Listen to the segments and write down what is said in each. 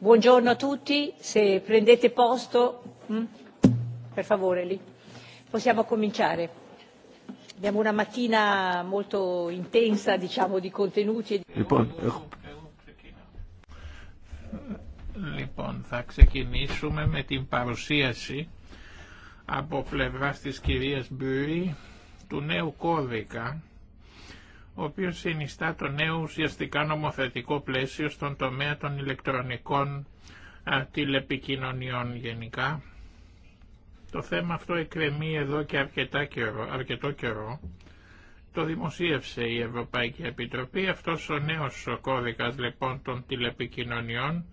Buongiorno a tutti, se prendete posto, per favore lì, possiamo cominciare. Abbiamo una mattina molto intensa, diciamo, di contenuti. Λοιπόν, λοιπόν, θα ξεκινήσουμε με την παρουσίαση από πλευράς της κυρίας Μπουρή του νέου κώδικα ο οποίος συνιστά το νέο ουσιαστικά νομοθετικό πλαίσιο στον τομέα των ηλεκτρονικών τηλεπικοινωνιών γενικά. Το θέμα αυτό εκκρεμεί εδώ και αρκετά καιρό, αρκετό καιρό. Το δημοσίευσε η Ευρωπαϊκή Επιτροπή. Αυτός ο νέος ο κώδικας λοιπόν των τηλεπικοινωνιών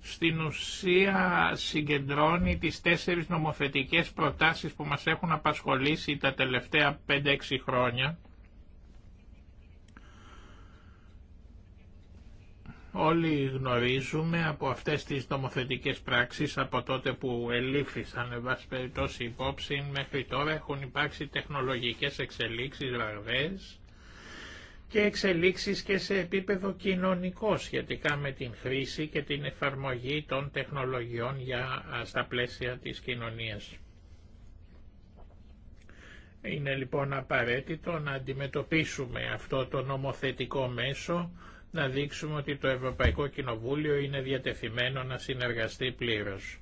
στην ουσία συγκεντρώνει τις τέσσερις νομοθετικές προτάσεις που μας έχουν απασχολήσει τα τελευταία 5-6 χρόνια Όλοι γνωρίζουμε από αυτές τις νομοθετικές πράξεις από τότε που ελήφθησαν εν βασ περιπτώσει υπόψη μέχρι τώρα έχουν υπάρξει τεχνολογικές εξελίξεις βαρβές και εξελίξεις και σε επίπεδο κοινωνικό σχετικά με την χρήση και την εφαρμογή των τεχνολογιών για, στα πλαίσια της κοινωνίας. Είναι λοιπόν απαραίτητο να αντιμετωπίσουμε αυτό το νομοθετικό μέσο να δείξουμε ότι το Ευρωπαϊκό Κοινοβούλιο είναι διατεθειμένο να συνεργαστεί πλήρως.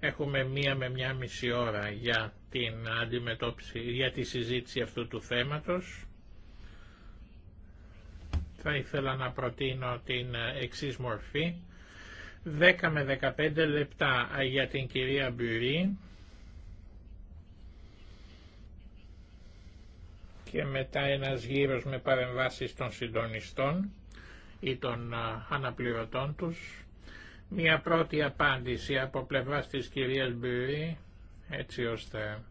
Έχουμε μία με μία μισή ώρα για την αντιμετώπιση, για τη συζήτηση αυτού του θέματος. Θα ήθελα να προτείνω την εξή μορφή. 10 με 15 λεπτά για την κυρία Μπιουρή και μετά ένας γύρος με παρεμβάσεις των συντονιστών ή των αναπληρωτών τους. Μια πρώτη απάντηση από πλευράς της κυρίας Μπυρή, έτσι ώστε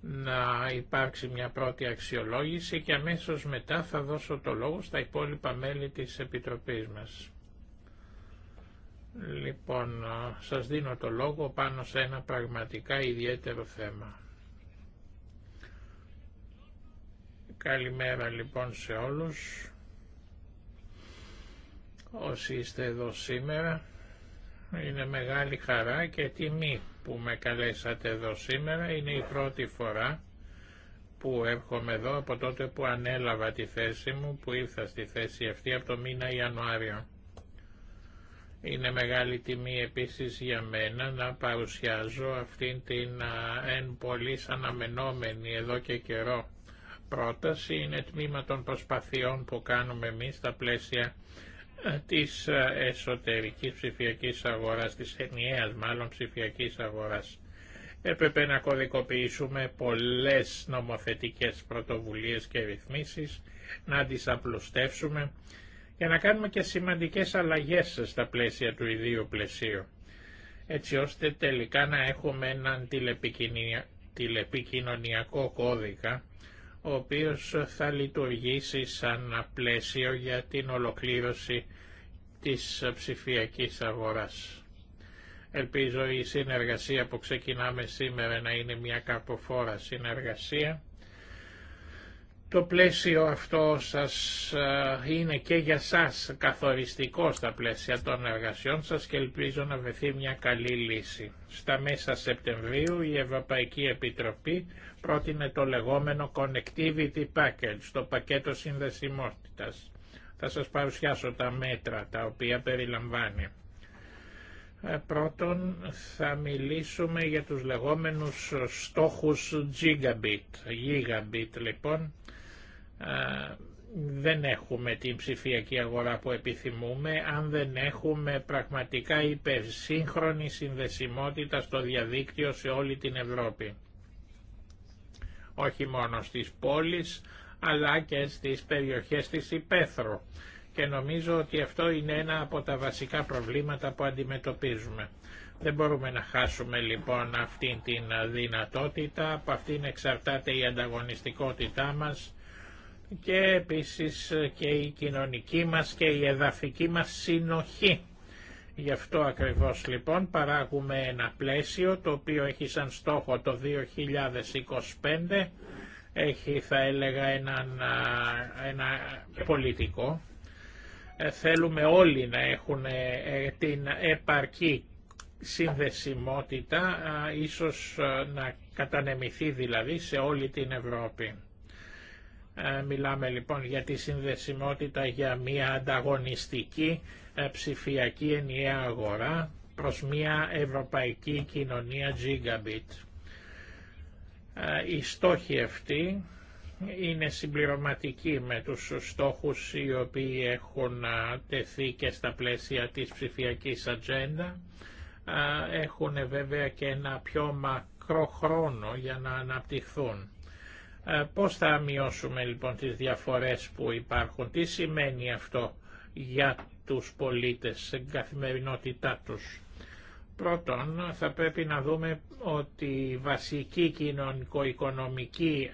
να υπάρξει μια πρώτη αξιολόγηση και αμέσως μετά θα δώσω το λόγο στα υπόλοιπα μέλη της Επιτροπής μας. Λοιπόν, σας δίνω το λόγο πάνω σε ένα πραγματικά ιδιαίτερο θέμα. Καλημέρα λοιπόν σε όλους όσοι είστε εδώ σήμερα. Είναι μεγάλη χαρά και τιμή που με καλέσατε εδώ σήμερα. Είναι η πρώτη φορά που έρχομαι εδώ από τότε που ανέλαβα τη θέση μου, που ήρθα στη θέση αυτή από το μήνα Ιανουάριο. Είναι μεγάλη τιμή επίσης για μένα να παρουσιάζω αυτήν την εν πολύ αναμενόμενη εδώ και καιρό πρόταση. Είναι τμήμα των προσπαθειών που κάνουμε εμείς στα πλαίσια της ε, εσωτερικής ψηφιακής αγοράς, της ενιαίας μάλλον ψηφιακής αγοράς. Έπρεπε να κωδικοποιήσουμε πολλές νομοθετικές πρωτοβουλίες και ρυθμίσεις, να τις απλουστεύσουμε και να κάνουμε και σημαντικές αλλαγές στα πλαίσια του ιδίου πλαισίου, έτσι ώστε τελικά να έχουμε έναν τηλεπικοινωνιακό κώδικα ο οποίος θα λειτουργήσει σαν πλαίσιο για την ολοκλήρωση της ψηφιακής αγοράς. Ελπίζω η συνεργασία που ξεκινάμε σήμερα να είναι μια καποφόρα συνεργασία. Το πλαίσιο αυτό σας ε, είναι και για σας καθοριστικό στα πλαίσια των εργασιών σας και ελπίζω να βρεθεί μια καλή λύση. Στα μέσα Σεπτεμβρίου η Ευρωπαϊκή Επιτροπή πρότεινε το λεγόμενο Connectivity Package, το πακέτο συνδεσιμότητας. Θα σας παρουσιάσω τα μέτρα τα οποία περιλαμβάνει. Ε, πρώτον θα μιλήσουμε για τους λεγόμενους στόχους gigabit. Gigabit λοιπόν ε, δεν έχουμε την ψηφιακή αγορά που επιθυμούμε αν δεν έχουμε πραγματικά υπερσύγχρονη συνδεσιμότητα στο διαδίκτυο σε όλη την Ευρώπη όχι μόνο στις πόλεις αλλά και στις περιοχές της υπαίθρου. Και νομίζω ότι αυτό είναι ένα από τα βασικά προβλήματα που αντιμετωπίζουμε. Δεν μπορούμε να χάσουμε λοιπόν αυτήν την δυνατότητα, από αυτήν εξαρτάται η ανταγωνιστικότητά μας και επίσης και η κοινωνική μας και η εδαφική μας συνοχή. Γι' αυτό ακριβώς λοιπόν παράγουμε ένα πλαίσιο το οποίο έχει σαν στόχο το 2025, έχει θα έλεγα ένα, ένα πολιτικό. Ε, θέλουμε όλοι να έχουν ε, ε, την επαρκή συνδεσιμότητα, ίσως να κατανεμηθεί δηλαδή σε όλη την Ευρώπη. Μιλάμε λοιπόν για τη συνδεσιμότητα για μια ανταγωνιστική ε, ψηφιακή ενιαία αγορά προς μια ευρωπαϊκή κοινωνία Gigabit. Οι ε, στόχοι αυτοί είναι συμπληρωματικοί με τους στόχους οι οποίοι έχουν ε, τεθεί και στα πλαίσια της ψηφιακής ατζέντα. Έχουν βέβαια και ένα πιο μακρό χρόνο για να αναπτυχθούν. Πώς θα μειώσουμε λοιπόν τις διαφορές που υπάρχουν, τι σημαίνει αυτό για τους πολίτες στην καθημερινότητά τους. Πρώτον, θα πρέπει να δούμε ότι οι βασικοί κοινωνικο-οικονομικοί,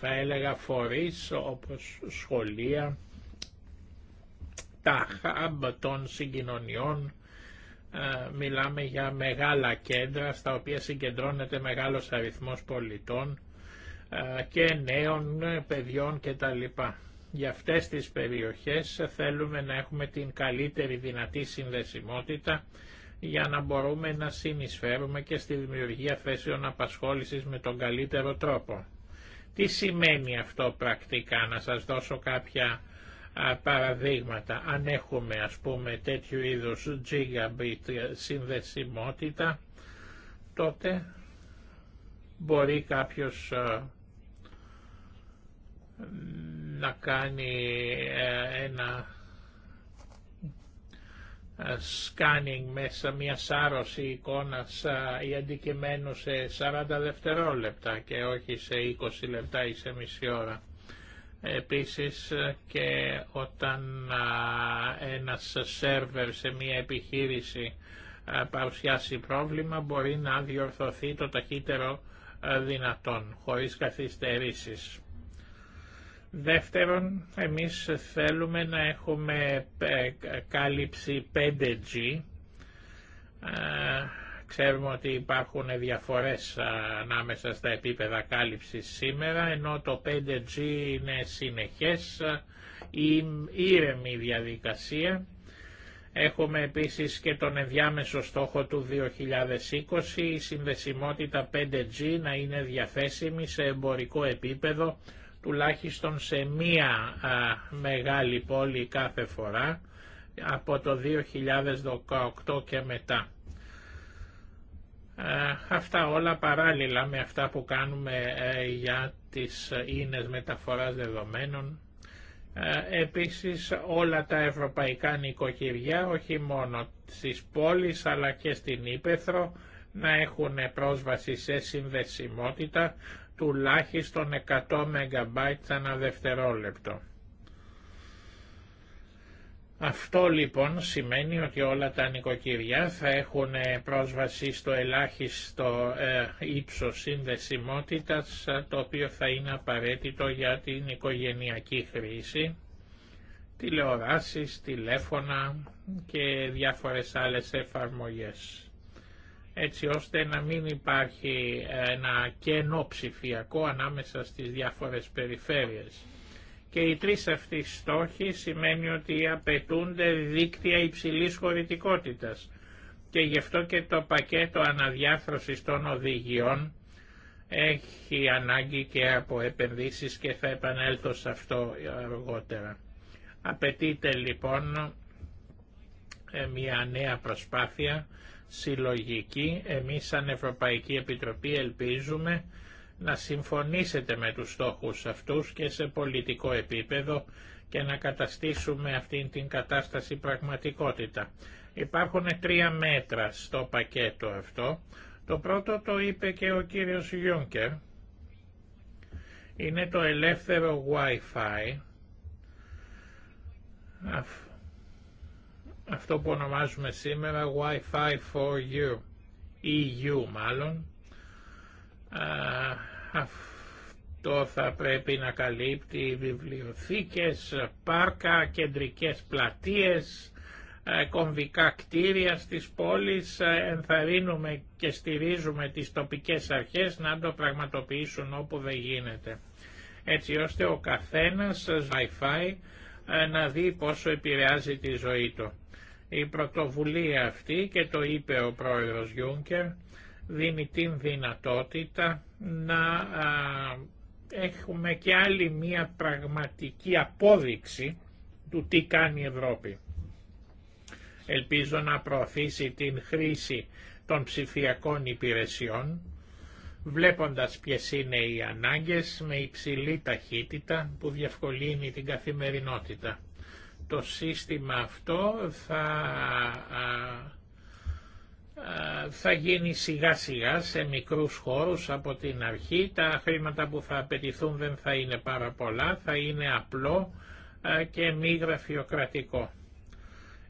θα έλεγα, φορείς όπως σχολεία, τα hub των συγκοινωνιών, μιλάμε για μεγάλα κέντρα στα οποία συγκεντρώνεται μεγάλος αριθμός πολιτών και νέων παιδιών κτλ. Για αυτές τις περιοχές θέλουμε να έχουμε την καλύτερη δυνατή συνδεσιμότητα για να μπορούμε να συνεισφέρουμε και στη δημιουργία θέσεων απασχόλησης με τον καλύτερο τρόπο. Τι σημαίνει αυτό πρακτικά, να σας δώσω κάποια παραδείγματα. Αν έχουμε ας πούμε τέτοιου είδους gigabit συνδεσιμότητα, τότε μπορεί κάποιος να κάνει ε, ένα σκάνινγκ ε, μέσα μια σάρωση εικόνας ε, ή αντικειμένου σε 40 δευτερόλεπτα και όχι σε 20 λεπτά ή σε μισή ώρα. Επίσης και όταν ένας σερβερ σε μια επιχείρηση παρουσιάσει πρόβλημα μπορεί να διορθωθεί το ταχύτερο δυνατόν, χωρίς καθυστερήσεις. Δεύτερον, εμείς θέλουμε να έχουμε ε, κάλυψη 5G. Ε, ξέρουμε ότι υπάρχουν διαφορές ε, ανάμεσα στα επίπεδα κάλυψης σήμερα, ενώ το 5G είναι συνεχές ή ήρεμη διαδικασία. Έχουμε επίσης και τον ενδιάμεσο στόχο του 2020, η συνδεσιμότητα 5G να είναι διαθέσιμη σε εμπορικό επίπεδο τουλάχιστον σε μία μεγάλη πόλη κάθε φορά από το 2018 και μετά. αυτά όλα παράλληλα με αυτά που κάνουμε ε, για τις ε, ίνες μεταφοράς δεδομένων. Επίσης όλα τα ευρωπαϊκά νοικοκυριά, όχι μόνο στις πόλεις αλλά και στην Ήπεθρο, να έχουν πρόσβαση σε συνδεσιμότητα τουλάχιστον 100 MB ανά δευτερόλεπτο. Αυτό λοιπόν σημαίνει ότι όλα τα νοικοκυριά θα έχουν ε, πρόσβαση στο ελάχιστο ε, ύψος συνδεσιμότητας ε, το οποίο θα είναι απαραίτητο για την οικογενειακή χρήση, τηλεοράσεις, τηλέφωνα και διάφορες άλλες εφαρμογές έτσι ώστε να μην υπάρχει ε, ένα κενό ψηφιακό ανάμεσα στις διάφορες περιφέρειες. Και οι τρεις αυτοί στόχοι σημαίνει ότι απαιτούνται δίκτυα υψηλής χωρητικότητας και γι' αυτό και το πακέτο αναδιάθρωσης των οδηγιών έχει ανάγκη και από επενδύσεις και θα επανέλθω σε αυτό αργότερα. Απαιτείται λοιπόν ε, μια νέα προσπάθεια συλλογική. Εμείς σαν Ευρωπαϊκή Επιτροπή ελπίζουμε να συμφωνήσετε με τους στόχους αυτούς και σε πολιτικό επίπεδο και να καταστήσουμε αυτήν την κατάσταση πραγματικότητα. Υπάρχουν τρία μέτρα στο πακέτο αυτό. Το πρώτο το είπε και ο κύριος Γιούνκερ. Είναι το ελεύθερο Wi-Fi αυτό που ονομάζουμε σήμερα Wi-Fi for you, EU μάλλον. Αυτό θα πρέπει να καλύπτει βιβλιοθήκες, πάρκα, κεντρικές πλατείες, ε, κομβικά κτίρια στις πόλεις. Ε, ενθαρρύνουμε και στηρίζουμε τις τοπικές αρχές να το πραγματοποιήσουν όπου δεν γίνεται. Έτσι ώστε ο καθένας Wi-Fi ε, να δει πόσο επηρεάζει τη ζωή του. Η πρωτοβουλία αυτή και το είπε ο πρόεδρος Γιούνκερ δίνει την δυνατότητα να έχουμε και άλλη μία πραγματική απόδειξη του τι κάνει η Ευρώπη. Ελπίζω να προωθήσει την χρήση των ψηφιακών υπηρεσιών, βλέποντας ποιες είναι οι ανάγκες με υψηλή ταχύτητα που διευκολύνει την καθημερινότητα το σύστημα αυτό θα, θα γίνει σιγά σιγά σε μικρούς χώρους από την αρχή. Τα χρήματα που θα απαιτηθούν δεν θα είναι πάρα πολλά, θα είναι απλό και μη γραφειοκρατικό.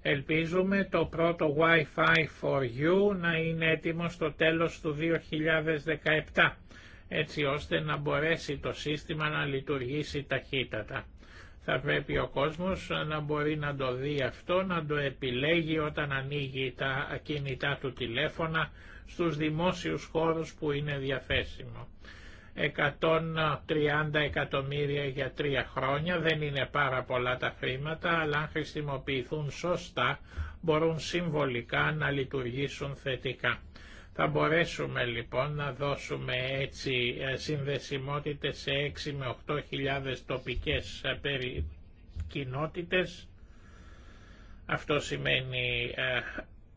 Ελπίζουμε το πρώτο Wi-Fi for You να είναι έτοιμο στο τέλος του 2017, έτσι ώστε να μπορέσει το σύστημα να λειτουργήσει ταχύτατα. Θα πρέπει ο κόσμος να μπορεί να το δει αυτό, να το επιλέγει όταν ανοίγει τα κινητά του τηλέφωνα στους δημόσιους χώρους που είναι διαθέσιμο. 130 εκατομμύρια για τρία χρόνια δεν είναι πάρα πολλά τα χρήματα, αλλά αν χρησιμοποιηθούν σωστά μπορούν συμβολικά να λειτουργήσουν θετικά. Θα μπορέσουμε λοιπόν να δώσουμε έτσι ε, συνδεσιμότητες σε 6 με 8 χιλιάδες τοπικές ε, κοινότητες. Αυτό σημαίνει ε,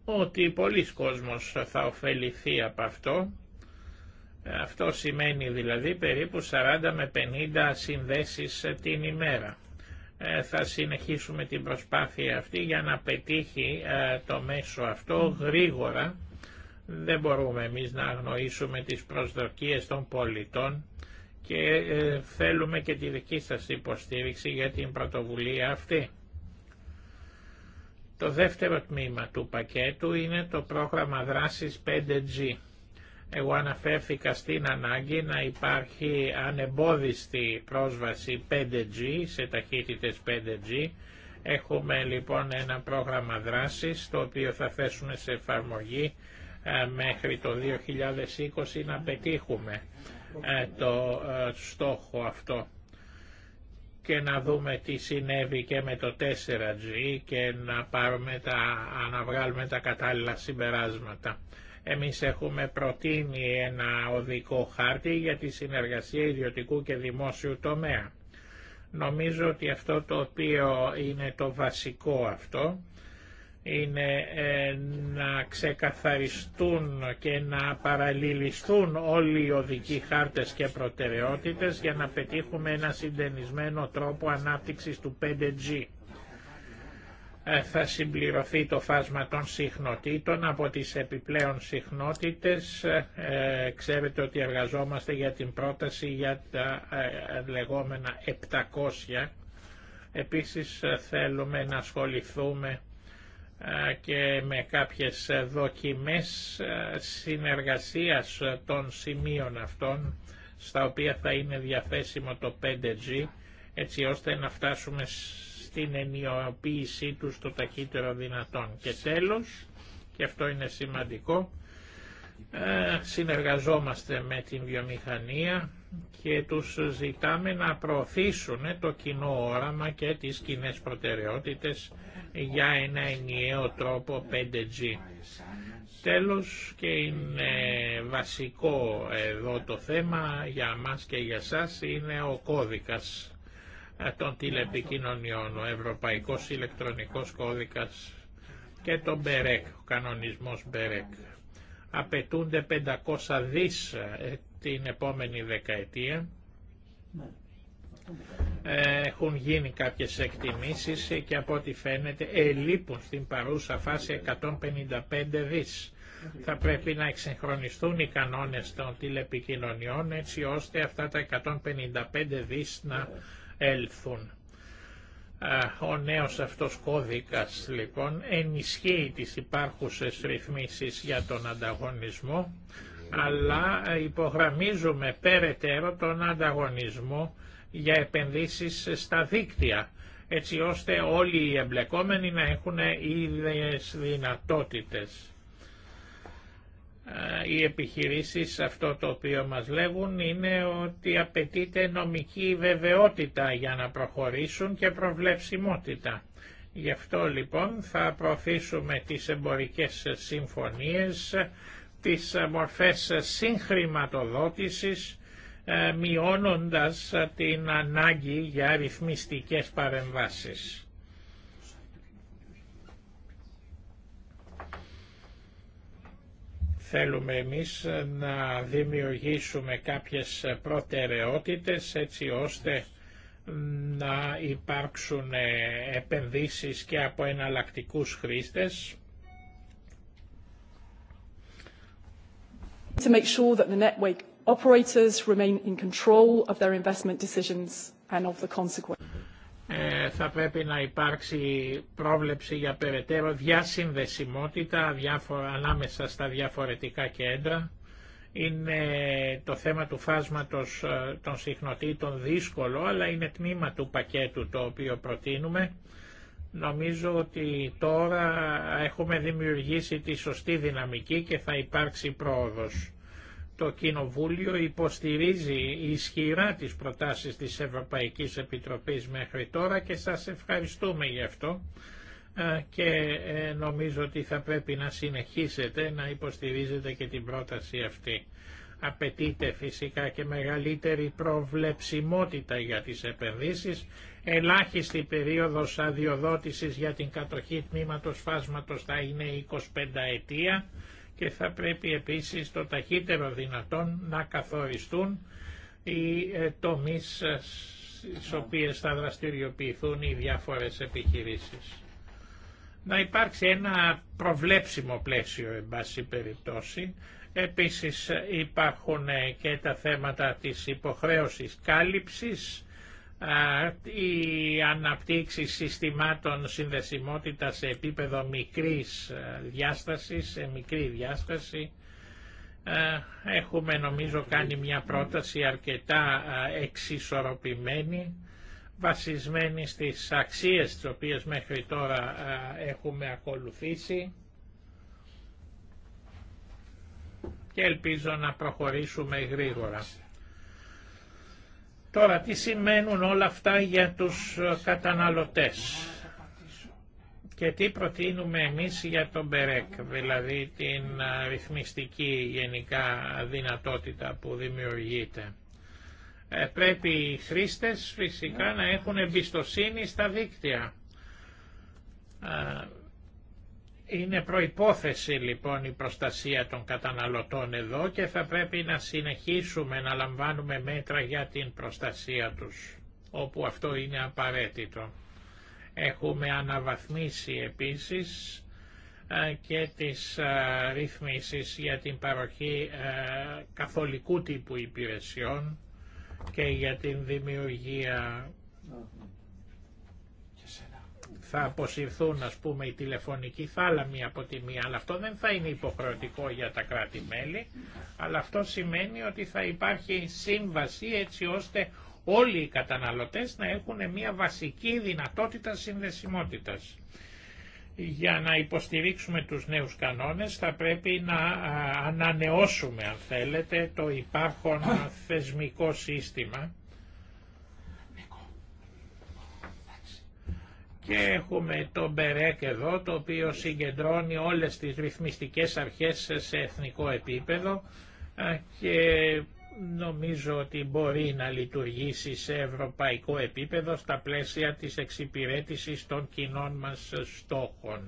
ότι πολλοί κόσμος θα ωφεληθεί από αυτό. Αυτό σημαίνει δηλαδή περίπου 40 με 50 συνδέσεις την ημέρα. Θα συνεχίσουμε την προσπάθεια αυτή για να πετύχει το μέσο αυτό γρήγορα δεν μπορούμε εμείς να αγνοήσουμε τις προσδοκίες των πολιτών και ε, θέλουμε και τη δική σας υποστήριξη για την πρωτοβουλία αυτή. Το δεύτερο τμήμα του πακέτου είναι το πρόγραμμα δράσης 5G. Εγώ αναφέρθηκα στην ανάγκη να υπάρχει ανεμπόδιστη πρόσβαση 5G σε ταχύτητες 5G. Έχουμε λοιπόν ένα πρόγραμμα δράσης το οποίο θα θέσουμε σε εφαρμογή ε, μέχρι το 2020 να πετύχουμε ε, το ε, στόχο αυτό και να δούμε τι συνέβη και με το 4G και να, πάρουμε τα, να βγάλουμε τα κατάλληλα συμπεράσματα. Εμείς έχουμε προτείνει ένα οδικό χάρτη για τη συνεργασία ιδιωτικού και δημόσιου τομέα. Νομίζω ότι αυτό το οποίο είναι το βασικό αυτό είναι ε, να ξεκαθαριστούν και να παραλληλιστούν όλοι οι οδικοί χάρτες και προτεραιότητες για να πετύχουμε ένα συντενισμένο τρόπο ανάπτυξης του 5G. Ε, θα συμπληρωθεί το φάσμα των συχνοτήτων από τις επιπλέον συχνότητες. Ε, ξέρετε ότι εργαζόμαστε για την πρόταση για τα λεγόμενα 700. Επίσης θέλουμε να ασχοληθούμε ε, και με κάποιες δοκιμές ε, συνεργασίας των σημείων αυτών στα οποία θα είναι διαθέσιμο το 5G έτσι ώστε να φτάσουμε στην ενιοποίησή του το ταχύτερο δυνατόν. Και τέλος, και αυτό είναι σημαντικό, ε, συνεργαζόμαστε με την βιομηχανία και τους ζητάμε να προωθήσουν το κοινό όραμα και τις κοινέ προτεραιότητες για ένα ενιαίο τρόπο 5G. Τέλος και είναι βασικό εδώ το θέμα για μας και για σας είναι ο κώδικας ε, των τηλεπικοινωνιών, ο Ευρωπαϊκός Ηλεκτρονικός Κώδικας και το Μπερέκ, ο κανονισμός Μπερέκ. Απαιτούνται 500 δις ε, την επόμενη δεκαετία ναι. Έχουν γίνει κάποιες εκτιμήσεις και από ό,τι φαίνεται ελείπουν στην παρούσα φάση 155 δις. Θα πρέπει να εξυγχρονιστούν οι κανόνες των τηλεπικοινωνιών έτσι ώστε αυτά τα 155 δις να έλθουν. Ο νέος αυτός κώδικας λοιπόν ενισχύει τις υπάρχουσες ρυθμίσεις για τον ανταγωνισμό αλλά υπογραμμίζουμε περαιτέρω τον ανταγωνισμό για επενδύσεις στα δίκτυα, έτσι ώστε όλοι οι εμπλεκόμενοι να έχουν ίδιες δυνατότητες. Ε, οι επιχειρήσεις αυτό το οποίο μας λέγουν είναι ότι απαιτείται νομική βεβαιότητα για να προχωρήσουν και προβλεψιμότητα. Γι' αυτό λοιπόν θα προωθήσουμε τις εμπορικές συμφωνίες, τις μορφές συγχρηματοδότησης ε, μειώνοντας την ανάγκη για ρυθμιστικές παρεμβάσεις. Θέλουμε εμείς να δημιουργήσουμε κάποιες προτεραιότητες έτσι ώστε να υπάρξουν επενδύσεις και από εναλλακτικού χρήστες θα πρέπει να υπάρξει πρόβλεψη για περαιτέρω διασυνδεσιμότητα διάφορα, ανάμεσα στα διαφορετικά κέντρα. Είναι το θέμα του φάσματος ε, των συχνοτήτων δύσκολο, αλλά είναι τμήμα του πακέτου το οποίο προτείνουμε. Νομίζω ότι τώρα έχουμε δημιουργήσει τη σωστή δυναμική και θα υπάρξει πρόοδος. Το Κοινοβούλιο υποστηρίζει ισχυρά τις προτάσεις της Ευρωπαϊκής Επιτροπής μέχρι τώρα και σας ευχαριστούμε γι' αυτό ε, και ε, νομίζω ότι θα πρέπει να συνεχίσετε να υποστηρίζετε και την πρόταση αυτή. Απαιτείται φυσικά και μεγαλύτερη προβλεψιμότητα για τις επενδύσεις, ελάχιστη περίοδος αδειοδότησης για την κατοχή τμήματος φάσματος θα είναι 25 ετία, και θα πρέπει επίσης το ταχύτερο δυνατόν να καθοριστούν οι ε, τομείς στις ναι. οποίες θα δραστηριοποιηθούν οι διάφορες επιχειρήσεις. Να υπάρξει ένα προβλέψιμο πλαίσιο, εν πάση περιπτώσει. Επίσης υπάρχουν ε, και τα θέματα της υποχρέωσης κάλυψης η αναπτύξη συστημάτων συνδεσιμότητας σε επίπεδο μικρής ε, διάστασης, σε μικρή διάσταση. Έχουμε νομίζω κάνει μια πρόταση αρκετά εξισορροπημένη, βασισμένη στις αξίες τις οποίες μέχρι τώρα έχουμε ακολουθήσει και ελπίζω να προχωρήσουμε γρήγορα. Τώρα τι σημαίνουν όλα αυτά για τους ε, καταναλωτές και τι προτείνουμε εμείς για τον ΠΕΡΕΚ, δηλαδή την ε, ρυθμιστική γενικά δυνατότητα που δημιουργείται. Ε, πρέπει οι χρήστες φυσικά να έχουν εμπιστοσύνη στα δίκτυα. Ε, είναι προϋπόθεση λοιπόν η προστασία των καταναλωτών εδώ και θα πρέπει να συνεχίσουμε να λαμβάνουμε μέτρα για την προστασία τους, όπου αυτό είναι απαραίτητο. Έχουμε αναβαθμίσει επίσης ε, και τις ε, ρυθμίσεις για την παροχή ε, καθολικού τύπου υπηρεσιών και για την δημιουργία θα αποσυρθούν ας πούμε οι τηλεφωνικοί θάλαμοι από τη μία, αλλά αυτό δεν θα είναι υποχρεωτικό για τα κράτη-μέλη, αλλά αυτό σημαίνει ότι θα υπάρχει σύμβαση έτσι ώστε όλοι οι καταναλωτές να έχουν μια βασική δυνατότητα συνδεσιμότητας. Για να υποστηρίξουμε τους νέους κανόνες θα πρέπει να ανανεώσουμε αν θέλετε το υπάρχον θεσμικό σύστημα Και έχουμε το Μπερέκ εδώ, το οποίο συγκεντρώνει όλες τις ρυθμιστικές αρχές σε εθνικό επίπεδο ε, και νομίζω ότι μπορεί να λειτουργήσει σε ευρωπαϊκό επίπεδο στα πλαίσια της εξυπηρέτησης των κοινών μας στόχων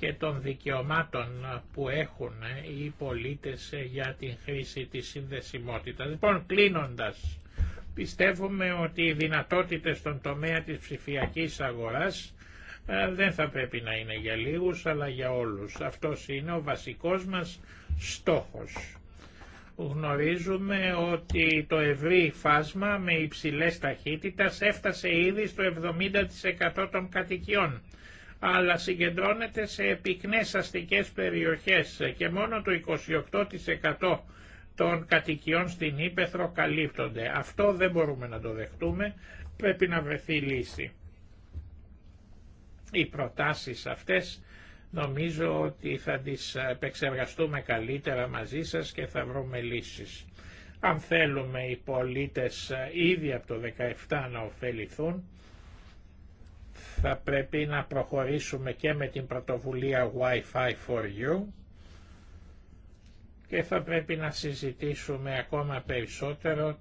και των δικαιωμάτων που έχουν ε, οι πολίτες ε, για την χρήση της συνδεσιμότητας. Λοιπόν, κλείνοντας, Πιστεύουμε ότι οι δυνατότητες στον τομέα της ψηφιακής αγοράς ε, δεν θα πρέπει να είναι για λίγους αλλά για όλους. Αυτός είναι ο βασικός μας στόχος. Γνωρίζουμε ότι το ευρύ φάσμα με υψηλές ταχύτητες έφτασε ήδη στο 70% των κατοικιών αλλά συγκεντρώνεται σε πυκνές αστικές περιοχές και μόνο το 28% των κατοικιών στην Ήπεθρο καλύπτονται. Αυτό δεν μπορούμε να το δεχτούμε, πρέπει να βρεθεί λύση. Οι προτάσεις αυτές νομίζω ότι θα τις επεξεργαστούμε καλύτερα μαζί σας και θα βρούμε λύσεις. Αν θέλουμε οι πολίτες ήδη από το 17 να ωφεληθούν, θα πρέπει να προχωρήσουμε και με την πρωτοβουλία Wi-Fi for You, και θα πρέπει να συζητήσουμε ακόμα περισσότερο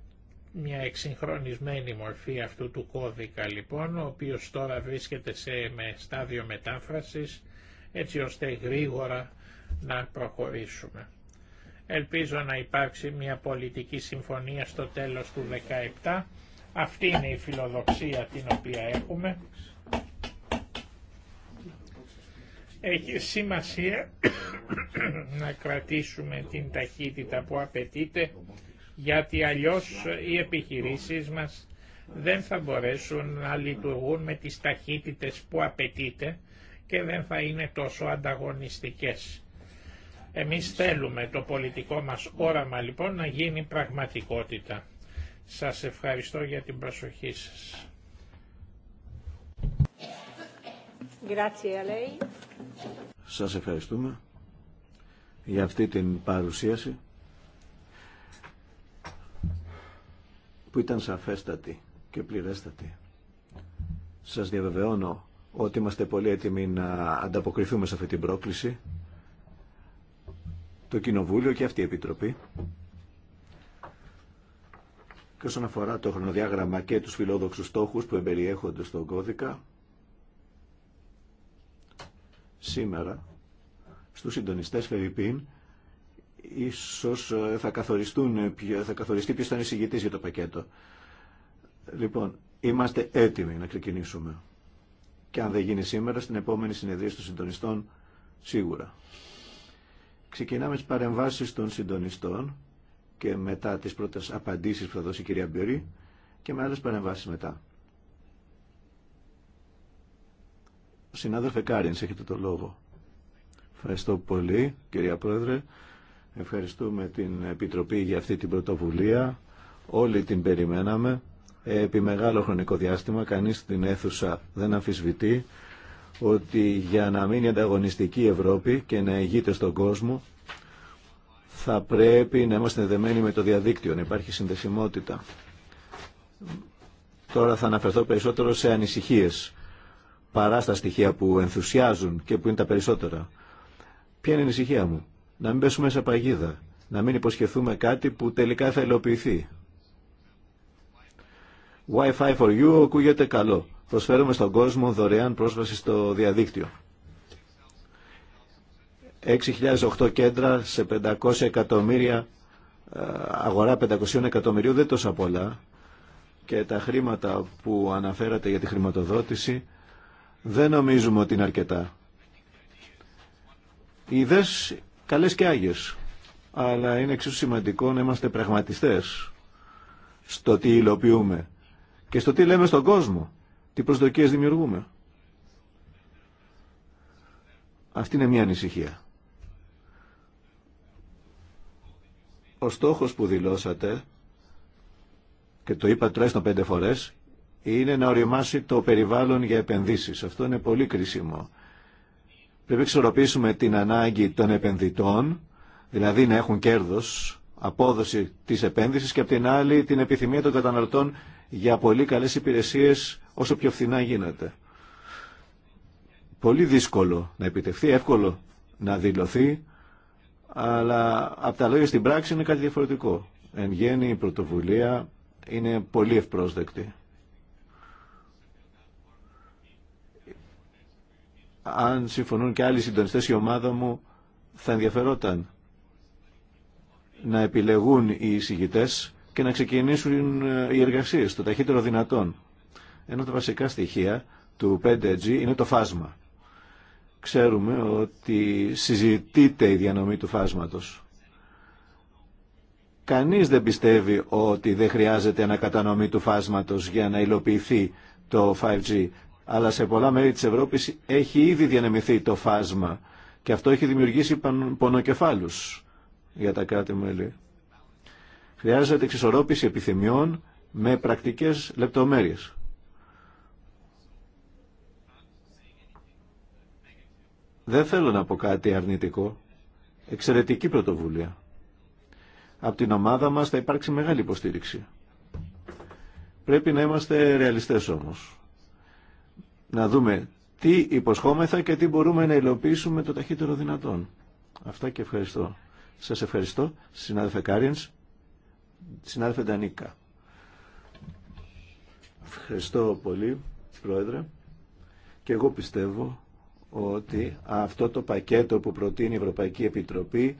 μια εξυγχρονισμένη μορφή αυτού του κώδικα λοιπόν, ο οποίος τώρα βρίσκεται σε στάδιο μετάφρασης, έτσι ώστε γρήγορα να προχωρήσουμε. Ελπίζω να υπάρξει μια πολιτική συμφωνία στο τέλος του 2017. Αυτή είναι η φιλοδοξία την οποία έχουμε. Έχει σημασία να κρατήσουμε την ταχύτητα που απαιτείται γιατί αλλιώς οι επιχειρήσεις μας δεν θα μπορέσουν να λειτουργούν με τις ταχύτητες που απαιτείται και δεν θα είναι τόσο ανταγωνιστικές. Εμείς θέλουμε το πολιτικό μας όραμα λοιπόν να γίνει πραγματικότητα. Σας ευχαριστώ για την προσοχή σας. Σας ευχαριστούμε για αυτή την παρουσίαση που ήταν σαφέστατη και πληρέστατη. Σας διαβεβαιώνω ότι είμαστε πολύ έτοιμοι να ανταποκριθούμε σε αυτή την πρόκληση το Κοινοβούλιο και αυτή η Επιτροπή και όσον αφορά το χρονοδιάγραμμα και τους φιλόδοξους στόχους που εμπεριέχονται στον κώδικα σήμερα στους συντονιστές Φερρυπίν ίσως ε, θα, καθοριστούν, ε, θα καθοριστεί ποιος θα είναι συγγητής για το πακέτο. Λοιπόν, είμαστε έτοιμοι να ξεκινήσουμε. Και αν δεν γίνει σήμερα, στην επόμενη συνεδρία των συντονιστών, σίγουρα. Ξεκινάμε τις παρεμβάσεις των συντονιστών και μετά τις πρώτες απαντήσεις που θα δώσει η κυρία Μπιωρή και με άλλες παρεμβάσεις μετά. Συνάδελφε Κάριν, έχετε το λόγο. Ευχαριστώ πολύ, κυρία Πρόεδρε. Ευχαριστούμε την Επιτροπή για αυτή την πρωτοβουλία. Όλοι την περιμέναμε. Επί μεγάλο χρονικό διάστημα, κανείς στην αίθουσα δεν αμφισβητεί ότι για να μείνει ανταγωνιστική η Ευρώπη και να ηγείται στον κόσμο, θα πρέπει να είμαστε δεμένοι με το διαδίκτυο, να υπάρχει συνδεσιμότητα. Τώρα θα αναφερθώ περισσότερο σε ανησυχίες παρά στα στοιχεία που ενθουσιάζουν και που είναι τα περισσότερα. Ποια είναι η ανησυχία μου. Να μην πέσουμε σε παγίδα. Να μην υποσχεθούμε κάτι που τελικά θα υλοποιηθεί. Wi-Fi for you ακούγεται καλό. Προσφέρουμε στον κόσμο δωρεάν πρόσβαση στο διαδίκτυο. 6.008 κέντρα σε 500 εκατομμύρια, ε, αγορά 500 εκατομμυρίων δεν τόσα πολλά και τα χρήματα που αναφέρατε για τη χρηματοδότηση δεν νομίζουμε ότι είναι αρκετά. Οι ιδέες καλές και άγιες, αλλά είναι εξίσου σημαντικό να είμαστε πραγματιστές στο τι υλοποιούμε και στο τι λέμε στον κόσμο, τι προσδοκίες δημιουργούμε. Αυτή είναι μια ανησυχία. Ο στόχος που δηλώσατε και το είπα τουλάχιστον πέντε φορές είναι να οριμάσει το περιβάλλον για επενδύσεις. Αυτό είναι πολύ κρίσιμο. Πρέπει να εξορροπήσουμε την ανάγκη των επενδυτών, δηλαδή να έχουν κέρδος, απόδοση της επένδυσης και από την άλλη την επιθυμία των καταναλωτών για πολύ καλές υπηρεσίες όσο πιο φθηνά γίνεται. Πολύ δύσκολο να επιτευχθεί, εύκολο να δηλωθεί, αλλά από τα λόγια στην πράξη είναι κάτι διαφορετικό. Εν γέννη η πρωτοβουλία είναι πολύ ευπρόσδεκτη. αν συμφωνούν και άλλοι συντονιστέ η ομάδα μου θα ενδιαφερόταν να επιλεγούν οι εισηγητές και να ξεκινήσουν ε, οι εργασίες το ταχύτερο δυνατόν. Ένα από τα βασικά στοιχεία του 5G είναι το φάσμα. Ξέρουμε ότι συζητείται η διανομή του φάσματος. Κανείς δεν πιστεύει ότι δεν χρειάζεται ανακατανομή του φάσματος για να υλοποιηθεί το 5G αλλά σε πολλά μέρη της Ευρώπης έχει ήδη διανεμηθεί το φάσμα και αυτό έχει δημιουργήσει πονοκεφάλους για τα κράτη-μέλη. Χρειάζεται εξισορρόπηση επιθυμιών με πρακτικές λεπτομέρειες. Δεν θέλω να πω κάτι αρνητικό. Εξαιρετική πρωτοβουλία. Από την ομάδα μας θα υπάρξει μεγάλη υποστήριξη. Πρέπει να είμαστε ρεαλιστές όμως να δούμε τι υποσχόμεθα και τι μπορούμε να υλοποιήσουμε το ταχύτερο δυνατόν. Αυτά και ευχαριστώ. Σας ευχαριστώ, συνάδελφε Κάριενς, συνάδελφε Ντανίκα. Ευχαριστώ πολύ, Πρόεδρε. Και εγώ πιστεύω ότι αυτό το πακέτο που προτείνει η Ευρωπαϊκή Επιτροπή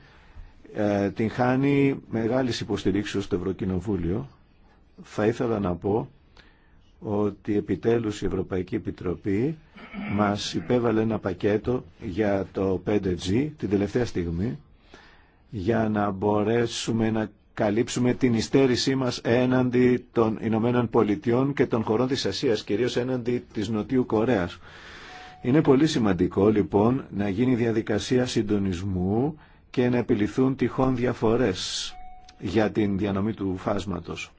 ε, την χάνει μεγάλη υποστηρίξεως στο Ευρωκοινοβούλιο. Θα ήθελα να πω ότι επιτέλους η Ευρωπαϊκή Επιτροπή μας υπέβαλε ένα πακέτο για το 5G την τελευταία στιγμή για να μπορέσουμε να καλύψουμε την υστέρησή μας έναντι των Ηνωμένων Πολιτειών και των χωρών της Ασίας, κυρίως έναντι της Νοτιού Κορέας. Είναι πολύ σημαντικό λοιπόν να γίνει διαδικασία συντονισμού και να επιληθούν τυχόν διαφορές για την διανομή του φάσματος.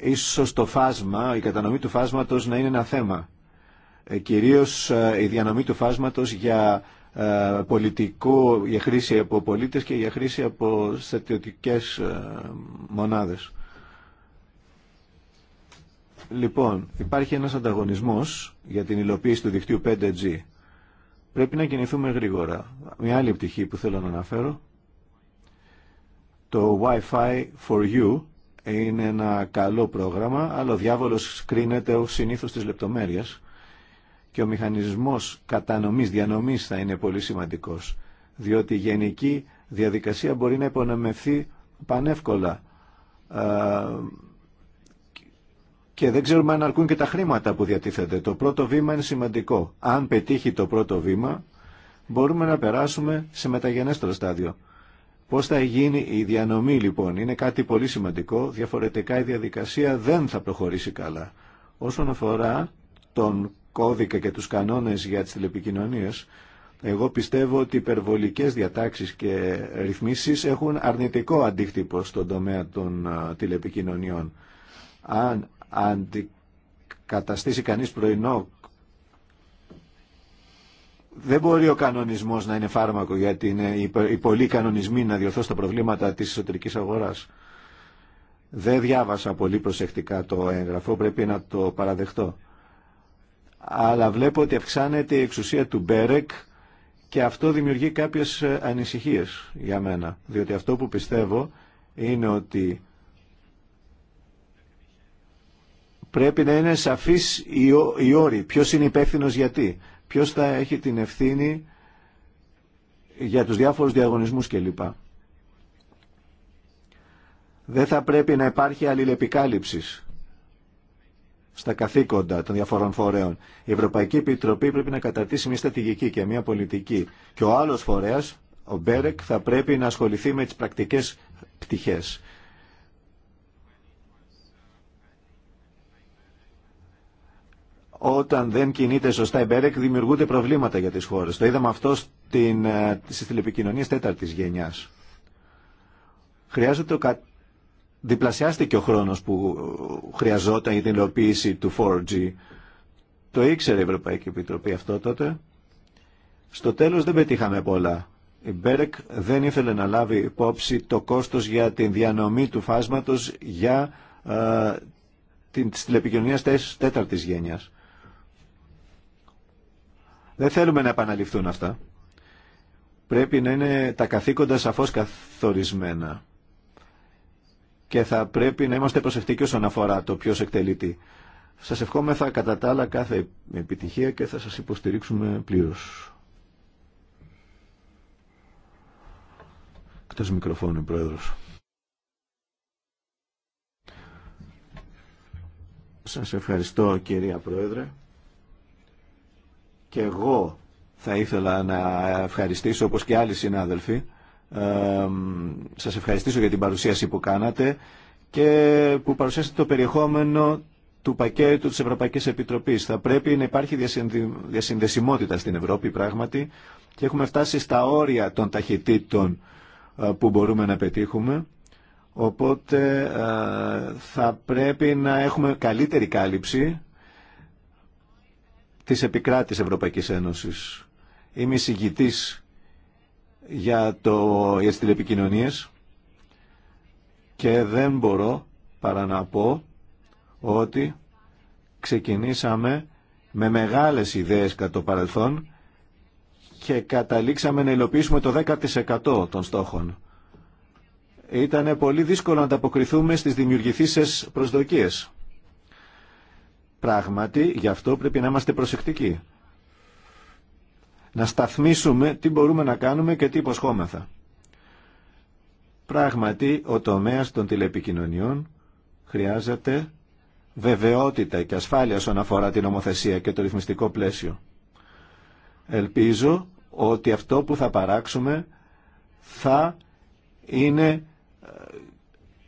ίσως το φάσμα, η κατανομή του φάσματος να είναι ένα θέμα. Ε, κυρίως ε, η διανομή του φάσματος για ε, πολιτικό, για χρήση από πολίτες και για χρήση από στρατιωτικές μονάδες. Λοιπόν, υπάρχει ένας ανταγωνισμός για την υλοποίηση του δικτύου 5G. Πρέπει να κινηθούμε γρήγορα. Μια άλλη πτυχή που θέλω να αναφέρω, το Wi-Fi for You, είναι ένα καλό πρόγραμμα, αλλά ο διάβολος κρίνεται ως συνήθως της λεπτομέρειας και ο μηχανισμός κατανομής, διανομής θα είναι πολύ σημαντικός, διότι η γενική διαδικασία μπορεί να υπονομευθεί πανεύκολα και δεν ξέρουμε αν αρκούν και τα χρήματα που διατίθεται. Το πρώτο βήμα είναι σημαντικό. Αν πετύχει το πρώτο βήμα, μπορούμε να περάσουμε σε μεταγενέστερο στάδιο. Πώς θα γίνει η διανομή λοιπόν είναι κάτι πολύ σημαντικό, διαφορετικά η διαδικασία δεν θα προχωρήσει καλά. Όσον αφορά τον κώδικα και τους κανόνες για τις τηλεπικοινωνίες, εγώ πιστεύω ότι υπερβολικές διατάξεις και ρυθμίσεις έχουν αρνητικό αντίκτυπο στον τομέα των τηλεπικοινωνιών. Αν αντικαταστήσει κανείς πρωινό δεν μπορεί ο κανονισμός να είναι φάρμακο γιατί είναι οι πολλοί κανονισμοί να διορθώσουν τα προβλήματα της εσωτερικής αγοράς. Δεν διάβασα πολύ προσεκτικά το έγγραφο, πρέπει να το παραδεχτώ. Αλλά βλέπω ότι αυξάνεται η εξουσία του Μπέρεκ και αυτό δημιουργεί κάποιες ανησυχίες για μένα. Διότι αυτό που πιστεύω είναι ότι πρέπει να είναι σαφής οι όροι, ποιος είναι υπεύθυνο γιατί ποιος θα έχει την ευθύνη για τους διάφορους διαγωνισμούς κλπ. Δεν θα πρέπει να υπάρχει αλληλεπικάλυψης στα καθήκοντα των διαφορών φορέων. Η Ευρωπαϊκή Επιτροπή πρέπει να καταρτήσει μια στρατηγική και μια πολιτική. Και ο άλλος φορέας, ο Μπέρεκ, θα πρέπει να ασχοληθεί με τις πρακτικές πτυχές. όταν δεν κινείται σωστά η Μπέρεκ δημιουργούνται προβλήματα για τις χώρες. Το είδαμε αυτό στην, ε, στις τηλεπικοινωνίες τέταρτης γενιάς. Χρειάζεται Διπλασιάστηκε ο χρόνος που χρειαζόταν για την υλοποίηση του 4G. Το ήξερε η Ευρωπαϊκή Επιτροπή αυτό τότε. Στο τέλος δεν πετύχαμε πολλά. Η Μπέρεκ δεν ήθελε να λάβει υπόψη το κόστος για την διανομή του φάσματος για ε, την, της τηλεπικοινωνίας τέταρτης δεν θέλουμε να επαναληφθούν αυτά. Πρέπει να είναι τα καθήκοντα σαφώς καθορισμένα. Και θα πρέπει να είμαστε προσεκτικοί όσον αφορά το ποιο εκτελεί τι. Σας ευχόμεθα κατά τα άλλα κάθε επιτυχία και θα σας υποστηρίξουμε πλήρως. Εκτός μικροφώνου, Πρόεδρος. Σας ευχαριστώ, κυρία Πρόεδρε. Και εγώ θα ήθελα να ευχαριστήσω, όπως και άλλοι συνάδελφοι, ε, σας ευχαριστήσω για την παρουσίαση που κάνατε και που παρουσιάσατε το περιεχόμενο του πακέτου της Ευρωπαϊκής Επιτροπής. Θα πρέπει να υπάρχει διασυνδεσιμότητα στην Ευρώπη πράγματι και έχουμε φτάσει στα όρια των ταχυτήτων ε, που μπορούμε να πετύχουμε. Οπότε ε, θα πρέπει να έχουμε καλύτερη κάλυψη της επικράτης Ευρωπαϊκής Ένωσης. Είμαι εισηγητής για, το, για τις τηλεπικοινωνίες και δεν μπορώ παρά να πω ότι ξεκινήσαμε με μεγάλες ιδέες κατά το παρελθόν και καταλήξαμε να υλοποιήσουμε το 10% των στόχων. Ήταν πολύ δύσκολο να ανταποκριθούμε στις δημιουργηθήσεις προσδοκίες. Πράγματι, γι' αυτό πρέπει να είμαστε προσεκτικοί. Να σταθμίσουμε τι μπορούμε να κάνουμε και τι υποσχόμεθα. Πράγματι, ο τομέας των τηλεπικοινωνιών χρειάζεται βεβαιότητα και ασφάλεια όσον αφορά την ομοθεσία και το ρυθμιστικό πλαίσιο. Ελπίζω ότι αυτό που θα παράξουμε θα είναι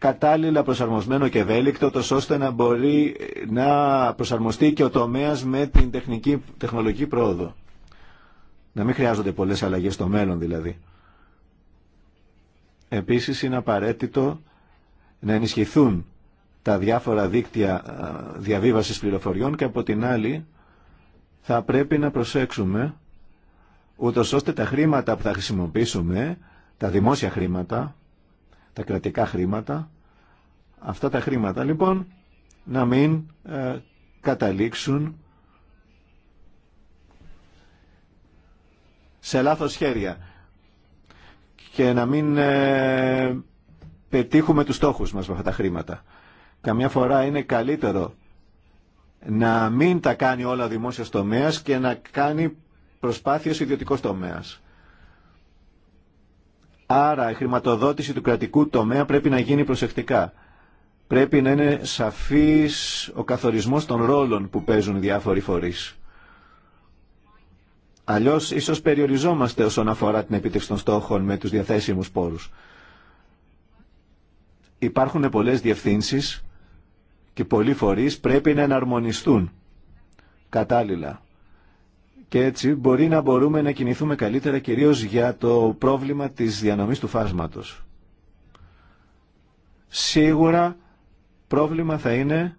κατάλληλα προσαρμοσμένο και ευέλικτο, ώστε να μπορεί να προσαρμοστεί και ο τομέας με την τεχνική, τεχνολογική πρόοδο. Να μην χρειάζονται πολλές αλλαγές στο μέλλον δηλαδή. Επίσης είναι απαραίτητο να ενισχυθούν τα διάφορα δίκτυα διαβίβασης πληροφοριών και από την άλλη θα πρέπει να προσέξουμε ούτως ώστε τα χρήματα που θα χρησιμοποιήσουμε, τα δημόσια χρήματα, τα κρατικά χρήματα. Αυτά τα χρήματα λοιπόν να μην ε, καταλήξουν σε λάθος χέρια και να μην ε, πετύχουμε τους στόχους μας με αυτά τα χρήματα. Καμιά φορά είναι καλύτερο να μην τα κάνει όλα ο δημόσιος τομέας και να κάνει προσπάθειες ιδιωτικός τομέας. Άρα η χρηματοδότηση του κρατικού τομέα πρέπει να γίνει προσεκτικά. Πρέπει να είναι σαφής ο καθορισμός των ρόλων που παίζουν οι διάφοροι φορείς. Αλλιώς ίσως περιοριζόμαστε όσον αφορά την επίτευξη των στόχων με τους διαθέσιμους πόρους. Υπάρχουν πολλές διευθύνσεις και πολλοί φορείς πρέπει να εναρμονιστούν κατάλληλα και έτσι μπορεί να μπορούμε να κινηθούμε καλύτερα κυρίως για το πρόβλημα της διανομής του φάσματος. Σίγουρα πρόβλημα θα είναι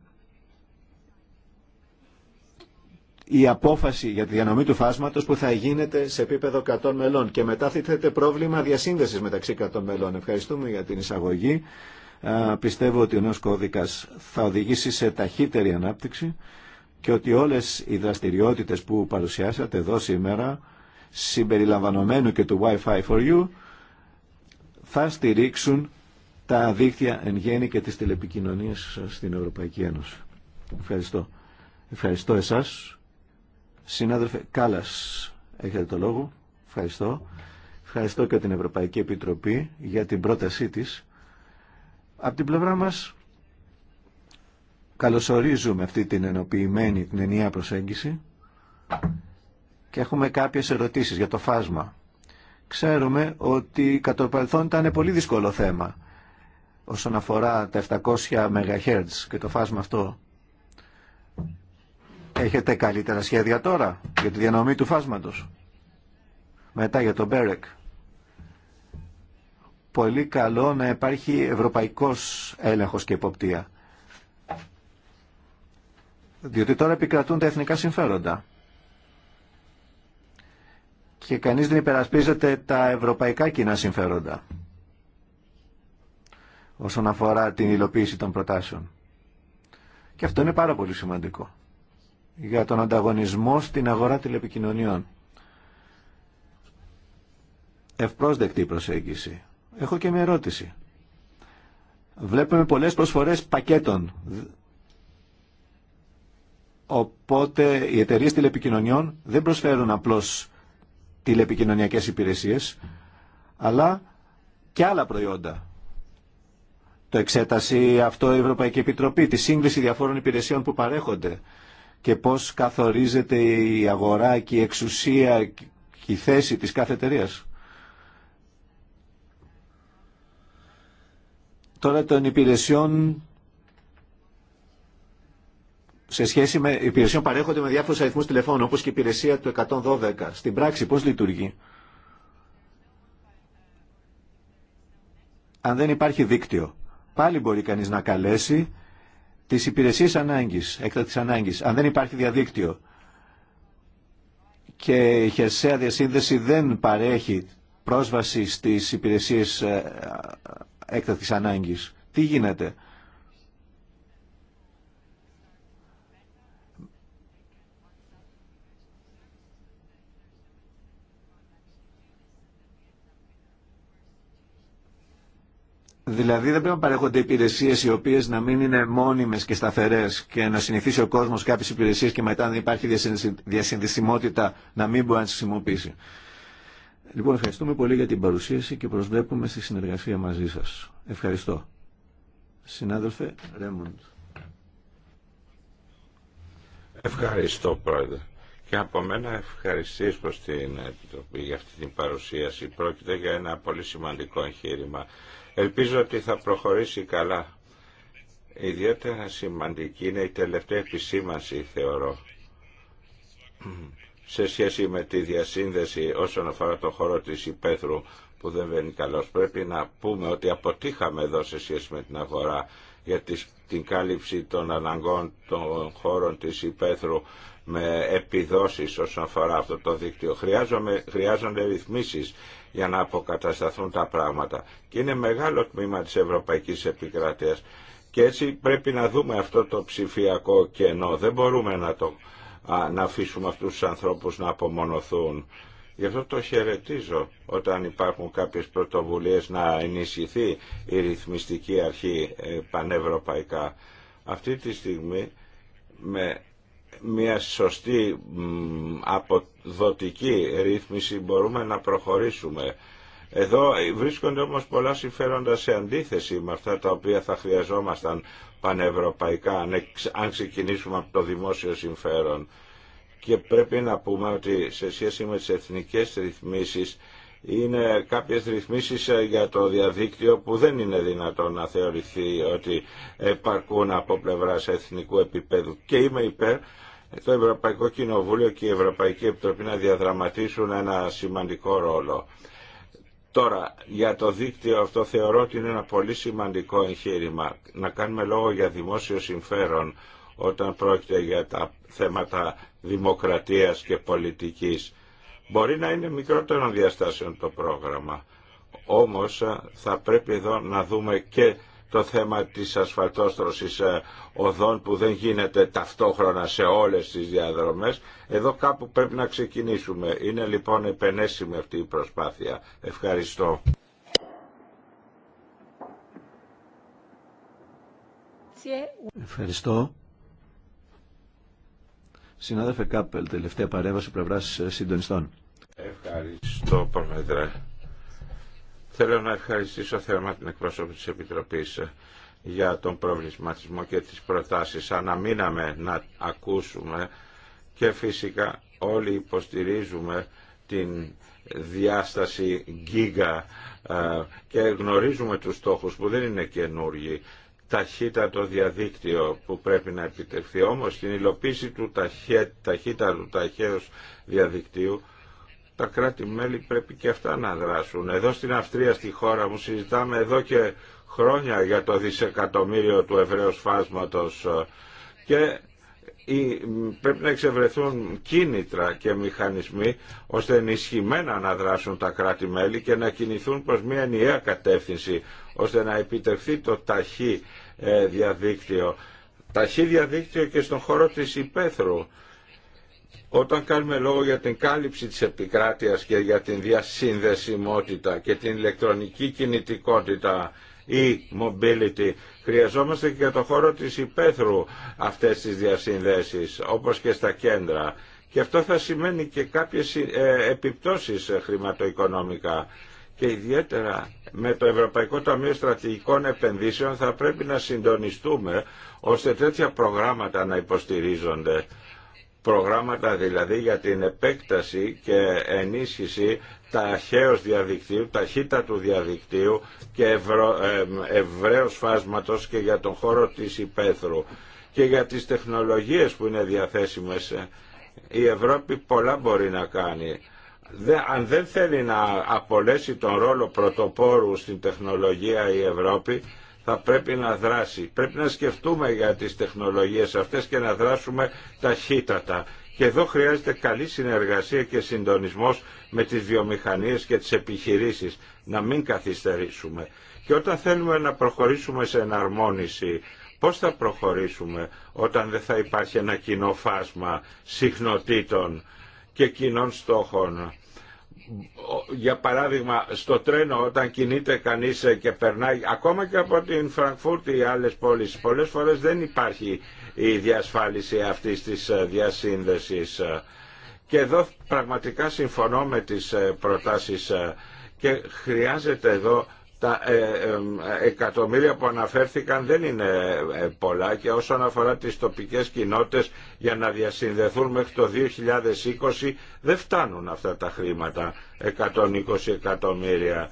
η απόφαση για τη διανομή του φάσματος που θα γίνεται σε επίπεδο 100 μελών και μετά θίθεται πρόβλημα διασύνδεσης μεταξύ 100 μελών. Ευχαριστούμε για την εισαγωγή. πιστεύω ότι ο νέος κώδικας θα οδηγήσει σε ταχύτερη ανάπτυξη και ότι όλες οι δραστηριότητες που παρουσιάσατε εδώ σήμερα συμπεριλαμβανομένου και του Wi-Fi for You θα στηρίξουν τα δίκτυα εν γέννη και τις τηλεπικοινωνίες στην Ευρωπαϊκή Ένωση. Ευχαριστώ. Ευχαριστώ εσάς. Συνάδελφε Κάλλας, έχετε το λόγο. Ευχαριστώ. Ευχαριστώ και την Ευρωπαϊκή Επιτροπή για την πρότασή της. Από την πλευρά μας Καλωσορίζουμε αυτή την ενοποιημένη, την ενιαία προσέγγιση και έχουμε κάποιες ερωτήσεις για το φάσμα. Ξέρουμε ότι κατά το παρελθόν ήταν πολύ δύσκολο θέμα όσον αφορά τα 700 MHz και το φάσμα αυτό. Έχετε καλύτερα σχέδια τώρα για τη διανομή του φάσματος. Μετά για το Μπέρεκ. Πολύ καλό να υπάρχει ευρωπαϊκός έλεγχος και υποπτία διότι τώρα επικρατούν τα εθνικά συμφέροντα και κανείς δεν υπερασπίζεται τα ευρωπαϊκά κοινά συμφέροντα όσον αφορά την υλοποίηση των προτάσεων. Και αυτό είναι πάρα πολύ σημαντικό για τον ανταγωνισμό στην αγορά τηλεπικοινωνιών. Ευπρόσδεκτη η προσέγγιση. Έχω και μια ερώτηση. Βλέπουμε πολλές προσφορές πακέτων Οπότε οι εταιρείε τηλεπικοινωνιών δεν προσφέρουν απλώς τηλεπικοινωνιακές υπηρεσίες, αλλά και άλλα προϊόντα. Το εξέταση αυτό η Ευρωπαϊκή Επιτροπή, τη σύγκριση διαφόρων υπηρεσιών που παρέχονται και πώς καθορίζεται η αγορά και η εξουσία και η θέση της κάθε εταιρεία. Τώρα των υπηρεσιών σε σχέση με υπηρεσιών παρέχονται με διάφορου αριθμού τηλεφώνων, όπω και η υπηρεσία του 112. Στην πράξη, πώ λειτουργεί. Αν δεν υπάρχει δίκτυο, πάλι μπορεί κανεί να καλέσει τι υπηρεσίε ανάγκης έκτακτη ανάγκη. Αν δεν υπάρχει διαδίκτυο και η χερσαία διασύνδεση δεν παρέχει πρόσβαση στις υπηρεσίες ε, έκτακτης ανάγκης. Τι γίνεται. Δηλαδή δεν πρέπει να παρέχονται υπηρεσίε οι οποίε να μην είναι μόνιμε και σταθερέ και να συνηθίσει ο κόσμο κάποιε υπηρεσίε και μετά αν δεν υπάρχει διασυνδεσιμότητα να μην μπορεί να τι χρησιμοποιήσει. Λοιπόν, ευχαριστούμε πολύ για την παρουσίαση και προσβλέπουμε στη συνεργασία μαζί σα. Ευχαριστώ. Συνάδελφε Ρέμοντ. Ευχαριστώ, Πρόεδρε. Και από μένα ευχαριστήσεις προς την Επιτροπή για αυτή την παρουσίαση. Πρόκειται για ένα πολύ σημαντικό εγχείρημα Ελπίζω ότι θα προχωρήσει καλά. Ιδιαίτερα σημαντική είναι η τελευταία επισήμανση, θεωρώ, σε σχέση με τη διασύνδεση όσον αφορά το χώρο της υπαίθρου που δεν βαίνει καλώς. Πρέπει να πούμε ότι αποτύχαμε εδώ σε σχέση με την αγορά για την κάλυψη των αναγκών των χώρων της υπαίθρου με επιδόσεις όσον αφορά αυτό το δίκτυο. χρειάζονται ρυθμίσεις για να αποκατασταθούν τα πράγματα. Και είναι μεγάλο τμήμα της Ευρωπαϊκής Επικράτειας. Και έτσι πρέπει να δούμε αυτό το ψηφιακό κενό. Δεν μπορούμε να, το, να αφήσουμε αυτούς τους ανθρώπους να απομονωθούν. Γι' αυτό το χαιρετίζω όταν υπάρχουν κάποιες πρωτοβουλίες να ενισχυθεί η ρυθμιστική αρχή ε, πανευρωπαϊκά. Αυτή τη στιγμή με μια σωστή αποδοτική ρύθμιση μπορούμε να προχωρήσουμε. Εδώ βρίσκονται όμως πολλά συμφέροντα σε αντίθεση με αυτά τα οποία θα χρειαζόμασταν πανευρωπαϊκά αν ξεκινήσουμε από το δημόσιο συμφέρον. Και πρέπει να πούμε ότι σε σχέση με τις εθνικές ρυθμίσεις είναι κάποιες ρυθμίσεις ε, για το διαδίκτυο που δεν είναι δυνατόν να θεωρηθεί ότι επαρκούν από πλευράς εθνικού επίπεδου. Και είμαι υπέρ το Ευρωπαϊκό Κοινοβούλιο και η Ευρωπαϊκή Επιτροπή να διαδραματίσουν ένα σημαντικό ρόλο. Τώρα, για το δίκτυο αυτό θεωρώ ότι είναι ένα πολύ σημαντικό εγχείρημα. Να κάνουμε λόγο για δημόσιο συμφέρον όταν πρόκειται για τα θέματα δημοκρατίας και πολιτικής. Μπορεί να είναι μικρότερο διαστάσεων το πρόγραμμα. Όμως θα πρέπει εδώ να δούμε και το θέμα της ασφαλτόστρωσης ε, οδών που δεν γίνεται ταυτόχρονα σε όλες τις διαδρομές. Εδώ κάπου πρέπει να ξεκινήσουμε. Είναι λοιπόν επενέσιμη αυτή η προσπάθεια. Ευχαριστώ. Ευχαριστώ. Συνάδελφε Κάπελ, τελευταία παρέμβαση πλευρά ε, συντονιστών. Ευχαριστώ, Πρόεδρε. Θέλω να ευχαριστήσω θερμά την εκπρόσωπη της Επιτροπής για τον προβληματισμό και τις προτάσεις. Αναμείναμε να ακούσουμε και φυσικά όλοι υποστηρίζουμε την διάσταση γίγα ε, και γνωρίζουμε τους στόχους που δεν είναι καινούργιοι ταχύτατο διαδίκτυο που πρέπει να επιτευχθεί. Όμως την υλοποίηση του ταχύτατου ταχαίως διαδικτύου τα κράτη-μέλη πρέπει και αυτά να δράσουν. Εδώ στην Αυστρία, στη χώρα μου, συζητάμε εδώ και χρόνια για το δισεκατομμύριο του ευρέως φάσματος ε, και πρέπει να εξευρεθούν κίνητρα και μηχανισμοί ώστε ενισχυμένα να δράσουν τα κράτη-μέλη και να κινηθούν προς μια ενιαία κατεύθυνση ώστε να επιτευχθεί το ταχύ ε, διαδίκτυο. Ταχύ διαδίκτυο και στον χώρο της υπαίθρου όταν κάνουμε λόγο για την κάλυψη της επικράτειας και για την διασύνδεσιμότητα και την ηλεκτρονική κινητικότητα ή mobility, χρειαζόμαστε και το χώρο της υπαίθρου αυτές τις διασύνδεσεις, όπως και στα κέντρα. Και αυτό θα σημαίνει και κάποιες ε, επιπτώσεις χρηματοοικονομικά. Και ιδιαίτερα με το Ευρωπαϊκό Ταμείο Στρατηγικών Επενδύσεων θα πρέπει να συντονιστούμε ώστε τέτοια προγράμματα να υποστηρίζονται προγράμματα δηλαδή για την επέκταση και ενίσχυση ταχαίως διαδικτύου, ταχύτητα του διαδικτύου και ευρω, φάσματο φάσματος και για τον χώρο της υπαίθρου και για τις τεχνολογίες που είναι διαθέσιμες. Ε, η Ευρώπη πολλά μπορεί να κάνει. Αν δεν θέλει να απολέσει τον ρόλο πρωτοπόρου στην τεχνολογία η Ευρώπη, θα πρέπει να δράσει. Πρέπει να σκεφτούμε για τις τεχνολογίες αυτές και να δράσουμε ταχύτατα. Και εδώ χρειάζεται καλή συνεργασία και συντονισμός με τις βιομηχανίες και τις επιχειρήσεις, να μην καθυστερήσουμε. Και όταν θέλουμε να προχωρήσουμε σε εναρμόνιση, πώς θα προχωρήσουμε όταν δεν θα υπάρχει ένα κοινό φάσμα συχνοτήτων και κοινών στόχων για παράδειγμα στο τρένο όταν κινείται κανείς και περνάει ακόμα και από την Φραγκφούρτη ή άλλες πόλεις πολλές φορές δεν υπάρχει η διασφάλιση αυτής της ε, διασύνδεσης και εδώ πραγματικά συμφωνώ με τις ε, προτάσεις ε, και χρειάζεται εδώ τα ε, εκατομμύρια που αναφέρθηκαν δεν είναι ε, πολλά και όσον αφορά τις τοπικές κοινότητες για να διασυνδεθούν μέχρι το 2020 δεν φτάνουν αυτά τα χρήματα, 120 εκατομμύρια.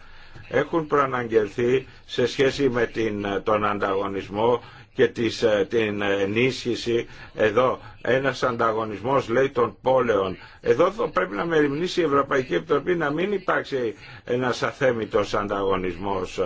Έχουν προαναγγελθεί σε σχέση με την, ε, τον ανταγωνισμό και της, ε, την ενίσχυση εδώ ένας ανταγωνισμός λέει των πόλεων. Εδώ θα πρέπει να μεριμνήσει η Ευρωπαϊκή Επιτροπή να μην υπάρξει ένας αθέμητος ανταγωνισμός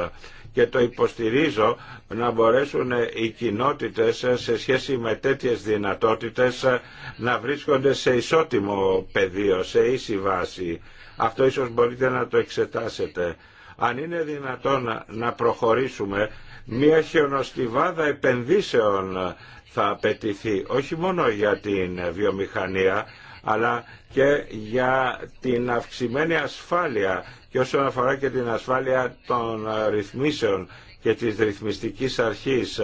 και το υποστηρίζω να μπορέσουν οι κοινότητες ε, σε σχέση με τέτοιες δυνατότητες ε, να βρίσκονται σε ισότιμο πεδίο, σε ίση βάση. Αυτό ίσως μπορείτε να το εξετάσετε. Αν είναι δυνατόν να προχωρήσουμε μια χιονοστιβάδα επενδύσεων θα απαιτηθεί όχι μόνο για την βιομηχανία αλλά και για την αυξημένη ασφάλεια και όσον αφορά και την ασφάλεια των ρυθμίσεων και της ρυθμιστικής αρχής.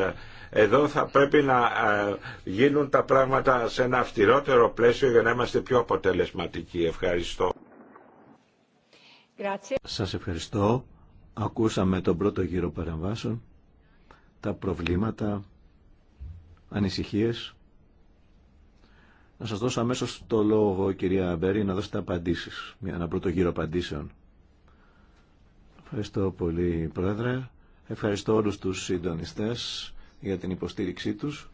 Εδώ θα πρέπει να ε, γίνουν τα πράγματα σε ένα αυστηρότερο πλαίσιο για να είμαστε πιο αποτελεσματικοί. Ευχαριστώ. Σας ευχαριστώ. Ακούσαμε τον πρώτο γύρο παρεμβάσεων τα προβλήματα, ανησυχίες. Να σας δώσω αμέσως το λόγο, κυρία Μπέρι, να δώσετε απαντήσεις, ένα πρώτο γύρο απαντήσεων. Ευχαριστώ πολύ, Πρόεδρε. Ευχαριστώ όλους τους συντονιστές για την υποστήριξή τους.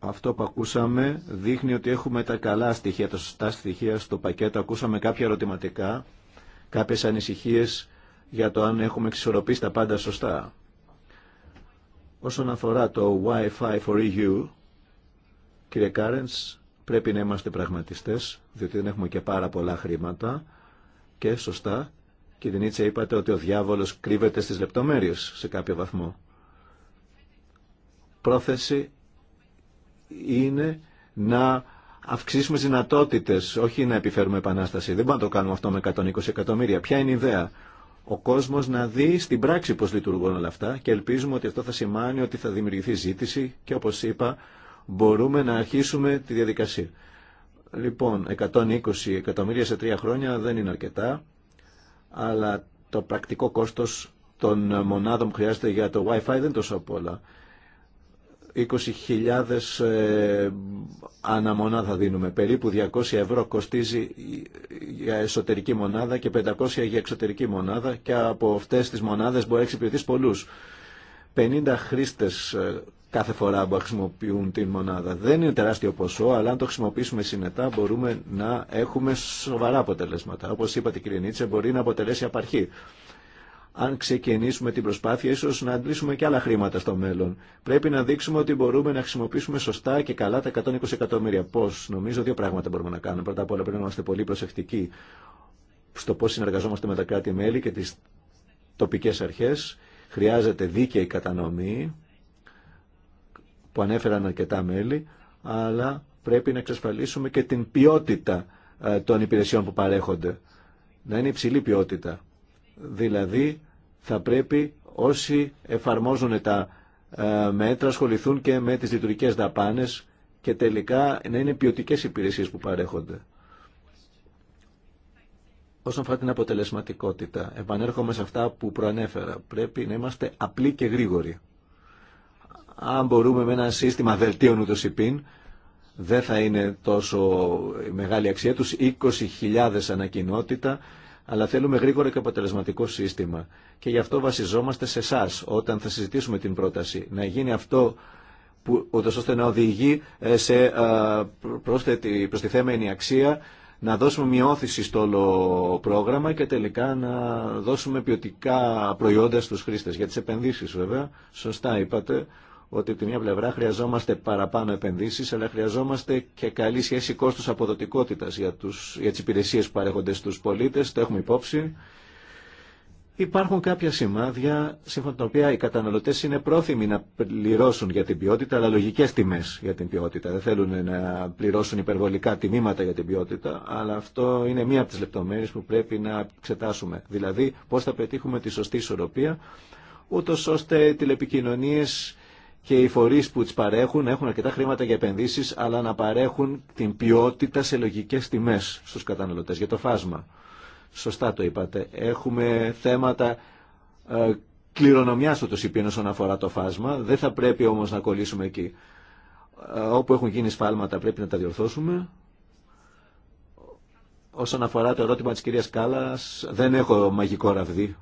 Αυτό που ακούσαμε δείχνει ότι έχουμε τα καλά στοιχεία, τα σωστά στοιχεία στο πακέτο. Ακούσαμε κάποια ερωτηματικά, κάποιες ανησυχίες για το αν έχουμε εξισορροπήσει τα πάντα σωστά. Όσον αφορά το Wi-Fi for EU, κύριε Κάρενς, πρέπει να είμαστε πραγματιστές, διότι δεν έχουμε και πάρα πολλά χρήματα και σωστά, την Νίτσα, είπατε ότι ο διάβολος κρύβεται στις λεπτομέρειες σε κάποιο βαθμό. Πρόθεση είναι να αυξήσουμε δυνατότητε, όχι να επιφέρουμε επανάσταση. Δεν μπορούμε να το κάνουμε αυτό με 120 εκατομμύρια. Ποια είναι η ιδέα, ο κόσμος να δει στην πράξη πώς λειτουργούν όλα αυτά και ελπίζουμε ότι αυτό θα σημάνει ότι θα δημιουργηθεί ζήτηση και όπως είπα μπορούμε να αρχίσουμε τη διαδικασία. Λοιπόν, 120 εκατομμύρια σε τρία χρόνια δεν είναι αρκετά, αλλά το πρακτικό κόστος των μονάδων που χρειάζεται για το Wi-Fi δεν τόσο πολλά. 20.000 ε, αναμονά θα δίνουμε. Περίπου 200 ευρώ κοστίζει για εσωτερική μονάδα και 500 για εξωτερική μονάδα και από αυτές τις μονάδες μπορεί να εξυπηρετείς πολλούς. 50 χρήστες ε, κάθε φορά που χρησιμοποιούν την μονάδα. Δεν είναι τεράστιο ποσό, αλλά αν το χρησιμοποιήσουμε συνετά μπορούμε να έχουμε σοβαρά αποτελέσματα. Όπως είπατε κύριε Νίτσε, μπορεί να αποτελέσει απαρχή αν ξεκινήσουμε την προσπάθεια, ίσω να αντλήσουμε και άλλα χρήματα στο μέλλον. Πρέπει να δείξουμε ότι μπορούμε να χρησιμοποιήσουμε σωστά και καλά τα 120 εκατομμύρια. Πώ, νομίζω, δύο πράγματα μπορούμε να κάνουμε. Πρώτα απ' όλα, πρέπει να είμαστε πολύ προσεκτικοί στο πώ συνεργαζόμαστε με τα κράτη-μέλη και τι τοπικέ αρχέ. Χρειάζεται δίκαιη κατανομή, που ανέφεραν αρκετά μέλη, αλλά πρέπει να εξασφαλίσουμε και την ποιότητα ε, των υπηρεσιών που παρέχονται. Να είναι υψηλή ποιότητα δηλαδή θα πρέπει όσοι εφαρμόζουν τα ε, μέτρα ασχοληθούν και με τις λειτουργικέ δαπάνες και τελικά να είναι ποιοτικές υπηρεσίες που παρέχονται. Όσον αφορά την αποτελεσματικότητα, επανέρχομαι σε αυτά που προανέφερα. Πρέπει να είμαστε απλοί και γρήγοροι. Αν μπορούμε με ένα σύστημα δελτίων ούτως υπήν, δεν θα είναι τόσο μεγάλη αξία τους, 20.000 ανακοινότητα, αλλά θέλουμε γρήγορο και αποτελεσματικό σύστημα. Και γι' αυτό βασιζόμαστε σε εσά όταν θα συζητήσουμε την πρόταση. Να γίνει αυτό που ώστε να οδηγεί ε, σε ε, πρόσθετη, προστιθέμενη αξία, να δώσουμε μειώθηση στο όλο πρόγραμμα και τελικά να δώσουμε ποιοτικά προϊόντα στους χρήστες. Για τις επενδύσεις βέβαια, σωστά είπατε, ότι από τη μια πλευρά χρειαζόμαστε παραπάνω επενδύσεις, αλλά χρειαζόμαστε και καλή σχέση κόστου αποδοτικότητας για, τους, για τις υπηρεσίες που παρέχονται στους πολίτες, το έχουμε υπόψη. Υπάρχουν κάποια σημάδια σύμφωνα με τα οποία οι καταναλωτέ είναι πρόθυμοι να πληρώσουν για την ποιότητα, αλλά λογικέ τιμέ για την ποιότητα. Δεν θέλουν να πληρώσουν υπερβολικά τιμήματα για την ποιότητα, αλλά αυτό είναι μία από τι λεπτομέρειε που πρέπει να εξετάσουμε. Δηλαδή, πώ θα πετύχουμε τη σωστή ισορροπία, ούτω ώστε τηλεπικοινωνίε και οι φορείς που τι παρέχουν έχουν αρκετά χρήματα για επενδύσει, αλλά να παρέχουν την ποιότητα σε λογικέ τιμέ στους καταναλωτέ για το φάσμα. Σωστά το είπατε. Έχουμε θέματα ε, κληρονομιάς του υπήν όσον αφορά το φάσμα. Δεν θα πρέπει όμως να κολλήσουμε εκεί. Ε, όπου έχουν γίνει σφάλματα πρέπει να τα διορθώσουμε. Όσον αφορά το ερώτημα τη κύρια Κάλλα, δεν έχω μαγικό ραβδί,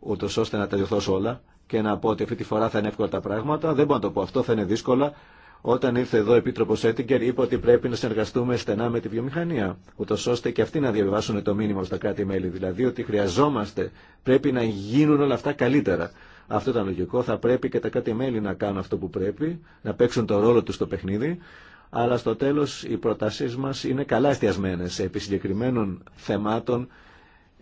ούτω ώστε να τα διορθώσω όλα και να πω ότι αυτή τη φορά θα είναι εύκολα τα πράγματα. Δεν μπορώ να το πω αυτό, θα είναι δύσκολα. Όταν ήρθε εδώ ο Επίτροπο Έτιγκερ, είπε ότι πρέπει να συνεργαστούμε στενά με τη βιομηχανία, ούτω ώστε και αυτοί να διαβιβάσουν το μήνυμα στα κράτη-μέλη. Δηλαδή ότι χρειαζόμαστε, πρέπει να γίνουν όλα αυτά καλύτερα. Αυτό ήταν λογικό. Θα πρέπει και τα κράτη-μέλη να κάνουν αυτό που πρέπει, να παίξουν το ρόλο του στο παιχνίδι. Αλλά στο τέλο οι προτάσει μα είναι καλά εστιασμένε επί συγκεκριμένων θεμάτων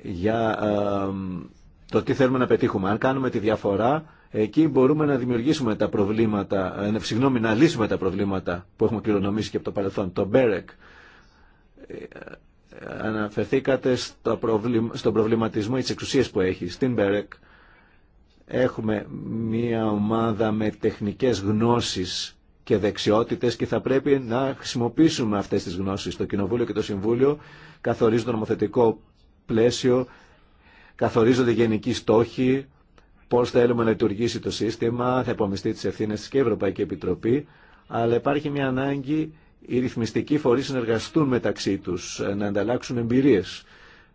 για ε, το τι θέλουμε να πετύχουμε. Αν κάνουμε τη διαφορά, εκεί μπορούμε να δημιουργήσουμε τα προβλήματα, ε, συγγνώμη, να λύσουμε τα προβλήματα που έχουμε κληρονομήσει και από το παρελθόν. Το Μπέρεκ, ε, ε, αναφερθήκατε στο στον προβληματισμό τη εξουσία που έχει. Στην Μπέρεκ έχουμε μία ομάδα με τεχνικές γνώσεις και δεξιότητες και θα πρέπει να χρησιμοποιήσουμε αυτές τις γνώσεις. Το Κοινοβούλιο και το Συμβούλιο καθορίζουν το νομοθετικό πλαίσιο καθορίζονται γενικοί στόχοι, πώς θέλουμε να λειτουργήσει το σύστημα, θα υπομειστεί τις τη και η Ευρωπαϊκή Επιτροπή, αλλά υπάρχει μια ανάγκη οι ρυθμιστικοί να εργαστούν μεταξύ τους, να ανταλλάξουν εμπειρίε.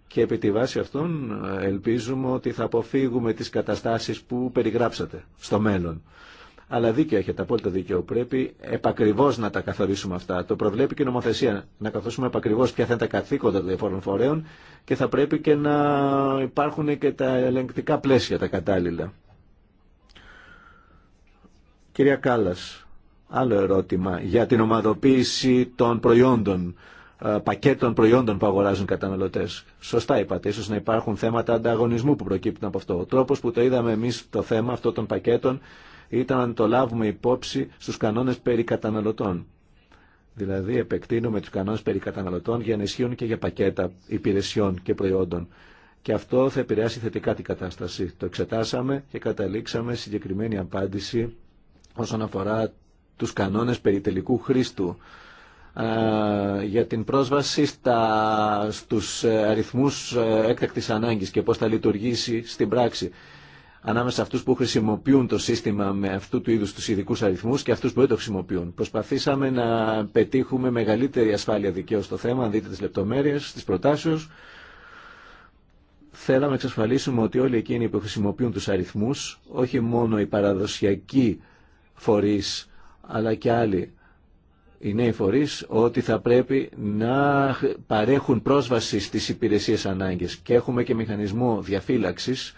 Και επί τη βάση αυτών ελπίζουμε ότι θα αποφύγουμε τις καταστάσεις που περιγράψατε στο μέλλον. Αλλά δίκαιο έχετε, απόλυτο δίκαιο. Πρέπει επακριβώ να τα καθορίσουμε αυτά. Το προβλέπει και η νομοθεσία. Να καθορίσουμε επακριβώ ποια θα είναι τα καθήκοντα των διαφόρων φορέων και θα πρέπει και να υπάρχουν και τα ελεγκτικά πλαίσια τα κατάλληλα. Κυρία Κάλλας, άλλο ερώτημα για την ομαδοποίηση των προϊόντων, πακέτων προϊόντων που αγοράζουν καταναλωτέ. Σωστά είπατε, ίσω να υπάρχουν θέματα ανταγωνισμού που προκύπτουν από αυτό. Ο τρόπο που το είδαμε εμεί το θέμα αυτό των πακέτων ήταν να το λάβουμε υπόψη στους κανόνες περί καταναλωτών. Δηλαδή επεκτείνουμε τους κανόνες περί καταναλωτών για να ισχύουν και για πακέτα υπηρεσιών και προϊόντων. Και αυτό θα επηρεάσει θετικά την κατάσταση. Το εξετάσαμε και καταλήξαμε συγκεκριμένη απάντηση όσον αφορά τους κανόνες περί τελικού χρήστου για την πρόσβαση στα, στους αριθμούς ε, έκτακτης ανάγκης και πώς θα λειτουργήσει στην πράξη ανάμεσα σε αυτούς που χρησιμοποιούν το σύστημα με αυτού του είδου του ειδικού αριθμού και αυτού που δεν το χρησιμοποιούν. Προσπαθήσαμε να πετύχουμε μεγαλύτερη ασφάλεια δικαίου στο θέμα, αν δείτε τι λεπτομέρειε τη προτάσεις. Θέλαμε να εξασφαλίσουμε ότι όλοι εκείνοι που χρησιμοποιούν του αριθμού, όχι μόνο οι παραδοσιακοί φορεί, αλλά και άλλοι οι νέοι φορεί, ότι θα πρέπει να παρέχουν πρόσβαση στις υπηρεσίες ανάγκες και έχουμε και μηχανισμό διαφύλαξης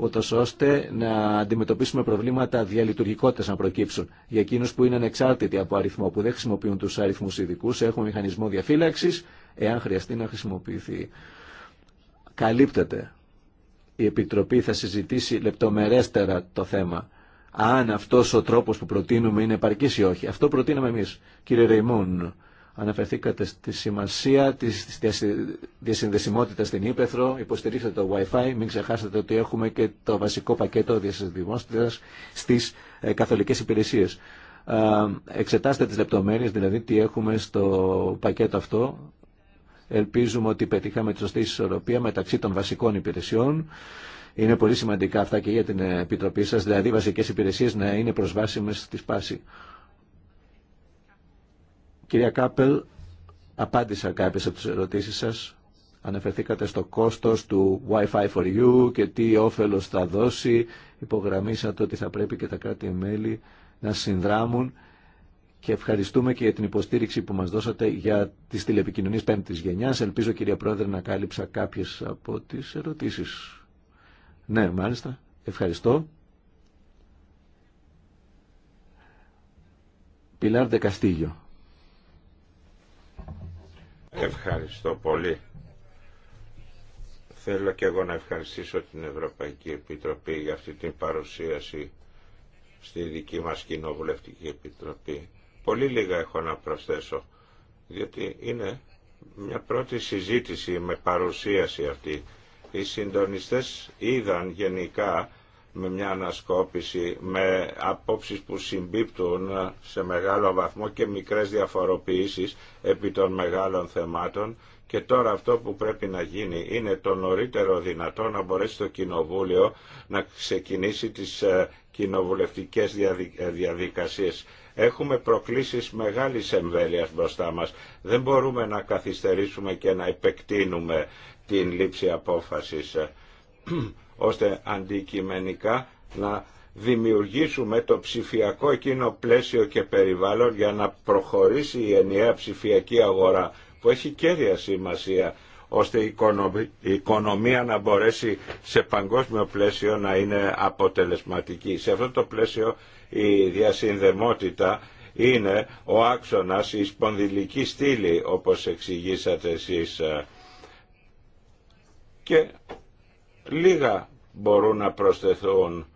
ούτως ώστε να αντιμετωπίσουμε προβλήματα διαλειτουργικότητας να προκύψουν. Για εκείνους που είναι ανεξάρτητοι από αριθμό, που δεν χρησιμοποιούν τους αριθμούς ειδικού, έχουμε μηχανισμό διαφύλαξης, εάν χρειαστεί να χρησιμοποιηθεί. Καλύπτεται. Η Επιτροπή θα συζητήσει λεπτομερέστερα το θέμα. Αν αυτός ο τρόπος που προτείνουμε είναι επαρκής ή όχι. Αυτό προτείναμε εμείς. Κύριε Ρεϊμούν, Αναφερθήκατε στη σημασία της διασυνδεσιμότητας στην Ήπεθρο, υποστηρίξτε το Wi-Fi, μην ξεχάσετε ότι έχουμε και το βασικό πακέτο διασυνδεσιμότητας στις ε, καθολικές υπηρεσίες. Εξετάστε τις λεπτομέρειες, δηλαδή τι έχουμε στο πακέτο αυτό. Ελπίζουμε ότι πετύχαμε τη σωστή ισορροπία μεταξύ των βασικών υπηρεσιών. Είναι πολύ σημαντικά αυτά και για την Επιτροπή σας, δηλαδή οι βασικές υπηρεσίες να είναι προσβάσιμες στη σπάση. Κυρία Κάπελ, απάντησα κάποιες από τις ερωτήσεις σας. Αναφερθήκατε στο κόστος του Wi-Fi for you και τι όφελος θα δώσει. Υπογραμμίσατε ότι θα πρέπει και τα κράτη-μέλη να συνδράμουν και ευχαριστούμε και για την υποστήριξη που μας δώσατε για τις τηλεπικοινωνίες πέμπτης γενιάς. Ελπίζω κυρία Πρόεδρε να κάλυψα κάποιες από τις ερωτήσεις. Ναι, μάλιστα. Ευχαριστώ. Πιλάρ Δεκαστήγιο. Ευχαριστώ πολύ. Θέλω και εγώ να ευχαριστήσω την Ευρωπαϊκή Επιτροπή για αυτή την παρουσίαση στη δική μας Κοινοβουλευτική Επιτροπή. Πολύ λίγα έχω να προσθέσω, διότι είναι μια πρώτη συζήτηση με παρουσίαση αυτή. Οι συντονιστές είδαν γενικά με μια ανασκόπηση με απόψεις που συμπίπτουν σε μεγάλο βαθμό και μικρές διαφοροποιήσεις επί των μεγάλων θεμάτων και τώρα αυτό που πρέπει να γίνει είναι το νωρίτερο δυνατό να μπορέσει το Κοινοβούλιο να ξεκινήσει τις ε, κοινοβουλευτικές ε, διαδικασίες. Έχουμε προκλήσεις μεγάλης εμβέλειας μπροστά μας. Δεν μπορούμε να καθυστερήσουμε και να επεκτείνουμε την λήψη απόφασης ώστε αντικειμενικά να δημιουργήσουμε το ψηφιακό εκείνο πλαίσιο και περιβάλλον για να προχωρήσει η ενιαία ψηφιακή αγορά που έχει κέρια σημασία ώστε η οικονομία να μπορέσει σε παγκόσμιο πλαίσιο να είναι αποτελεσματική. Σε αυτό το πλαίσιο η διασυνδεμότητα είναι ο άξονας, η σπονδυλική στήλη όπως εξηγήσατε εσείς και λίγα μπορούν να προσθεθούν.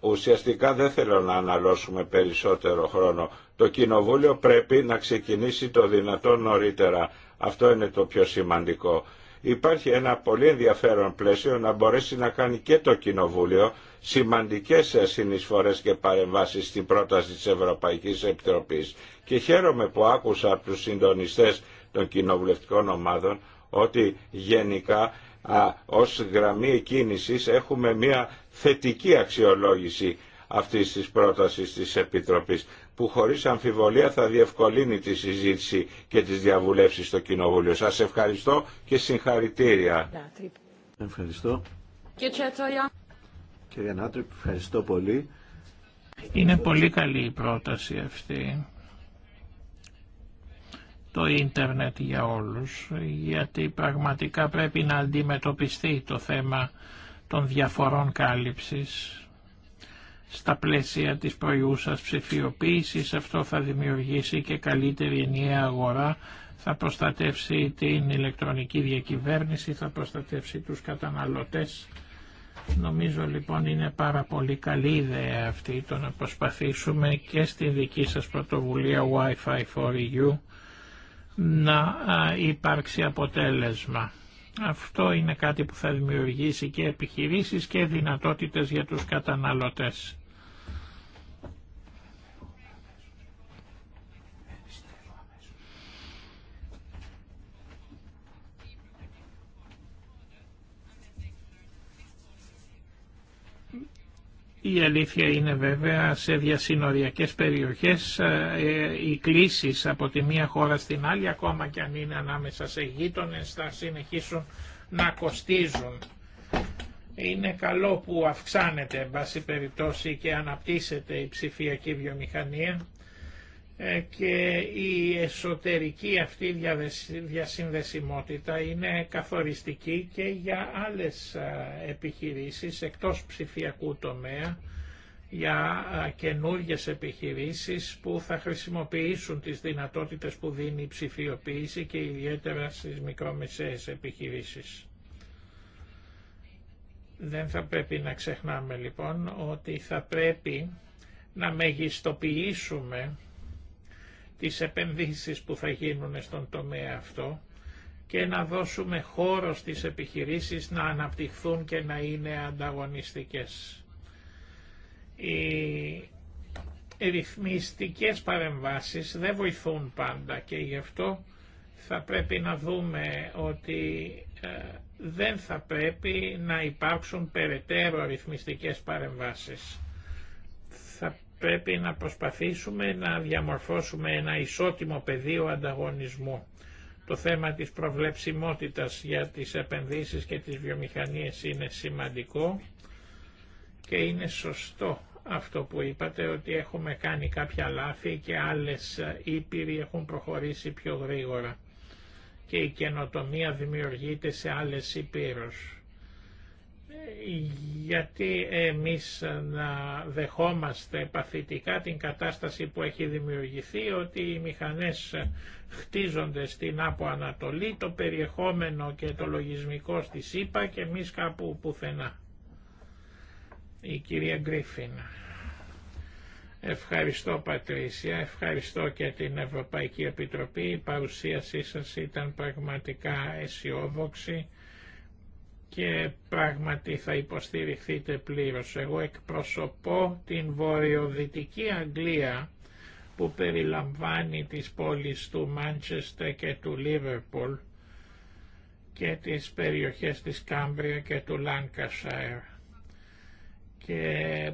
Ουσιαστικά δεν θέλω να αναλώσουμε περισσότερο χρόνο. Το Κοινοβούλιο πρέπει να ξεκινήσει το δυνατόν νωρίτερα. Αυτό είναι το πιο σημαντικό. Υπάρχει ένα πολύ ενδιαφέρον πλαίσιο να μπορέσει να κάνει και το Κοινοβούλιο σημαντικές συνεισφορές και παρεμβάσεις στην πρόταση της Ευρωπαϊκής Επιτροπής. Και χαίρομαι που άκουσα από τους συντονιστές των κοινοβουλευτικών ομάδων ότι γενικά ως γραμμή κίνησης έχουμε μια θετική αξιολόγηση αυτής της πρότασης της Επιτροπής που χωρίς αμφιβολία θα διευκολύνει τη συζήτηση και τις διαβουλεύσεις στο Κοινοβούλιο. Σας ευχαριστώ και συγχαρητήρια. Ευχαριστώ. Κύριε Νάτρυπ, ευχαριστώ πολύ. Είναι πολύ καλή η πρόταση αυτή το ίντερνετ για όλους, γιατί πραγματικά πρέπει να αντιμετωπιστεί το θέμα των διαφορών κάλυψης στα πλαίσια της προϊούσας ψηφιοποίησης. Αυτό θα δημιουργήσει και καλύτερη ενιαία αγορά, θα προστατεύσει την ηλεκτρονική διακυβέρνηση, θα προστατεύσει τους καταναλωτές. Νομίζω λοιπόν είναι πάρα πολύ καλή ιδέα αυτή το να προσπαθήσουμε και στη δική σας πρωτοβουλία Wi-Fi for EU να υπάρξει αποτέλεσμα. Αυτό είναι κάτι που θα δημιουργήσει και επιχειρήσεις και δυνατότητες για τους καταναλωτές. Η αλήθεια είναι βέβαια σε διασυνοριακές περιοχές ε, οι κλήσεις από τη μία χώρα στην άλλη ακόμα και αν είναι ανάμεσα σε γείτονες θα συνεχίσουν να κοστίζουν. Είναι καλό που αυξάνεται εν και αναπτύσσεται η ψηφιακή βιομηχανία ε, και η εσωτερική αυτή διασυνδεσιμότητα είναι καθοριστική και για άλλες επιχειρήσεις εκτός ψηφιακού τομέα για καινούργιες επιχειρήσεις που θα χρησιμοποιήσουν τις δυνατότητες που δίνει η ψηφιοποίηση και ιδιαίτερα στις μικρομεσαίες επιχειρήσεις. Δεν θα πρέπει να ξεχνάμε λοιπόν ότι θα πρέπει να μεγιστοποιήσουμε τις επενδύσεις που θα γίνουν στον τομέα αυτό και να δώσουμε χώρο στις επιχειρήσεις να αναπτυχθούν και να είναι ανταγωνιστικές. Οι ρυθμιστικές παρεμβάσεις δεν βοηθούν πάντα και γι' αυτό θα πρέπει να δούμε ότι ε, δεν θα πρέπει να υπάρξουν περαιτέρω ρυθμιστικές παρεμβάσεις πρέπει να προσπαθήσουμε να διαμορφώσουμε ένα ισότιμο πεδίο ανταγωνισμού. Το θέμα της προβλεψιμότητας για τις επενδύσεις και τις βιομηχανίες είναι σημαντικό και είναι σωστό αυτό που είπατε ότι έχουμε κάνει κάποια λάθη και άλλες ήπειροι έχουν προχωρήσει πιο γρήγορα και η καινοτομία δημιουργείται σε άλλες ήπειρους γιατί εμείς να δεχόμαστε παθητικά την κατάσταση που έχει δημιουργηθεί ότι οι μηχανές χτίζονται στην Άπο Ανατολή, το περιεχόμενο και το λογισμικό στη ΣΥΠΑ και εμείς κάπου πουθενά. Η κυρία Γκρίφιν. Ευχαριστώ Πατρίσια, ευχαριστώ και την Ευρωπαϊκή Επιτροπή. Η παρουσίασή σας ήταν πραγματικά αισιόδοξη και πράγματι θα υποστηριχθείτε πλήρως. Εγώ εκπροσωπώ την βορειοδυτική Αγγλία που περιλαμβάνει τις πόλεις του Μάντσεστερ και του Λίβερπολ και τις περιοχές της Κάμπρια και του Λάνκασαερ. Και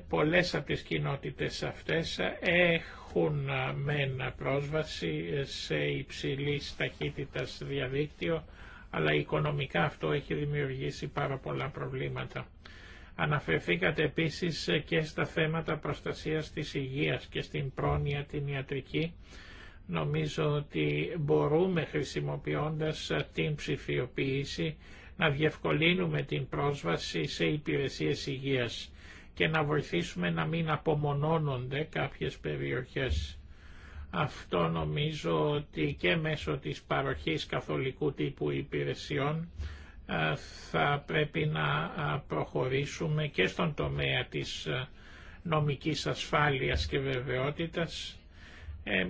πολλές από τις κοινότητες αυτές έχουν ε, μεν πρόσβαση σε υψηλής ταχύτητας διαδίκτυο αλλά οικονομικά αυτό έχει δημιουργήσει πάρα πολλά προβλήματα. Αναφερθήκατε επίσης και στα θέματα προστασίας της υγείας και στην πρόνοια την ιατρική. Νομίζω ότι μπορούμε χρησιμοποιώντας την ψηφιοποίηση να διευκολύνουμε την πρόσβαση σε υπηρεσίες υγείας και να βοηθήσουμε να μην απομονώνονται κάποιες περιοχές. Αυτό νομίζω ότι και μέσω της παροχής καθολικού τύπου υπηρεσιών ε, θα πρέπει να ε, προχωρήσουμε και στον τομέα της ε, νομικής ασφάλειας και βεβαιότητας.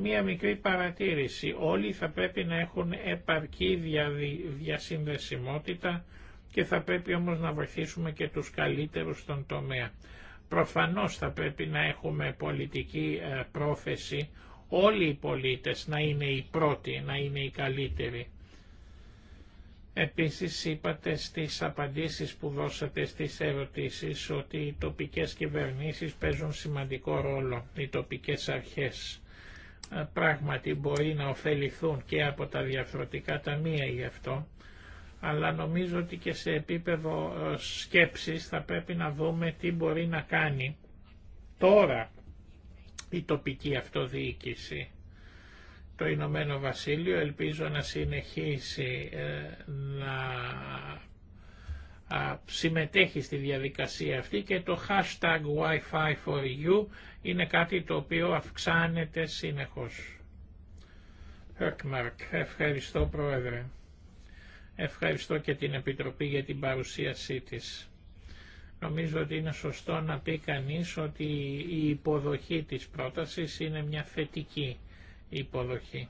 μία μικρή παρατήρηση. Όλοι θα πρέπει να έχουν επαρκή διασυνδεσιμότητα και θα πρέπει όμως να βοηθήσουμε και τους καλύτερους στον τομέα. Προφανώς θα πρέπει να έχουμε πολιτική πρόθεση όλοι οι πολίτες να είναι οι πρώτοι, να είναι οι καλύτεροι. Επίσης είπατε στις απαντήσεις που δώσατε στις ερωτήσεις ότι οι τοπικές κυβερνήσεις παίζουν σημαντικό ρόλο, οι τοπικές αρχές. Ε, πράγματι μπορεί να ωφεληθούν και από τα διαφορετικά ταμεία γι' αυτό, αλλά νομίζω ότι και σε επίπεδο ε, σκέψης θα πρέπει να δούμε τι μπορεί να κάνει τώρα η τοπική αυτοδιοίκηση. Το Ηνωμένο Βασίλειο ελπίζω να συνεχίσει ε, να συμμετέχει στη διαδικασία αυτή και το hashtag wifi for είναι κάτι το οποίο αυξάνεται συνεχώς. Ευχαριστώ Πρόεδρε. Ευχαριστώ και την Επιτροπή για την παρουσίασή της. Νομίζω ότι είναι σωστό να πει κανείς ότι η υποδοχή της πρότασης είναι μια θετική υποδοχή.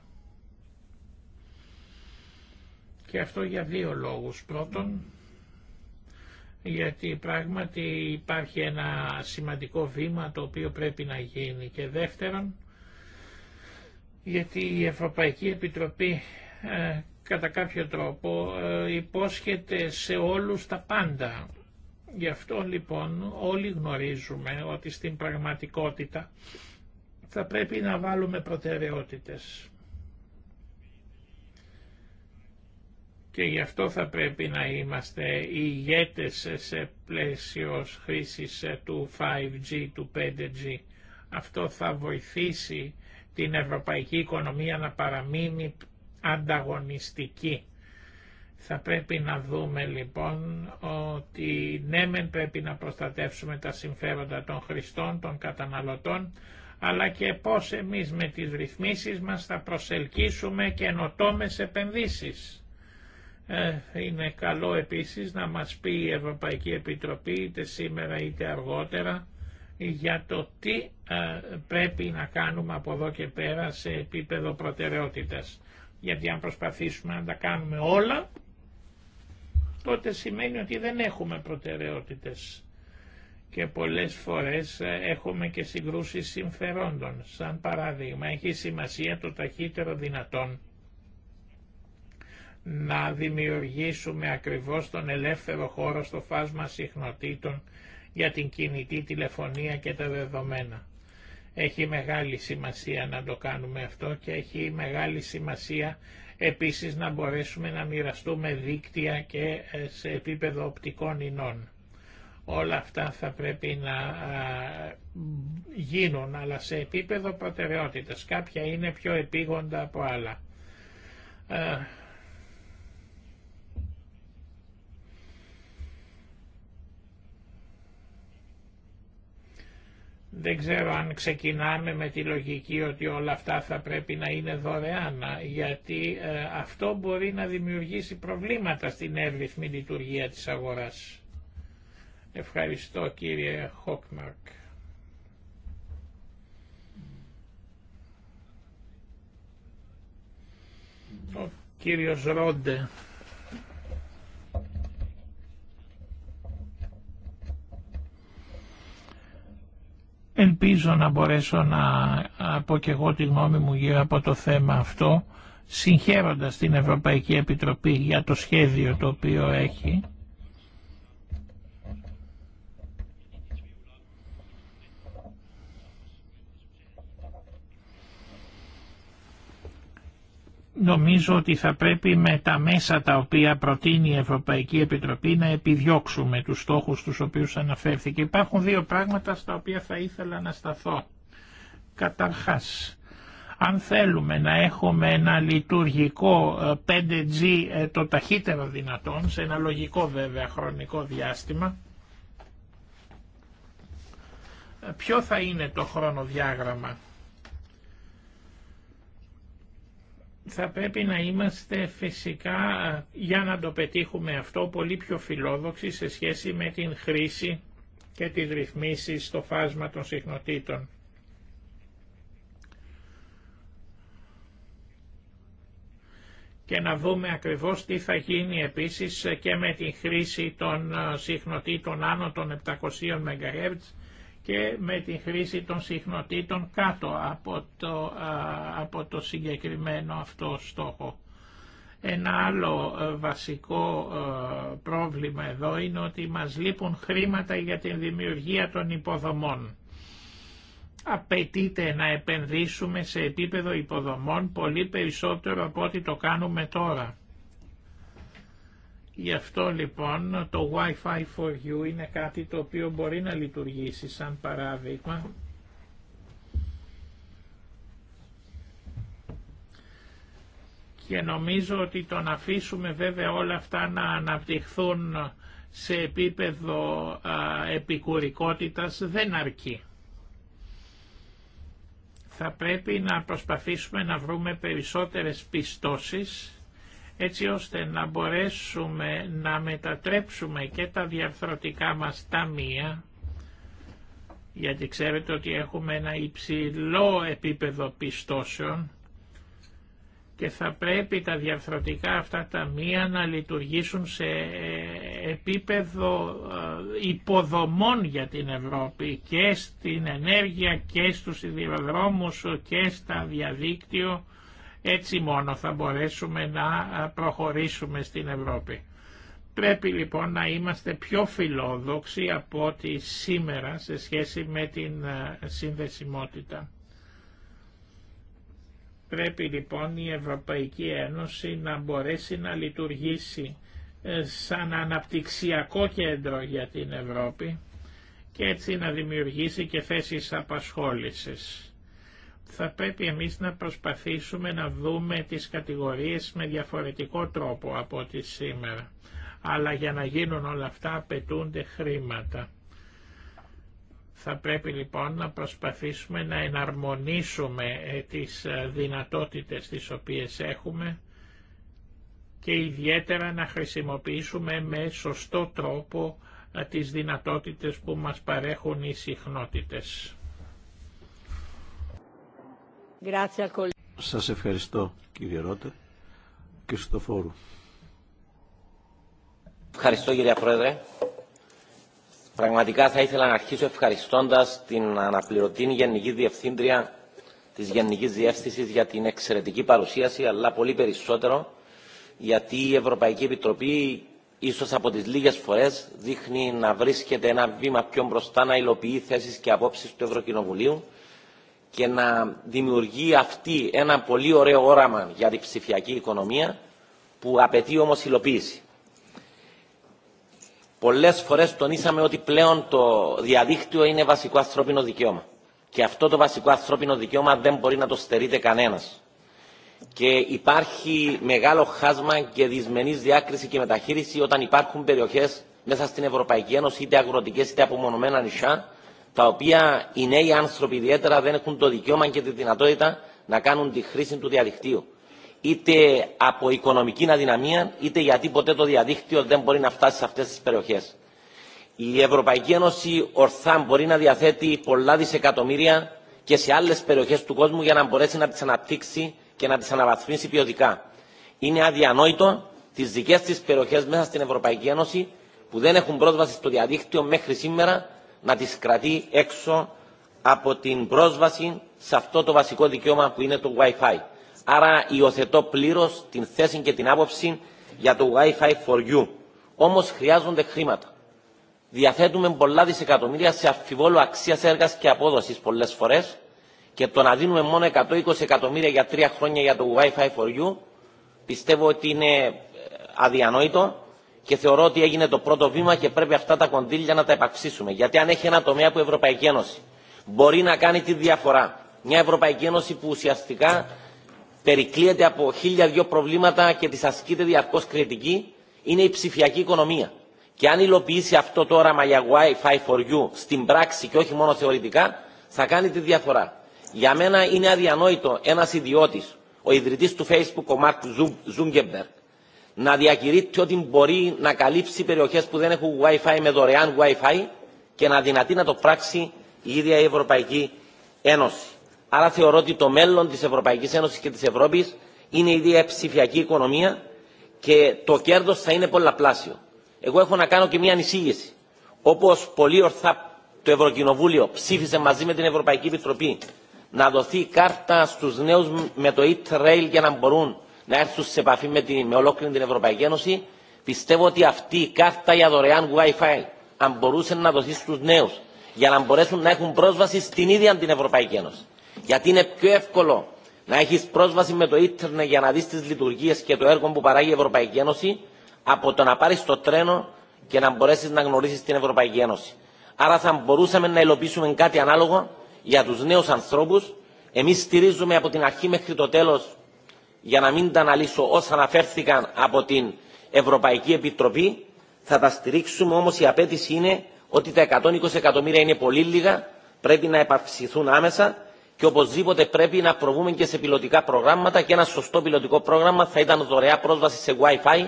Και αυτό για δύο λόγους. Πρώτον, γιατί πράγματι υπάρχει ένα σημαντικό βήμα το οποίο πρέπει να γίνει. Και δεύτερον, γιατί η Ευρωπαϊκή Επιτροπή ε, κατά κάποιο τρόπο ε, υπόσχεται σε όλους τα πάντα Γι' αυτό λοιπόν όλοι γνωρίζουμε ότι στην πραγματικότητα θα πρέπει να βάλουμε προτεραιότητες. Και γι' αυτό θα πρέπει να είμαστε ηγέτες σε πλαίσιο χρήσης του 5G, του 5G. Αυτό θα βοηθήσει την ευρωπαϊκή οικονομία να παραμείνει ανταγωνιστική θα πρέπει να δούμε λοιπόν ότι ναι μεν πρέπει να προστατεύσουμε τα συμφέροντα των χρηστών, των καταναλωτών, αλλά και πώς εμείς με τις ρυθμίσεις μας θα προσελκύσουμε καινοτόμες επενδύσεις. Ε, είναι καλό επίσης να μας πει η Ευρωπαϊκή Επιτροπή είτε σήμερα είτε αργότερα για το τι ε, πρέπει να κάνουμε από εδώ και πέρα σε επίπεδο προτεραιότητας. Γιατί αν προσπαθήσουμε να τα κάνουμε όλα τότε σημαίνει ότι δεν έχουμε προτεραιότητες και πολλές φορές ε, έχουμε και συγκρούσεις συμφερόντων. Σαν παράδειγμα έχει σημασία το ταχύτερο δυνατόν να δημιουργήσουμε ακριβώς τον ελεύθερο χώρο στο φάσμα συχνοτήτων για την κινητή τηλεφωνία και τα δεδομένα. Έχει μεγάλη σημασία να το κάνουμε αυτό και έχει μεγάλη σημασία επίσης να μπορέσουμε να μοιραστούμε δίκτυα και ε, σε επίπεδο οπτικών ινών. Όλα αυτά θα πρέπει να γίνουν, αλλά σε επίπεδο προτεραιότητας. Κάποια είναι πιο επίγοντα από άλλα Δεν ξέρω αν ξεκινάμε με τη λογική ότι όλα αυτά θα πρέπει να είναι δωρεάν, γιατί ε, αυτό μπορεί να δημιουργήσει προβλήματα στην εύρυθμη λειτουργία της αγοράς. Ευχαριστώ κύριε Χόκμαρκ. Ο κύριος Ρόντε. Ελπίζω να μπορέσω να πω και εγώ τη γνώμη μου γύρω από το θέμα αυτό, συγχαίροντας την Ευρωπαϊκή Επιτροπή για το σχέδιο το οποίο έχει Νομίζω ότι θα πρέπει με τα μέσα τα οποία προτείνει η Ευρωπαϊκή Επιτροπή να επιδιώξουμε τους στόχους τους οποίους αναφέρθηκε. Υπάρχουν δύο πράγματα στα οποία θα ήθελα να σταθώ. Καταρχάς, αν θέλουμε να έχουμε ένα λειτουργικό 5G ε, ε, το ταχύτερο δυνατόν, σε ένα λογικό βέβαια χρονικό διάστημα, ε, ποιο θα είναι το χρονοδιάγραμμα θα πρέπει να είμαστε φυσικά, για να το πετύχουμε αυτό, πολύ πιο φιλόδοξοι σε σχέση με την χρήση και τις ρυθμίσεις στο φάσμα των συχνοτήτων. Και να δούμε ακριβώς τι θα γίνει επίσης και με την χρήση των ε, συχνοτήτων άνω των 700 MHz και με τη χρήση των συχνοτήτων κάτω από το, από το συγκεκριμένο αυτό στόχο. Ένα άλλο βασικό πρόβλημα εδώ είναι ότι μας λείπουν χρήματα για τη δημιουργία των υποδομών. Απαιτείται να επενδύσουμε σε επίπεδο υποδομών πολύ περισσότερο από ό,τι το κάνουμε τώρα. Γι' αυτό λοιπόν το Wi-Fi for you είναι κάτι το οποίο μπορεί να λειτουργήσει σαν παράδειγμα και νομίζω ότι το να αφήσουμε βέβαια όλα αυτά να αναπτυχθούν σε επίπεδο α, επικουρικότητας δεν αρκεί. Θα πρέπει να προσπαθήσουμε να βρούμε περισσότερες πιστώσεις έτσι ώστε να μπορέσουμε να μετατρέψουμε και τα διαρθρωτικά μας ταμεία γιατί ξέρετε ότι έχουμε ένα υψηλό επίπεδο πιστώσεων και θα πρέπει τα διαρθρωτικά αυτά ταμεία να λειτουργήσουν σε επίπεδο ε, υποδομών για την Ευρώπη και στην ενέργεια και στους σιδηροδρόμους και στα διαδίκτυο έτσι μόνο θα μπορέσουμε να προχωρήσουμε στην Ευρώπη. Πρέπει λοιπόν να είμαστε πιο φιλόδοξοι από ό,τι σήμερα σε σχέση με την συνδεσιμότητα. Πρέπει λοιπόν η Ευρωπαϊκή Ένωση να μπορέσει να λειτουργήσει ε, σαν αναπτυξιακό κέντρο για την Ευρώπη και έτσι να δημιουργήσει και θέσεις απασχόλησης θα πρέπει εμείς να προσπαθήσουμε να δούμε τις κατηγορίες με διαφορετικό τρόπο από ό,τι σήμερα. Αλλά για να γίνουν όλα αυτά απαιτούνται χρήματα. Θα πρέπει λοιπόν να προσπαθήσουμε να εναρμονίσουμε ε, τις ε, δυνατότητες τις οποίες έχουμε και ιδιαίτερα να χρησιμοποιήσουμε με σωστό τρόπο ε, τις δυνατότητες που μας παρέχουν οι συχνότητες. Σας ευχαριστώ κύριε Ρώτε και στο φόρου. Ευχαριστώ κύριε Πρόεδρε. Πραγματικά θα ήθελα να αρχίσω ευχαριστώντας την αναπληρωτή Γενική Διευθύντρια της Γενικής Διεύθυνσης για την εξαιρετική παρουσίαση, αλλά πολύ περισσότερο γιατί η Ευρωπαϊκή Επιτροπή ίσως από τις λίγες φορές δείχνει να βρίσκεται ένα βήμα πιο μπροστά να υλοποιεί θέσεις και απόψεις του Ευρωκοινοβουλίου και να δημιουργεί αυτή ένα πολύ ωραίο όραμα για την ψηφιακή οικονομία που απαιτεί όμως υλοποίηση. Πολλές φορές τονίσαμε ότι πλέον το διαδίκτυο είναι βασικό ανθρώπινο δικαίωμα. Και αυτό το βασικό ανθρώπινο δικαίωμα δεν μπορεί να το στερείται κανένας. Και υπάρχει μεγάλο χάσμα και δυσμενής διάκριση και μεταχείριση όταν υπάρχουν περιοχές μέσα στην Ευρωπαϊκή Ένωση, είτε αγροτικές είτε απομονωμένα νησιά, τα οποία οι νέοι άνθρωποι ιδιαίτερα δεν έχουν το δικαίωμα και τη δυνατότητα να κάνουν τη χρήση του διαδικτύου. Είτε από οικονομική αδυναμία, είτε γιατί ποτέ το διαδίκτυο δεν μπορεί να φτάσει σε αυτέ τι περιοχέ. Η Ευρωπαϊκή Ένωση ορθά μπορεί να διαθέτει πολλά δισεκατομμύρια και σε άλλε περιοχέ του κόσμου για να μπορέσει να τι αναπτύξει και να τι αναβαθμίσει ποιοτικά. Είναι αδιανόητο τι δικέ τη περιοχέ μέσα στην Ευρωπαϊκή Ένωση που δεν έχουν πρόσβαση στο διαδίκτυο μέχρι σήμερα να τις κρατεί έξω από την πρόσβαση σε αυτό το βασικό δικαίωμα που είναι το Wi-Fi. Άρα υιοθετώ πλήρω την θέση και την άποψη για το Wi-Fi for you. Όμω χρειάζονται χρήματα. Διαθέτουμε πολλά δισεκατομμύρια σε αμφιβόλο αξία έργα και απόδοση πολλέ φορέ και το να δίνουμε μόνο 120 εκατομμύρια για τρία χρόνια για το Wi-Fi for you πιστεύω ότι είναι ε, αδιανόητο και θεωρώ ότι έγινε το πρώτο βήμα και πρέπει αυτά τα κονδύλια να τα επαξίσουμε. Γιατί αν έχει ένα τομέα που η Ευρωπαϊκή Ένωση μπορεί να κάνει τη διαφορά, μια Ευρωπαϊκή Ένωση που ουσιαστικά περικλείεται από χίλια δυο προβλήματα και τη ασκείται διαρκώ κριτική, είναι η ψηφιακή οικονομία. Και αν υλοποιήσει αυτό το όραμα για Wi-Fi for you στην πράξη και όχι μόνο θεωρητικά, θα κάνει τη διαφορά. Για μένα είναι αδιανόητο ένα ιδιώτη, ο ιδρυτή του Facebook, ο Μάρκ Ζούγκεμπεργκ, να διακηρύττει ότι μπορεί να καλύψει περιοχές που δεν έχουν Wi-Fi με δωρεάν Wi-Fi και να δυνατεί να το πράξει η ίδια η Ευρωπαϊκή Ένωση. Άρα θεωρώ ότι το μέλλον της Ευρωπαϊκής Ένωσης και της Ευρώπης είναι η ίδια ψηφιακή οικονομία και το κέρδος θα είναι πολλαπλάσιο. Εγώ έχω να κάνω και μια ανησύγηση. Όπως πολύ ορθά το Ευρωκοινοβούλιο ψήφισε μαζί με την Ευρωπαϊκή Επιτροπή να δοθεί κάρτα στου νέου με το e-trail για να μπορούν να έρθουν σε επαφή με, την, με ολόκληρη την Ευρωπαϊκή Ένωση. Πιστεύω ότι αυτή η κάρτα για δωρεάν Wi-Fi, αν μπορούσε να δοθεί στου νέου, για να μπορέσουν να έχουν πρόσβαση στην ίδια την Ευρωπαϊκή Ένωση. Γιατί είναι πιο εύκολο να έχει πρόσβαση με το ίντερνετ για να δει τι λειτουργίε και το έργο που παράγει η Ευρωπαϊκή Ένωση, από το να πάρει το τρένο και να μπορέσει να γνωρίσει την Ευρωπαϊκή Ένωση. Άρα θα μπορούσαμε να υλοποιήσουμε κάτι ανάλογο για του νέου ανθρώπου. Εμεί στηρίζουμε από την αρχή μέχρι το τέλο για να μην τα αναλύσω όσα αναφέρθηκαν από την Ευρωπαϊκή Επιτροπή, θα τα στηρίξουμε όμως η απέτηση είναι ότι τα 120 εκατομμύρια είναι πολύ λίγα, πρέπει να επαυξηθούν άμεσα και οπωσδήποτε πρέπει να προβούμε και σε πιλωτικά προγράμματα και ένα σωστό πιλωτικό πρόγραμμα θα ήταν δωρεά πρόσβαση σε Wi-Fi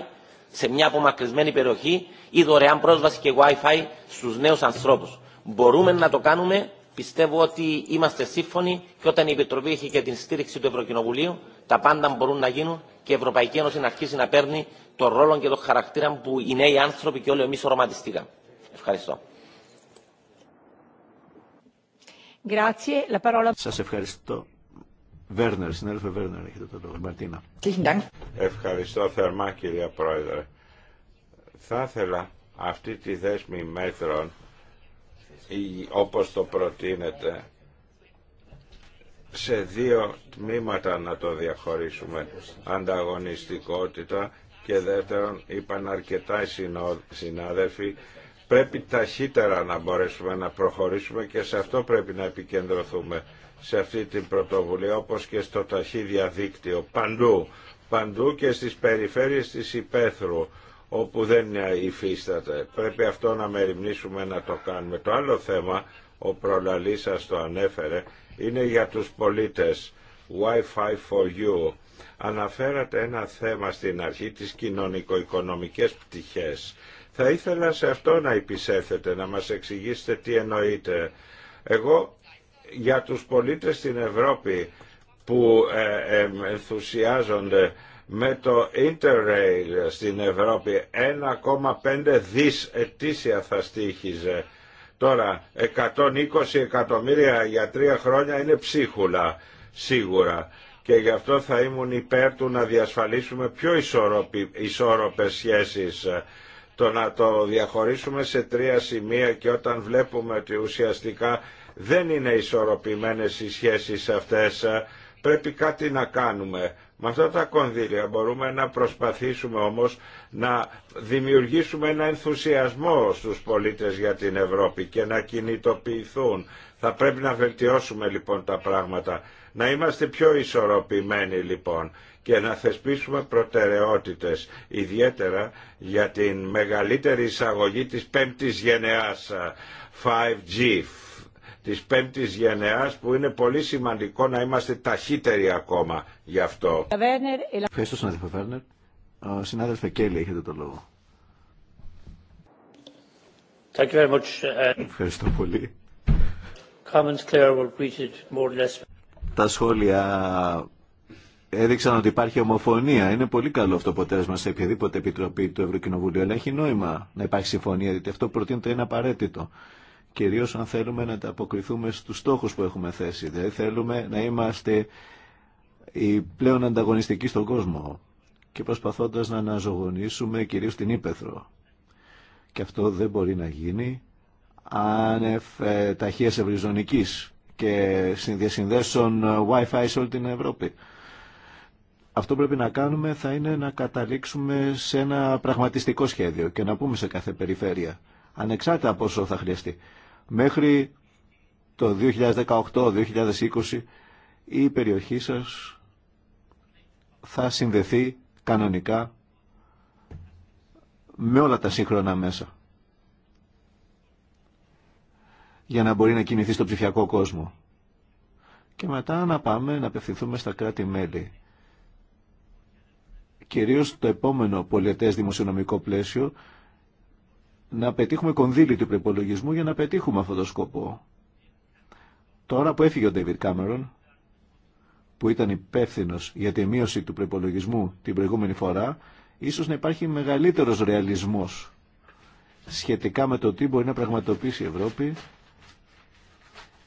σε μια απομακρυσμένη περιοχή ή δωρεάν πρόσβαση και Wi-Fi στους νέους ανθρώπους. Μπορούμε να το κάνουμε Πιστεύω ότι είμαστε σύμφωνοι και όταν η Επιτροπή έχει και την στήριξη του Ευρωκοινοβουλίου, τα πάντα μπορούν να γίνουν και η Ευρωπαϊκή Ένωση να αρχίσει να παίρνει τον ρόλο και τον χαρακτήρα που οι νέοι άνθρωποι και όλοι εμεί οροματιστήκαμε. Ευχαριστώ. ευχαριστώ. Βέρνερ, Βέρνερ, Ευχαριστώ θερμά, κυρία Πρόεδρε. Θα ήθελα αυτή τη δέσμη μέτρων όπως το προτείνεται σε δύο τμήματα να το διαχωρίσουμε ανταγωνιστικότητα και δεύτερον είπαν αρκετά οι συνάδελφοι πρέπει ταχύτερα να μπορέσουμε να προχωρήσουμε και σε αυτό πρέπει να επικεντρωθούμε σε αυτή την πρωτοβουλία όπως και στο ταχύ διαδίκτυο παντού, παντού και στις περιφέρειες της υπαίθρου όπου δεν υφίσταται. Πρέπει αυτό να μεριμνήσουμε να το κάνουμε. Το άλλο θέμα, ο προλαλής σας το ανέφερε, είναι για τους πολίτες. Wi-Fi for you. Αναφέρατε ένα θέμα στην αρχή, τις κοινωνικο-οικονομικές πτυχές. Θα ήθελα σε αυτό να υπησέθετε, να μας εξηγήσετε τι εννοείτε. Εγώ για τους πολίτες στην Ευρώπη που ε, ε, ενθουσιάζονται με το Interrail στην Ευρώπη 1,5 δις ετήσια θα στήχιζε. Τώρα 120 εκατομμύρια για τρία χρόνια είναι ψίχουλα σίγουρα και γι' αυτό θα ήμουν υπέρ του να διασφαλίσουμε πιο ισορροπη, ισόρροπες σχέσεις το να το διαχωρίσουμε σε τρία σημεία και όταν βλέπουμε ότι ουσιαστικά δεν είναι ισορροπημένες οι σχέσεις αυτές πρέπει κάτι να κάνουμε με αυτά τα κονδύλια μπορούμε να προσπαθήσουμε όμως να δημιουργήσουμε ένα ενθουσιασμό στους πολίτες για την Ευρώπη και να κινητοποιηθούν. Θα πρέπει να βελτιώσουμε λοιπόν τα πράγματα, να είμαστε πιο ισορροπημένοι λοιπόν και να θεσπίσουμε προτεραιότητες, ιδιαίτερα για την μεγαλύτερη εισαγωγή της πέμπτης γενεάς 5G, της πέμπτης γενεάς που είναι πολύ σημαντικό να είμαστε ταχύτεροι ακόμα γι' αυτό. Ευχαριστώ συνάδελφε Βέρνερ. συνάδελφε Κέλλη έχετε το λόγο. Uh, Ευχαριστώ πολύ. Τα σχόλια έδειξαν ότι υπάρχει ομοφωνία. Είναι πολύ καλό αυτό το αποτέλεσμα σε οποιαδήποτε επιτροπή του Ευρωκοινοβουλίου. Αλλά έχει νόημα να υπάρχει συμφωνία, γιατί αυτό προτείνεται είναι απαραίτητο κυρίως αν θέλουμε να αποκριθούμε στους στόχους που έχουμε θέσει. Δεν θέλουμε να είμαστε οι πλέον ανταγωνιστικοί στον κόσμο και προσπαθώντας να αναζωογονήσουμε κυρίως την Ήπεθρο. Και αυτό δεν μπορεί να γίνει αν ε, ταχείας ευρυζωνικής και διασυνδέσεων ε, Wi-Fi σε όλη την Ευρώπη. Αυτό πρέπει να κάνουμε θα είναι να καταλήξουμε σε ένα πραγματιστικό σχέδιο και να πούμε σε κάθε περιφέρεια, ανεξάρτητα πόσο θα χρειαστεί μέχρι το 2018-2020 η περιοχή σας θα συνδεθεί κανονικά με όλα τα σύγχρονα μέσα για να μπορεί να κινηθεί στο ψηφιακό κόσμο. Και μετά να πάμε να απευθυνθούμε στα κράτη-μέλη. Κυρίως το επόμενο πολιετές δημοσιονομικό πλαίσιο να πετύχουμε κονδύλι του προπολογισμού για να πετύχουμε αυτό το σκοπό. Τώρα που έφυγε ο Ντέιβιτ Κάμερον, που ήταν υπεύθυνο για τη μείωση του προπολογισμού την προηγούμενη φορά, ίσως να υπάρχει μεγαλύτερος ρεαλισμός σχετικά με το τι μπορεί να πραγματοποιήσει η Ευρώπη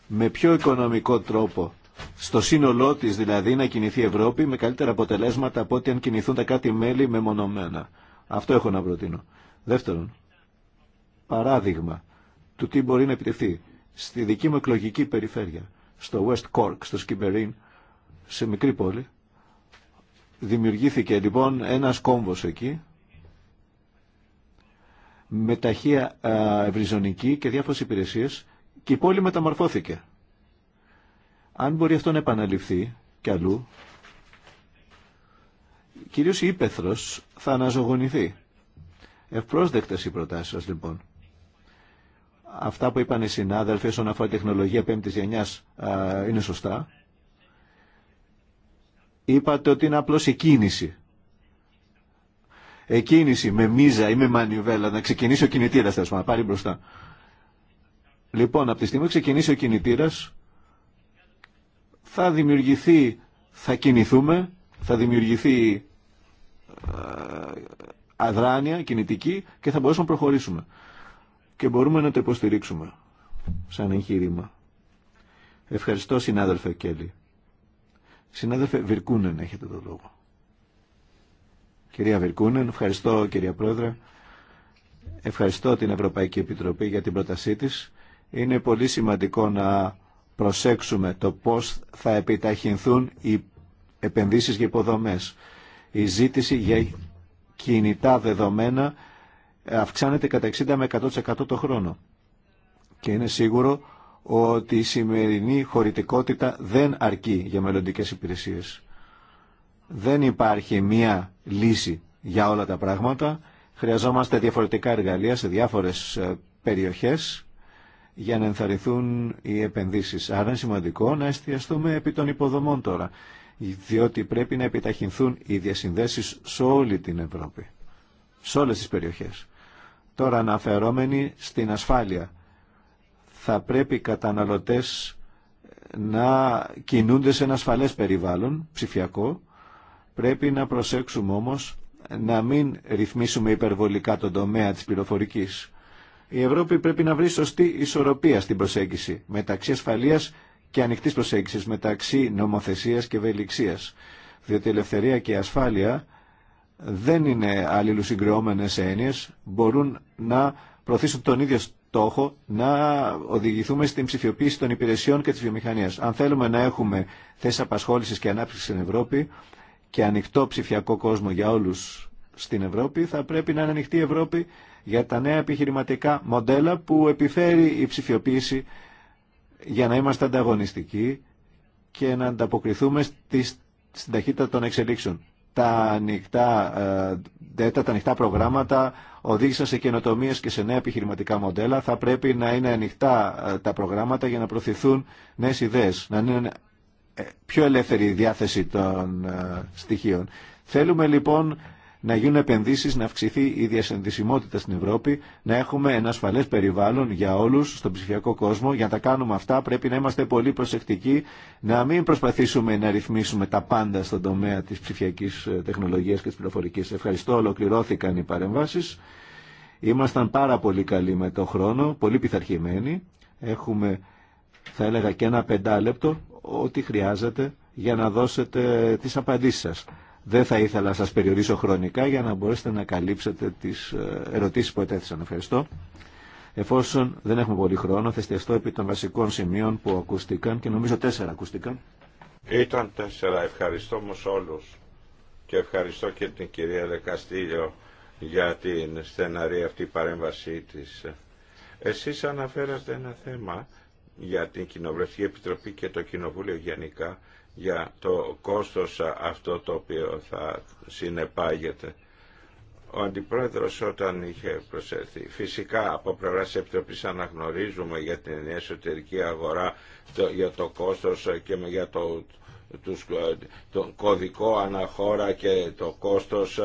με πιο οικονομικό τρόπο στο σύνολό της δηλαδή να κινηθεί η Ευρώπη με καλύτερα αποτελέσματα από ό,τι αν κινηθούν τα κάτι μέλη μεμονωμένα. Αυτό έχω να προτείνω. Δεύτερον, παράδειγμα του τι μπορεί να επιτευχθεί. Στη δική μου εκλογική περιφέρεια, στο West Cork, στο Σκιμπερίν, σε μικρή πόλη, δημιουργήθηκε λοιπόν ένας κόμβος εκεί, με ταχεία ευρυζωνική και διάφορες υπηρεσίες και η πόλη μεταμορφώθηκε. Αν μπορεί αυτό να επαναληφθεί και αλλού, κυρίως η Ήπεθρος θα αναζωογονηθεί. Ευπρόσδεκτες οι προτάσεις σας λοιπόν. Αυτά που είπαν οι συνάδελφοι όσον αφορά τεχνολογία πέμπτης γενιάς είναι σωστά. Είπατε ότι είναι απλώς η κίνηση. Η κίνηση με μίζα ή με μανιβέλα, να ξεκινήσει ο κινητήρας, θέλω να πάρει μπροστά. Λοιπόν, από τη στιγμή που ξεκινήσει ο κινητήρας, θα δημιουργηθεί, θα κινηθούμε, θα δημιουργηθεί ε, αδράνεια κινητική και θα μπορέσουμε να προχωρήσουμε και μπορούμε να το υποστηρίξουμε σαν εγχείρημα. Ευχαριστώ συνάδελφε Κέλλη. Συνάδελφε Βυρκούνεν, έχετε το λόγο. Κυρία Βυρκούνεν, ευχαριστώ κυρία Πρόεδρε. Ευχαριστώ την Ευρωπαϊκή Επιτροπή για την πρότασή της. Είναι πολύ σημαντικό να προσέξουμε το πώς θα επιταχυνθούν οι επενδύσεις για υποδομές. Η ζήτηση για κινητά δεδομένα αυξάνεται κατά 60 με 100% το χρόνο. Και είναι σίγουρο ότι η σημερινή χωρητικότητα δεν αρκεί για μελλοντικές υπηρεσίες. Δεν υπάρχει μία λύση για όλα τα πράγματα. Χρειαζόμαστε διαφορετικά εργαλεία σε διάφορες ε, περιοχές για να ενθαρρυνθούν οι επενδύσεις. Άρα είναι σημαντικό να εστιαστούμε επί των υποδομών τώρα, διότι πρέπει να επιταχυνθούν οι διασυνδέσεις σε όλη την Ευρώπη, σε όλες τις περιοχές. Τώρα αναφερόμενοι στην ασφάλεια. Θα πρέπει οι καταναλωτές να κινούνται σε ένα ασφαλές περιβάλλον, ψηφιακό. Πρέπει να προσέξουμε όμως να μην ρυθμίσουμε υπερβολικά τον τομέα της πληροφορικής. Η Ευρώπη πρέπει να βρει σωστή ισορροπία στην προσέγγιση μεταξύ ασφαλείας και ανοιχτής προσέγγισης, μεταξύ νομοθεσίας και ευελιξίας. Διότι ελευθερία και ασφάλεια δεν είναι αλληλοσυγκριόμενες έννοιες, μπορούν να προωθήσουν τον ίδιο στόχο να οδηγηθούμε στην ψηφιοποίηση των υπηρεσιών και της βιομηχανίας. Αν θέλουμε να έχουμε θέσεις απασχόλησης και ανάπτυξη στην Ευρώπη και ανοιχτό ψηφιακό κόσμο για όλους στην Ευρώπη, θα πρέπει να είναι ανοιχτή η Ευρώπη για τα νέα επιχειρηματικά μοντέλα που επιφέρει η ψηφιοποίηση για να είμαστε ανταγωνιστικοί και να ανταποκριθούμε στην ταχύτητα των εξελίξεων τα ανοιχτά, ε, τα ανοιχτά προγράμματα οδήγησαν σε καινοτομίε και σε νέα επιχειρηματικά μοντέλα. Θα πρέπει να είναι ανοιχτά ε, τα προγράμματα για να προωθηθούν νέε ιδέε, να είναι ε, πιο ελεύθερη η διάθεση των στοιχείων. Θέλουμε λοιπόν να γίνουν επενδύσεις, να αυξηθεί η διασυνδυσιμότητα στην Ευρώπη, να έχουμε ένα ασφαλές περιβάλλον για όλους στον ψηφιακό κόσμο. Για να τα κάνουμε αυτά πρέπει να είμαστε πολύ προσεκτικοί, να μην προσπαθήσουμε να ρυθμίσουμε τα πάντα στον τομέα της ψηφιακής ε, τεχνολογίας και της πληροφορικής. Ευχαριστώ, ολοκληρώθηκαν οι παρεμβάσεις. Ήμασταν πάρα πολύ καλοί με το χρόνο, πολύ πειθαρχημένοι. Έχουμε, θα έλεγα, και ένα πεντάλεπτο ό,τι χρειάζεται για να δώσετε τις απαντήσεις σας. Δεν θα ήθελα να σας περιορίσω χρονικά για να μπορέσετε να καλύψετε τις ε, ερωτήσεις που ετέθησαν. Ευχαριστώ. Εφόσον δεν έχουμε πολύ χρόνο, θα εστιαστώ επί των βασικών σημείων που ακούστηκαν και νομίζω τέσσερα ακούστηκαν. Ήταν τέσσερα. Ευχαριστώ όμως όλους και ευχαριστώ και την κυρία Δεκαστήλιο για την στεναρή αυτή παρέμβασή της. Εσείς αναφέρατε ένα θέμα για την Κοινοβουλευτική Επιτροπή και το Κοινοβούλιο γενικά για το κόστος αυτό το οποίο θα συνεπάγεται. Ο Αντιπρόεδρος όταν είχε προσέλθει, φυσικά από πλευρά της Επιτροπής αναγνωρίζουμε για την εσωτερική αγορά για το κόστος και για το, τους, το κωδικό αναχώρα και το κόστος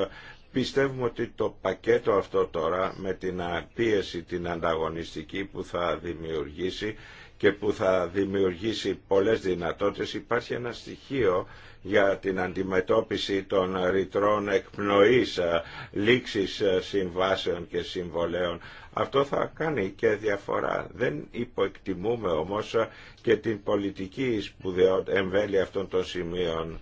Πιστεύουμε ότι το πακέτο αυτό τώρα με την πίεση την ανταγωνιστική που θα δημιουργήσει και που θα δημιουργήσει πολλές δυνατότητες υπάρχει ένα στοιχείο για την αντιμετώπιση των ρητρών εκπνοής, ε, λήξης ε, συμβάσεων και συμβολέων. Αυτό θα κάνει και διαφορά. Δεν υποεκτιμούμε όμως ε, και την πολιτική εμβέλεια αυτών των σημείων.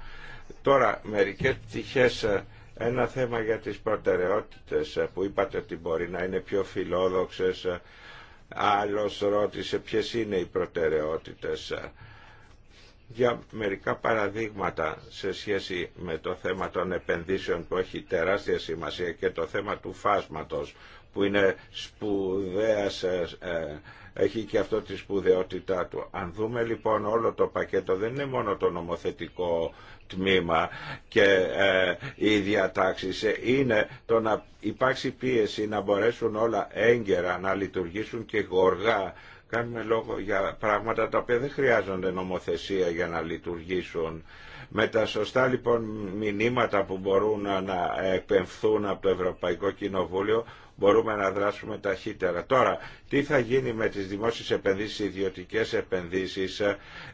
Τώρα, μερικές πτυχές ένα θέμα για τις προτεραιότητες που είπατε ότι μπορεί να είναι πιο φιλόδοξες Άλλος ρώτησε ποιες είναι οι προτεραιότητες. Για μερικά παραδείγματα σε σχέση με το θέμα των επενδύσεων που έχει τεράστια σημασία και το θέμα του φάσματος που είναι σπουδαίας ε, ε, έχει και αυτό τη σπουδαιότητά του. Αν δούμε λοιπόν όλο το πακέτο δεν είναι μόνο το νομοθετικό τμήμα και ε, οι διατάξεις ε, είναι το να υπάρξει πίεση να μπορέσουν όλα έγκαιρα να λειτουργήσουν και γοργά κάνουμε λόγο για πράγματα τα οποία δεν χρειάζονται νομοθεσία για να λειτουργήσουν. Με τα σωστά λοιπόν μηνύματα που μπορούν να επεμφθούν από το Ευρωπαϊκό Κοινοβούλιο, μπορούμε να δράσουμε ταχύτερα. Τώρα, τι θα γίνει με τις δημόσιες επενδύσεις, ιδιωτικές επενδύσεις,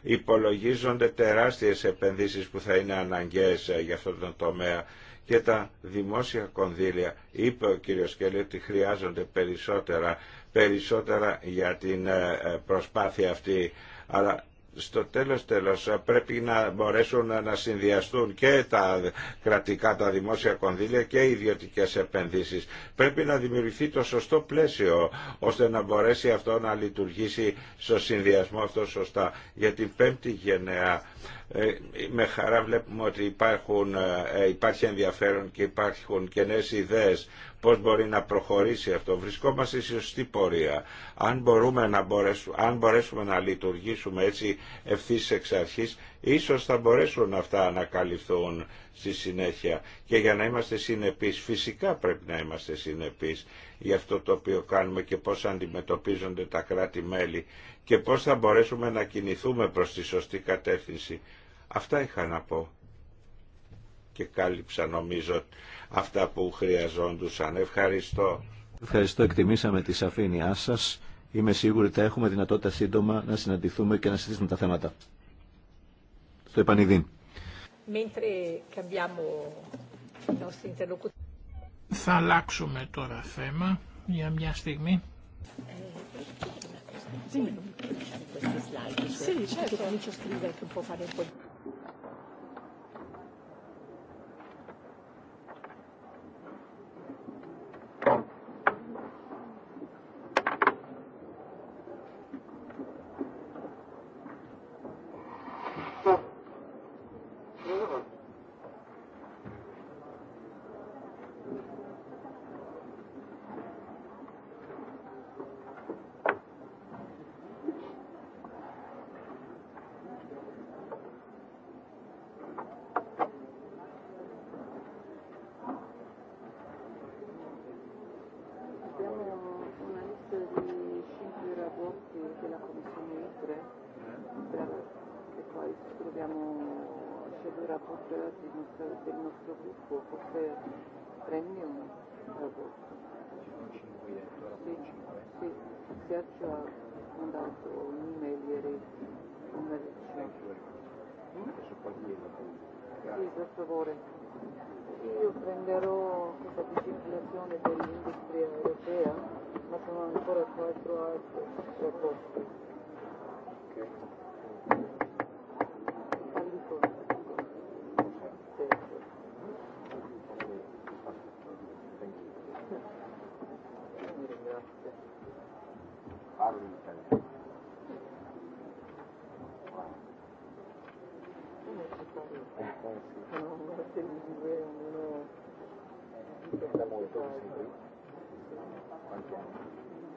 υπολογίζονται τεράστιες επενδύσεις που θα είναι αναγκαίες ε, για αυτόν τον τομέα και τα δημόσια κονδύλια. Είπε ο κύριος Κέλλη ότι χρειάζονται περισσότερα, περισσότερα για την ε, ε, προσπάθεια αυτή, αλλά στο τέλος τέλος πρέπει να μπορέσουν να συνδυαστούν και τα κρατικά, τα δημόσια κονδύλια και οι ιδιωτικές επενδύσεις. Πρέπει να δημιουργηθεί το σωστό πλαίσιο ώστε να μπορέσει αυτό να λειτουργήσει στο συνδυασμό αυτό σωστά. Για την πέμπτη γενεά ε, με χαρά βλέπουμε ότι υπάρχουν, ε, υπάρχει ενδιαφέρον και υπάρχουν και νέες ιδέες πώς μπορεί να προχωρήσει αυτό. Βρισκόμαστε στη σωστή πορεία. Αν, μπορούμε να μπορέσουμε, αν μπορέσουμε να λειτουργήσουμε έτσι ευθύς εξ αρχής, ίσως θα μπορέσουν αυτά να καλυφθούν στη συνέχεια. Και για να είμαστε συνεπείς, φυσικά πρέπει να είμαστε συνεπείς για αυτό το οποίο κάνουμε και πώς αντιμετωπίζονται τα κράτη-μέλη και πώς θα μπορέσουμε να κινηθούμε προς τη σωστή κατεύθυνση. Αυτά είχα να πω και κάλυψα νομίζω αυτά που χρειαζόντουσαν. Ευχαριστώ. Ευχαριστώ. Εκτιμήσαμε τη σαφήνειά σας. Είμαι σίγουρη ότι έχουμε δυνατότητα σύντομα να συναντηθούμε και να συζητήσουμε τα θέματα. Στο επανειδήν. Θα αλλάξουμε τώρα θέμα για μια στιγμή.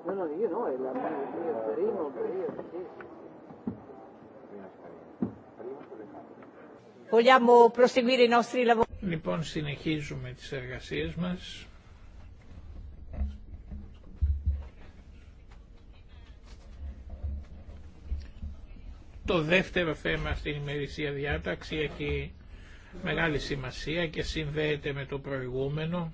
No, no, yo no, el primo, el Λοιπόν, συνεχίζουμε τις εργασίες μας. Το δεύτερο θέμα στην ημερησία διάταξη έχει μεγάλη σημασία και συνδέεται με το προηγούμενο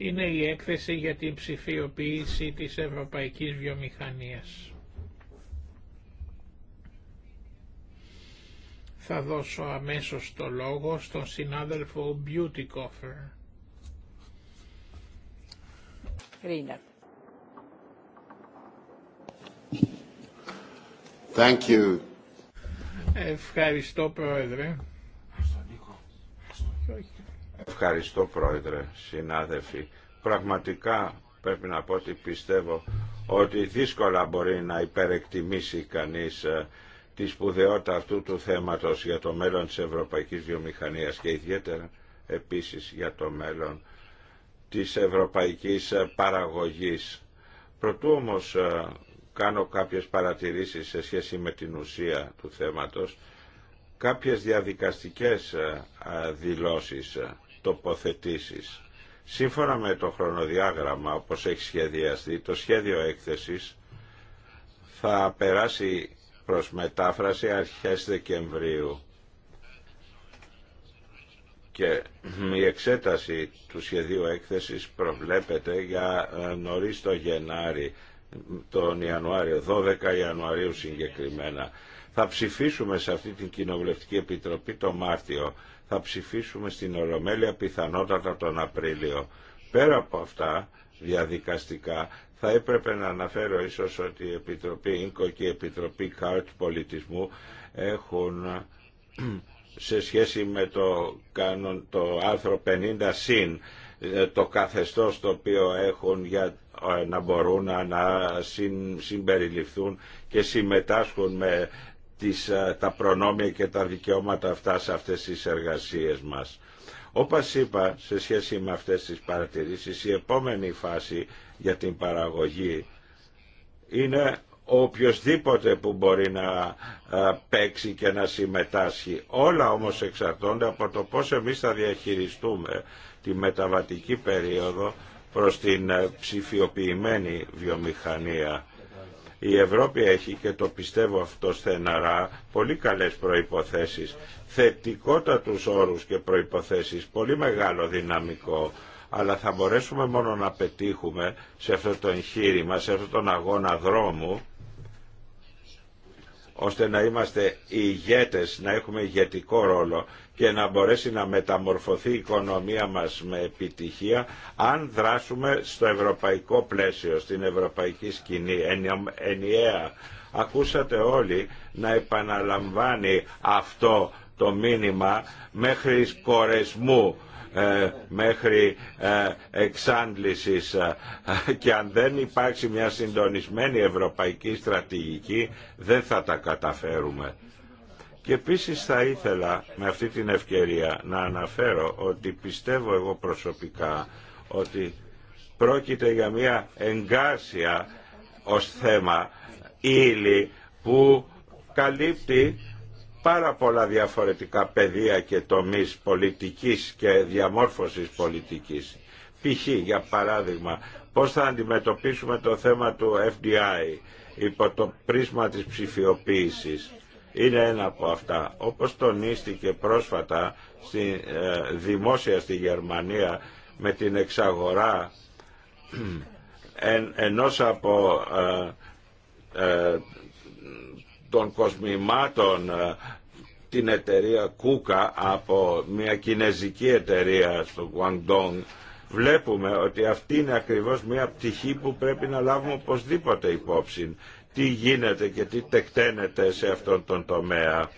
είναι η έκθεση για την ψηφιοποίηση της ευρωπαϊκής βιομηχανίας. Θα δώσω αμέσως το λόγο στον συνάδελφο Beauty Coffer. Thank you. Ευχαριστώ Πρόεδρε. Ευχαριστώ Πρόεδρε, συνάδελφοι. Πραγματικά πρέπει να πω ότι πιστεύω ότι δύσκολα μπορεί να υπερεκτιμήσει κανείς ε, τη σπουδαιότητα αυτού του θέματος για το μέλλον της ευρωπαϊκής βιομηχανίας και ιδιαίτερα επίσης για το μέλλον της ευρωπαϊκής ε, παραγωγής. Προτού όμως ε, κάνω κάποιες παρατηρήσεις σε σχέση με την ουσία του θέματος, κάποιες διαδικαστικές δηλώσεις τοποθετήσεις. Σύμφωνα με το χρονοδιάγραμμα, όπως έχει σχεδιαστεί, το σχέδιο έκθεσης θα περάσει προς μετάφραση αρχές Δεκεμβρίου και η εξέταση του σχεδίου έκθεσης προβλέπεται για ε, νωρίς το Γενάρη, τον Ιανουάριο, 12 Ιανουαρίου συγκεκριμένα. Θα ψηφίσουμε σε αυτή την Κοινοβουλευτική Επιτροπή το Μάρτιο θα ψηφίσουμε στην Ολομέλεια πιθανότατα τον Απρίλιο. Πέρα από αυτά, διαδικαστικά, θα έπρεπε να αναφέρω ίσως ότι η Επιτροπή Ίνκο και η Επιτροπή Κάρτ Πολιτισμού έχουν σε σχέση με το, το άρθρο 50 συν ε, το καθεστώς το οποίο έχουν για ε, να μπορούν να συμπεριληφθούν και συμμετάσχουν με τις, ε, τα προνόμια και τα δικαιώματα αυτά σε αυτές τις εργασίες μας. Όπως είπα, σε σχέση με αυτές τις παρατηρήσεις, η επόμενη φάση για την παραγωγή είναι ο οποιοδήποτε που μπορεί να ε, παίξει και να συμμετάσχει. Όλα όμως εξαρτώνται από το πώς εμείς θα διαχειριστούμε τη μεταβατική περίοδο προς την ε, ψηφιοποιημένη βιομηχανία. Η Ευρώπη έχει, και το πιστεύω αυτό στεναρά, πολύ καλές προϋποθέσεις, θετικότατους όρους και προϋποθέσεις, πολύ μεγάλο δυναμικό, αλλά θα μπορέσουμε μόνο να πετύχουμε σε αυτό το εγχείρημα, σε αυτόν τον αγώνα δρόμου, ώστε να είμαστε ηγέτες, να έχουμε ηγετικό ρόλο και να μπορέσει να μεταμορφωθεί η οικονομία μας με επιτυχία αν δράσουμε στο ευρωπαϊκό πλαίσιο, στην ευρωπαϊκή σκηνή, ενιαία. Ακούσατε όλοι να επαναλαμβάνει αυτό το μήνυμα μέχρι κορεσμού ε, μέχρι ε, εξάντλησης ε, και αν δεν υπάρξει μια συντονισμένη ευρωπαϊκή στρατηγική δεν θα τα καταφέρουμε. Και επίσης θα ήθελα με αυτή την ευκαιρία να αναφέρω ότι πιστεύω εγώ προσωπικά ότι πρόκειται για μια εγκάσια ως θέμα ύλη που καλύπτει πάρα πολλά διαφορετικά πεδία και τομείς πολιτικής και διαμόρφωσης πολιτικής. Π.χ. για παράδειγμα πώς θα αντιμετωπίσουμε το θέμα του FDI υπό το πρίσμα της ψηφιοποίησης είναι ένα από αυτά. Όπως τονίστηκε πρόσφατα στη ε, δημόσια στη Γερμανία με την εξαγορά εν, ενός από ε, ε, των κοσμημάτων ε, την εταιρεία Κούκα από μια κινέζικη εταιρεία στο Guangdong βλέπουμε ότι αυτή είναι ακριβώς μια πτυχή που πρέπει να λάβουμε οπωσδήποτε υπόψη τι γίνεται και τι τεκταίνεται σε αυτόν τον τομέα.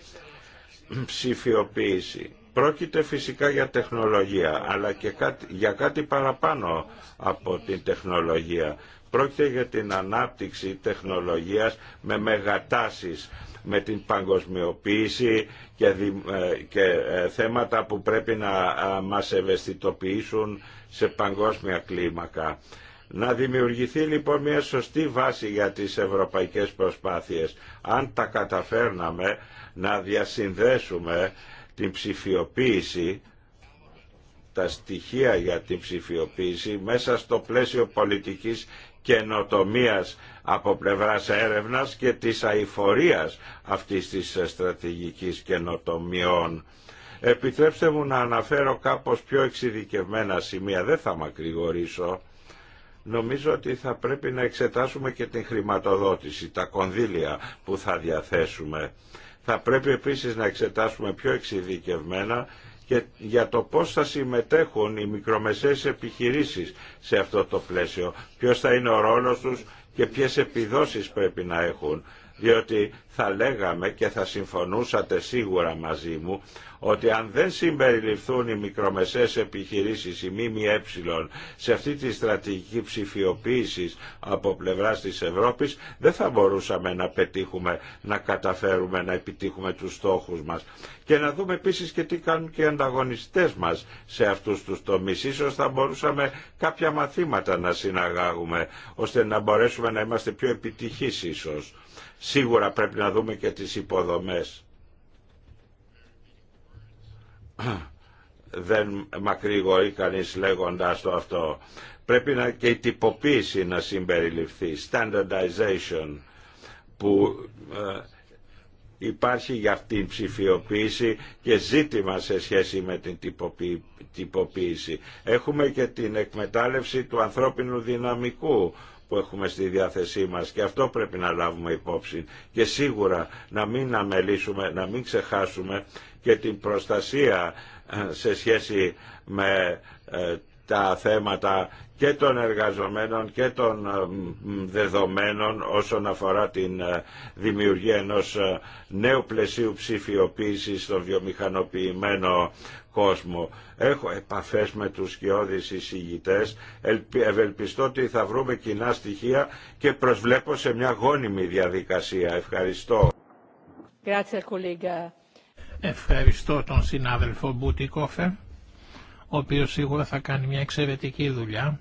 Ψηφιοποίηση. Πρόκειται φυσικά για τεχνολογία, αλλά και για κάτι παραπάνω από την τεχνολογία. Πρόκειται για την ανάπτυξη τεχνολογίας με μεγατάσεις, με την παγκοσμιοποίηση και ε, ε, θέματα που πρέπει να ε, μας ευαισθητοποιήσουν σε παγκόσμια κλίμακα. Να δημιουργηθεί λοιπόν μια σωστή βάση για τις ευρωπαϊκές προσπάθειες. Αν τα καταφέρναμε να διασυνδέσουμε την ψηφιοποίηση, τα στοιχεία για την ψηφιοποίηση μέσα στο πλαίσιο πολιτικής καινοτομίας από πλευράς έρευνας και της αηφορίας αυτής της στρατηγικής καινοτομιών. Επιτρέψτε μου να αναφέρω κάπως πιο εξειδικευμένα σημεία, δεν θα μακρηγορήσω νομίζω ότι θα πρέπει να εξετάσουμε και την χρηματοδότηση, τα κονδύλια που θα διαθέσουμε. Θα πρέπει επίσης να εξετάσουμε πιο εξειδικευμένα και για το πώς θα συμμετέχουν οι μικρομεσαίες επιχειρήσεις σε αυτό το πλαίσιο, ποιος θα είναι ο ρόλος τους και ποιες επιδόσεις πρέπει να έχουν διότι θα λέγαμε και θα συμφωνούσατε σίγουρα μαζί μου ότι αν δεν συμπεριληφθούν οι μικρομεσαίες επιχειρήσεις, οι ΜΜΕ, σε αυτή τη στρατηγική ψηφιοποίηση από πλευράς της Ευρώπης, δεν θα μπορούσαμε να πετύχουμε, να καταφέρουμε, να επιτύχουμε τους στόχους μας. Και να δούμε επίσης και τι κάνουν και οι ανταγωνιστές μας σε αυτούς τους τομείς. Ίσως θα μπορούσαμε κάποια μαθήματα να συναγάγουμε, ώστε να μπορέσουμε να είμαστε πιο επιτυχείς ίσως. Σίγουρα πρέπει να δούμε και τις υποδομές. Δεν μακρηγορεί κανείς λέγοντας το αυτό. Πρέπει να, και η τυποποίηση να συμπεριληφθεί, standardization, που ε, υπάρχει για την ψηφιοποίηση και ζήτημα σε σχέση με την τυποποίηση. Έχουμε και την εκμετάλλευση του ανθρώπινου δυναμικού που έχουμε στη διάθεσή μας και αυτό πρέπει να λάβουμε υπόψη και σίγουρα να μην αμελήσουμε, να μην ξεχάσουμε και την προστασία ε, σε σχέση με ε, τα θέματα και των εργαζομένων και των ε, δεδομένων όσον αφορά την ε, δημιουργία ενός ε, νέου πλαισίου ψηφιοποίησης στο βιομηχανοποιημένο κόσμο. Έχω επαφές με τους σκιώδεις εισηγητές, ευελπιστώ ότι θα βρούμε κοινά στοιχεία και προσβλέπω σε μια γόνιμη διαδικασία. Ευχαριστώ. Ευχαριστώ τον συνάδελφο Μπουτικόφε ο οποίος σίγουρα θα κάνει μια εξαιρετική δουλειά.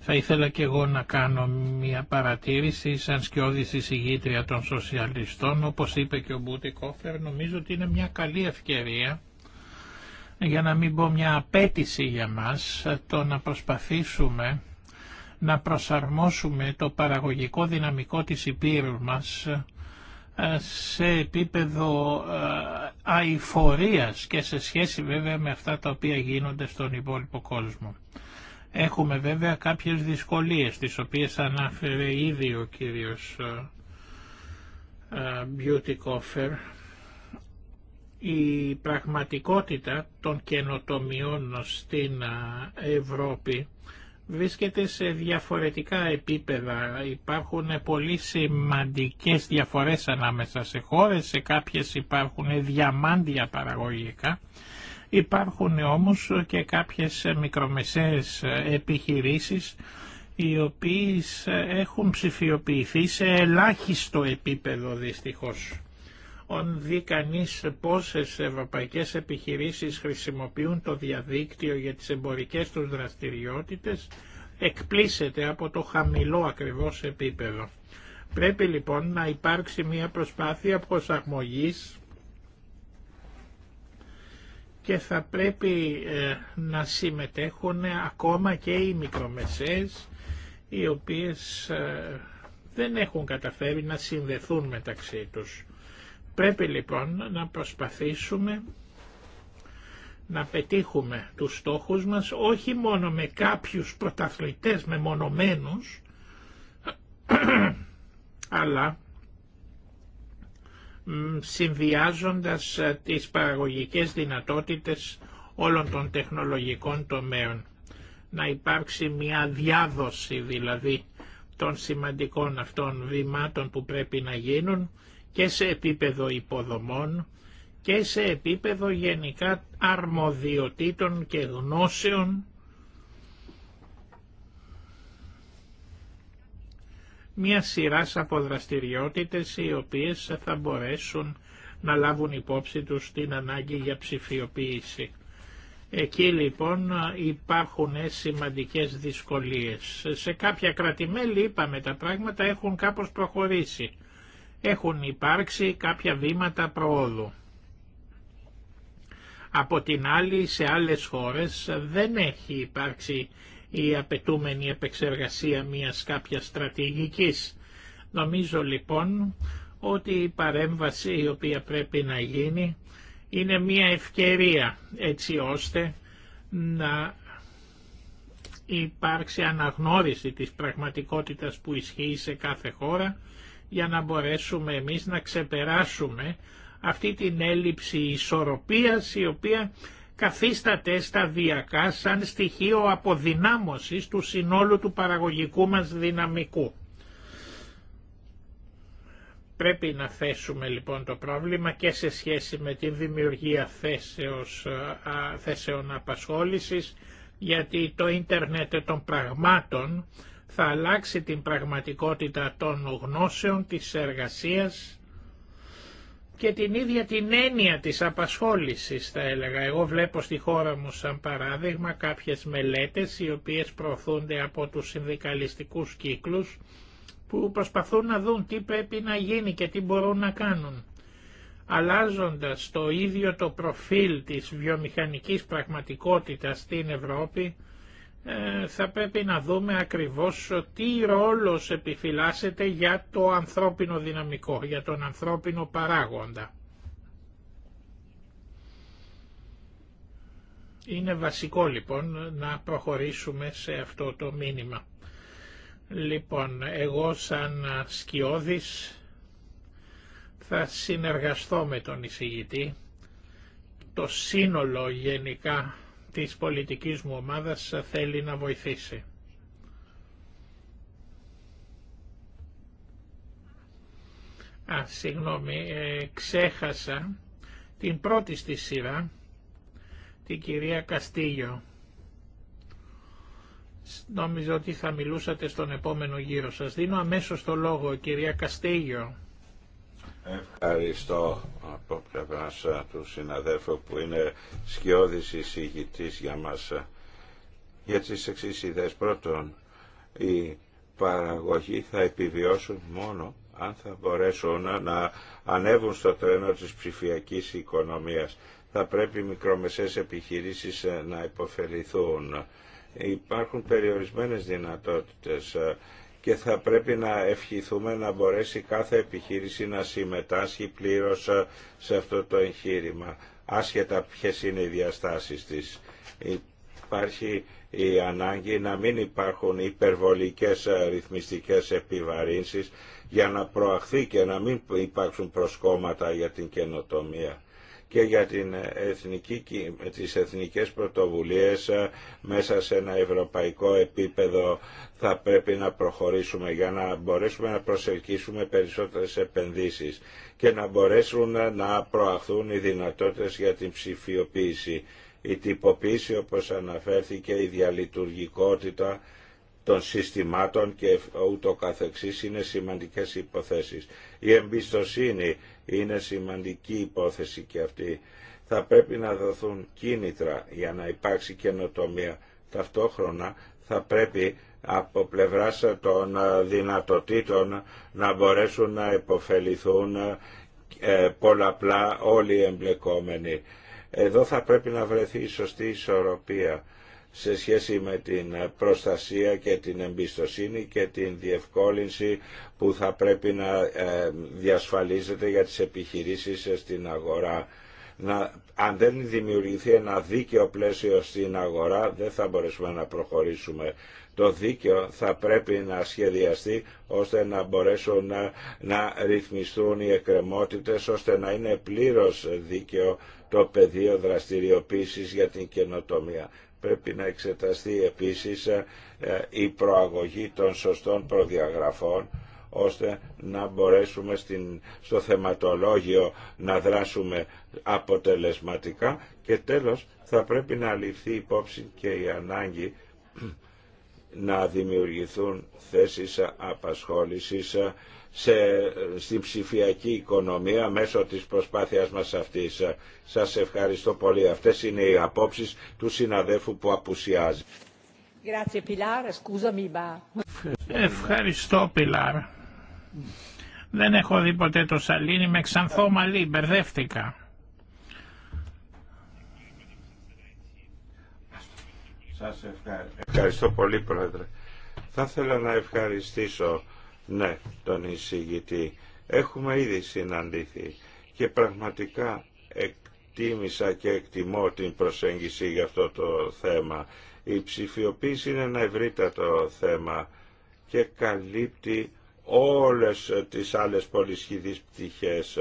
Θα ήθελα και εγώ να κάνω μια παρατήρηση σαν σκιώδης εισηγήτρια των σοσιαλιστών, όπως είπε και ο Μπούτι Κόφερ, νομίζω ότι είναι μια καλή ευκαιρία για να μην πω μια απέτηση για μας, το να προσπαθήσουμε να προσαρμόσουμε το παραγωγικό δυναμικό της υπήρου μας σε επίπεδο ε, αηφορίας και σε σχέση βέβαια με αυτά τα οποία γίνονται στον υπόλοιπο κόσμο. Έχουμε βέβαια κάποιες δυσκολίες τις οποίες ανάφερε ήδη ο κύριος ε, ε, Beauty Coffer. Η πραγματικότητα των καινοτομιών στην Ευρώπη βρίσκεται σε διαφορετικά επίπεδα. Υπάρχουν πολύ σημαντικές διαφορές ανάμεσα σε χώρες, σε κάποιες υπάρχουν διαμάντια παραγωγικά. Υπάρχουν όμως και κάποιες μικρομεσαίες επιχειρήσεις οι οποίες έχουν ψηφιοποιηθεί σε ελάχιστο επίπεδο δυστυχώς όν δει κανεί πόσες ευρωπαϊκέ επιχειρήσεις χρησιμοποιούν το διαδίκτυο για τις εμπορικές τους δραστηριότητες, εκπλήσεται από το χαμηλό ακριβώ επίπεδο. Πρέπει λοιπόν να υπάρξει μια προσπάθεια προσαρμογής και θα πρέπει ε, να συμμετέχουν ακόμα και οι μικρομεσαίες οι οποίες ε, δεν έχουν καταφέρει να συνδεθούν μεταξύ τους. Πρέπει λοιπόν να προσπαθήσουμε να πετύχουμε τους στόχους μας όχι μόνο με κάποιους πρωταθλητές μεμονωμένους αλλά συνδυάζοντας ε, τις παραγωγικές δυνατότητες όλων των τεχνολογικών τομέων. Να υπάρξει μια διάδοση δηλαδή των σημαντικών αυτών βημάτων που πρέπει να γίνουν και σε επίπεδο υποδομών και σε επίπεδο γενικά αρμοδιοτήτων και γνώσεων μια σειρά από δραστηριότητες οι οποίες θα μπορέσουν να λάβουν υπόψη τους την ανάγκη για ψηφιοποίηση. Εκεί λοιπόν υπάρχουν σημαντικές δυσκολίες. Σε κάποια κρατημέλη είπαμε τα πράγματα έχουν κάπως προχωρήσει έχουν υπάρξει κάποια βήματα προόδου. Από την άλλη σε άλλες χώρες δεν έχει υπάρξει η απαιτούμενη επεξεργασία μιας κάποιας στρατηγικής. Νομίζω λοιπόν ότι η παρέμβαση η οποία πρέπει να γίνει είναι μια ευκαιρία έτσι ώστε να υπάρξει αναγνώριση της πραγματικότητας που ισχύει σε κάθε χώρα για να μπορέσουμε εμείς να ξεπεράσουμε αυτή την έλλειψη ισορροπίας η οποία καθίσταται σταδιακά σαν στοιχείο αποδυνάμωσης του συνόλου του παραγωγικού μας δυναμικού. Πρέπει να θέσουμε λοιπόν το πρόβλημα και σε σχέση με τη δημιουργία θέσεως, θέσεων απασχόλησης, γιατί το ίντερνετ των πραγμάτων θα αλλάξει την πραγματικότητα των γνώσεων, της εργασίας και την ίδια την έννοια της απασχόλησης θα έλεγα. Εγώ βλέπω στη χώρα μου σαν παράδειγμα κάποιες μελέτες οι οποίες προωθούνται από τους συνδικαλιστικούς κύκλους που προσπαθούν να δουν τι πρέπει να γίνει και τι μπορούν να κάνουν. Αλλάζοντας το ίδιο το προφίλ της βιομηχανικής πραγματικότητας στην Ευρώπη, ε, θα πρέπει να δούμε ακριβώς τι ρόλος επιφυλάσσεται για το ανθρώπινο δυναμικό, για τον ανθρώπινο παράγοντα. Είναι βασικό λοιπόν να προχωρήσουμε σε αυτό το μήνυμα. Λοιπόν, εγώ σαν σκιώδης θα συνεργαστώ με τον εισηγητή. Το σύνολο γενικά της πολιτικής μου ομάδας θέλει να βοηθήσει. Α, συγγνώμη, ε, ξέχασα την πρώτη στη σειρά, την κυρία Καστίγιο. Νόμιζα ότι θα μιλούσατε στον επόμενο γύρο σας. Δίνω αμέσως το λόγο, κυρία Καστίγιο. Ευχαριστώ από πλευρά ε, του συναδέλφου που είναι σκιώδης εισηγητής για μα. Ε, για τι εξής ιδέε. Πρώτον, οι παραγωγοί θα επιβιώσουν μόνο αν θα μπορέσουν ε, να ανέβουν στο τρένο της ψηφιακής οικονομίας. Θα πρέπει οι μικρομεσαίες επιχειρήσεις να υποφεληθούν. Υπάρχουν περιορισμένες δυνατότητες και θα πρέπει να ευχηθούμε να μπορέσει κάθε επιχείρηση να συμμετάσχει πλήρως ε, σε αυτό το εγχείρημα, άσχετα ποιες είναι οι διαστάσεις της. Υπάρχει η ανάγκη να μην υπάρχουν υπερβολικές ε, ρυθμιστικές επιβαρύνσεις για να προαχθεί και να μην υπάρξουν προσκόμματα για την καινοτομία και για την εθνική, τις εθνικές πρωτοβουλίες ε, μέσα σε ένα ευρωπαϊκό επίπεδο θα πρέπει να προχωρήσουμε για να μπορέσουμε να προσελκύσουμε περισσότερες επενδύσεις και να μπορέσουν να προαχθούν οι δυνατότητες για την ψηφιοποίηση. Η τυποποίηση όπως αναφέρθηκε, η διαλειτουργικότητα των συστημάτων και ούτω καθεξής είναι σημαντικές υποθέσεις. Η εμπιστοσύνη είναι σημαντική υπόθεση και αυτή. Θα πρέπει να δοθούν κίνητρα για να υπάρξει καινοτομία. Ταυτόχρονα θα πρέπει από πλευράς των δυνατοτήτων να μπορέσουν να υποφεληθούν ε, πολλαπλά όλοι οι εμπλεκόμενοι. Εδώ θα πρέπει να βρεθεί η σωστή ισορροπία σε σχέση με την προστασία και την εμπιστοσύνη και την διευκόλυνση που θα πρέπει να ε, διασφαλίζεται για τις επιχειρήσεις στην αγορά. Να, αν δεν δημιουργηθεί ένα δίκαιο πλαίσιο στην αγορά δεν θα μπορέσουμε να προχωρήσουμε το δίκαιο θα πρέπει να σχεδιαστεί ώστε να μπορέσουν να, να ρυθμιστούν οι εκκρεμότητες ώστε να είναι πλήρως δίκαιο το πεδίο δραστηριοποίησης για την καινοτομία. Πρέπει να εξεταστεί επίσης ε, η προαγωγή των σωστών προδιαγραφών ώστε να μπορέσουμε στην, στο θεματολόγιο να δράσουμε αποτελεσματικά και τέλος θα πρέπει να ληφθεί υπόψη και η ανάγκη να δημιουργηθούν θέσεις απασχόλησης ε, σε, στην ψηφιακή οικονομία μέσω της προσπάθειας μας αυτής. Ε, σας ευχαριστώ πολύ. Αυτές είναι οι απόψεις του συναδέφου που απουσιάζει. Ευχαριστώ Πιλάρ. Δεν έχω δει ποτέ το Σαλίνι, με ξανθό μαλλί, μπερδεύτηκα. Σας ευχαριστώ. ευχαριστώ πολύ Πρόεδρε. Θα ήθελα να ευχαριστήσω ναι, τον εισηγητή. Έχουμε ήδη συναντήθει και πραγματικά εκτίμησα και εκτιμώ την προσέγγιση για αυτό το θέμα. Η ψηφιοποίηση είναι ένα ευρύτατο θέμα και καλύπτει όλες τις άλλες πολυσχηδείς πτυχές,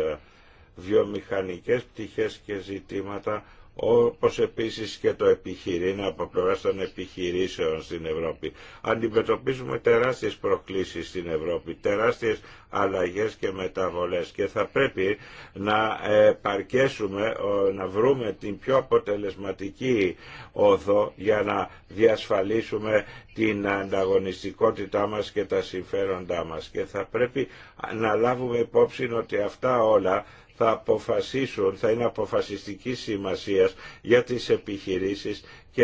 βιομηχανικές πτυχές και ζητήματα όπως επίσης και το επιχειρήν από πλευρά των επιχειρήσεων στην Ευρώπη. Αντιμετωπίζουμε τεράστιες προκλήσεις στην Ευρώπη, τεράστιες αλλαγές και μεταβολές και θα πρέπει να παρκέσουμε, να βρούμε την πιο αποτελεσματική όδο για να διασφαλίσουμε την ανταγωνιστικότητά μας και τα συμφέροντά μας και θα πρέπει να λάβουμε υπόψη ότι αυτά όλα θα αποφασίσουν, θα είναι αποφασιστική σημασία για τις επιχειρήσεις και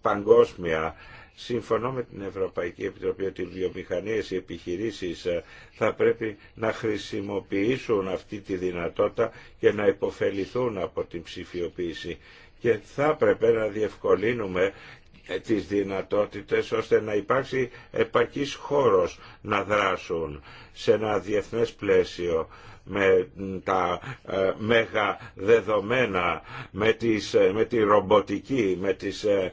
παγκόσμια. Συμφωνώ με την Ευρωπαϊκή Επιτροπή ότι οι βιομηχανίες, οι επιχειρήσεις ε, θα πρέπει να χρησιμοποιήσουν αυτή τη δυνατότητα και να υποφεληθούν από την ψηφιοποίηση. Και θα πρέπει να διευκολύνουμε ε, τις δυνατότητες ώστε να υπάρξει επαρκής χώρος να δράσουν σε ένα διεθνές πλαίσιο με τα ε, μέγα δεδομένα, με, τις, ε, με τη ρομποτική, με τις ε,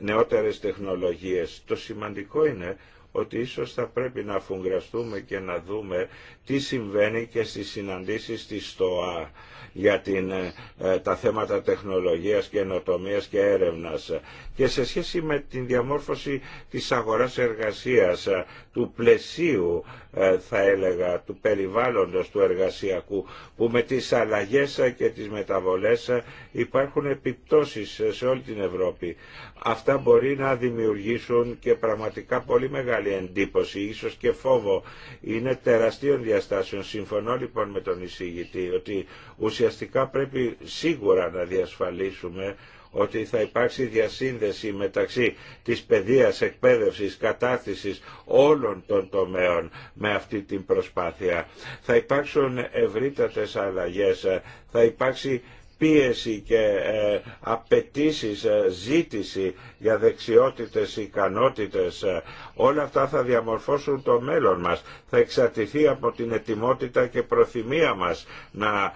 νεότερες τεχνολογίες. Το σημαντικό είναι ότι ίσως θα πρέπει να αφουγκραστούμε και να δούμε τι συμβαίνει και στις συναντήσεις της ΣΤΟΑ για την, ε, τα θέματα τεχνολογίας, ενοτομίας και έρευνας και σε σχέση με την διαμόρφωση της αγοράς εργασίας, ε, του πλαισίου ε, θα έλεγα, του περιβάλλοντος του εργασιακού που με τις αλλαγές και τις μεταβολές υπάρχουν επιπτώσεις σε όλη την Ευρώπη. Αυτά μπορεί να δημιουργήσουν και πραγματικά πολύ μεγάλη μεγάλη εντύπωση, ίσως και φόβο. Είναι τεραστίων διαστάσεων. Συμφωνώ λοιπόν με τον εισηγητή ότι ουσιαστικά πρέπει σίγουρα να διασφαλίσουμε ότι θα υπάρξει διασύνδεση μεταξύ της παιδείας, εκπαίδευσης, κατάρτισης όλων των τομέων με αυτή την προσπάθεια. Θα υπάρξουν ευρύτατες αλλαγές, θα υπάρξει πίεση και ε, απαιτήσει, ε, ζήτηση για δεξιότητες, ικανότητες, ε, όλα αυτά θα διαμορφώσουν το μέλλον μας. Θα εξαρτηθεί από την ετοιμότητα και προθυμία μας να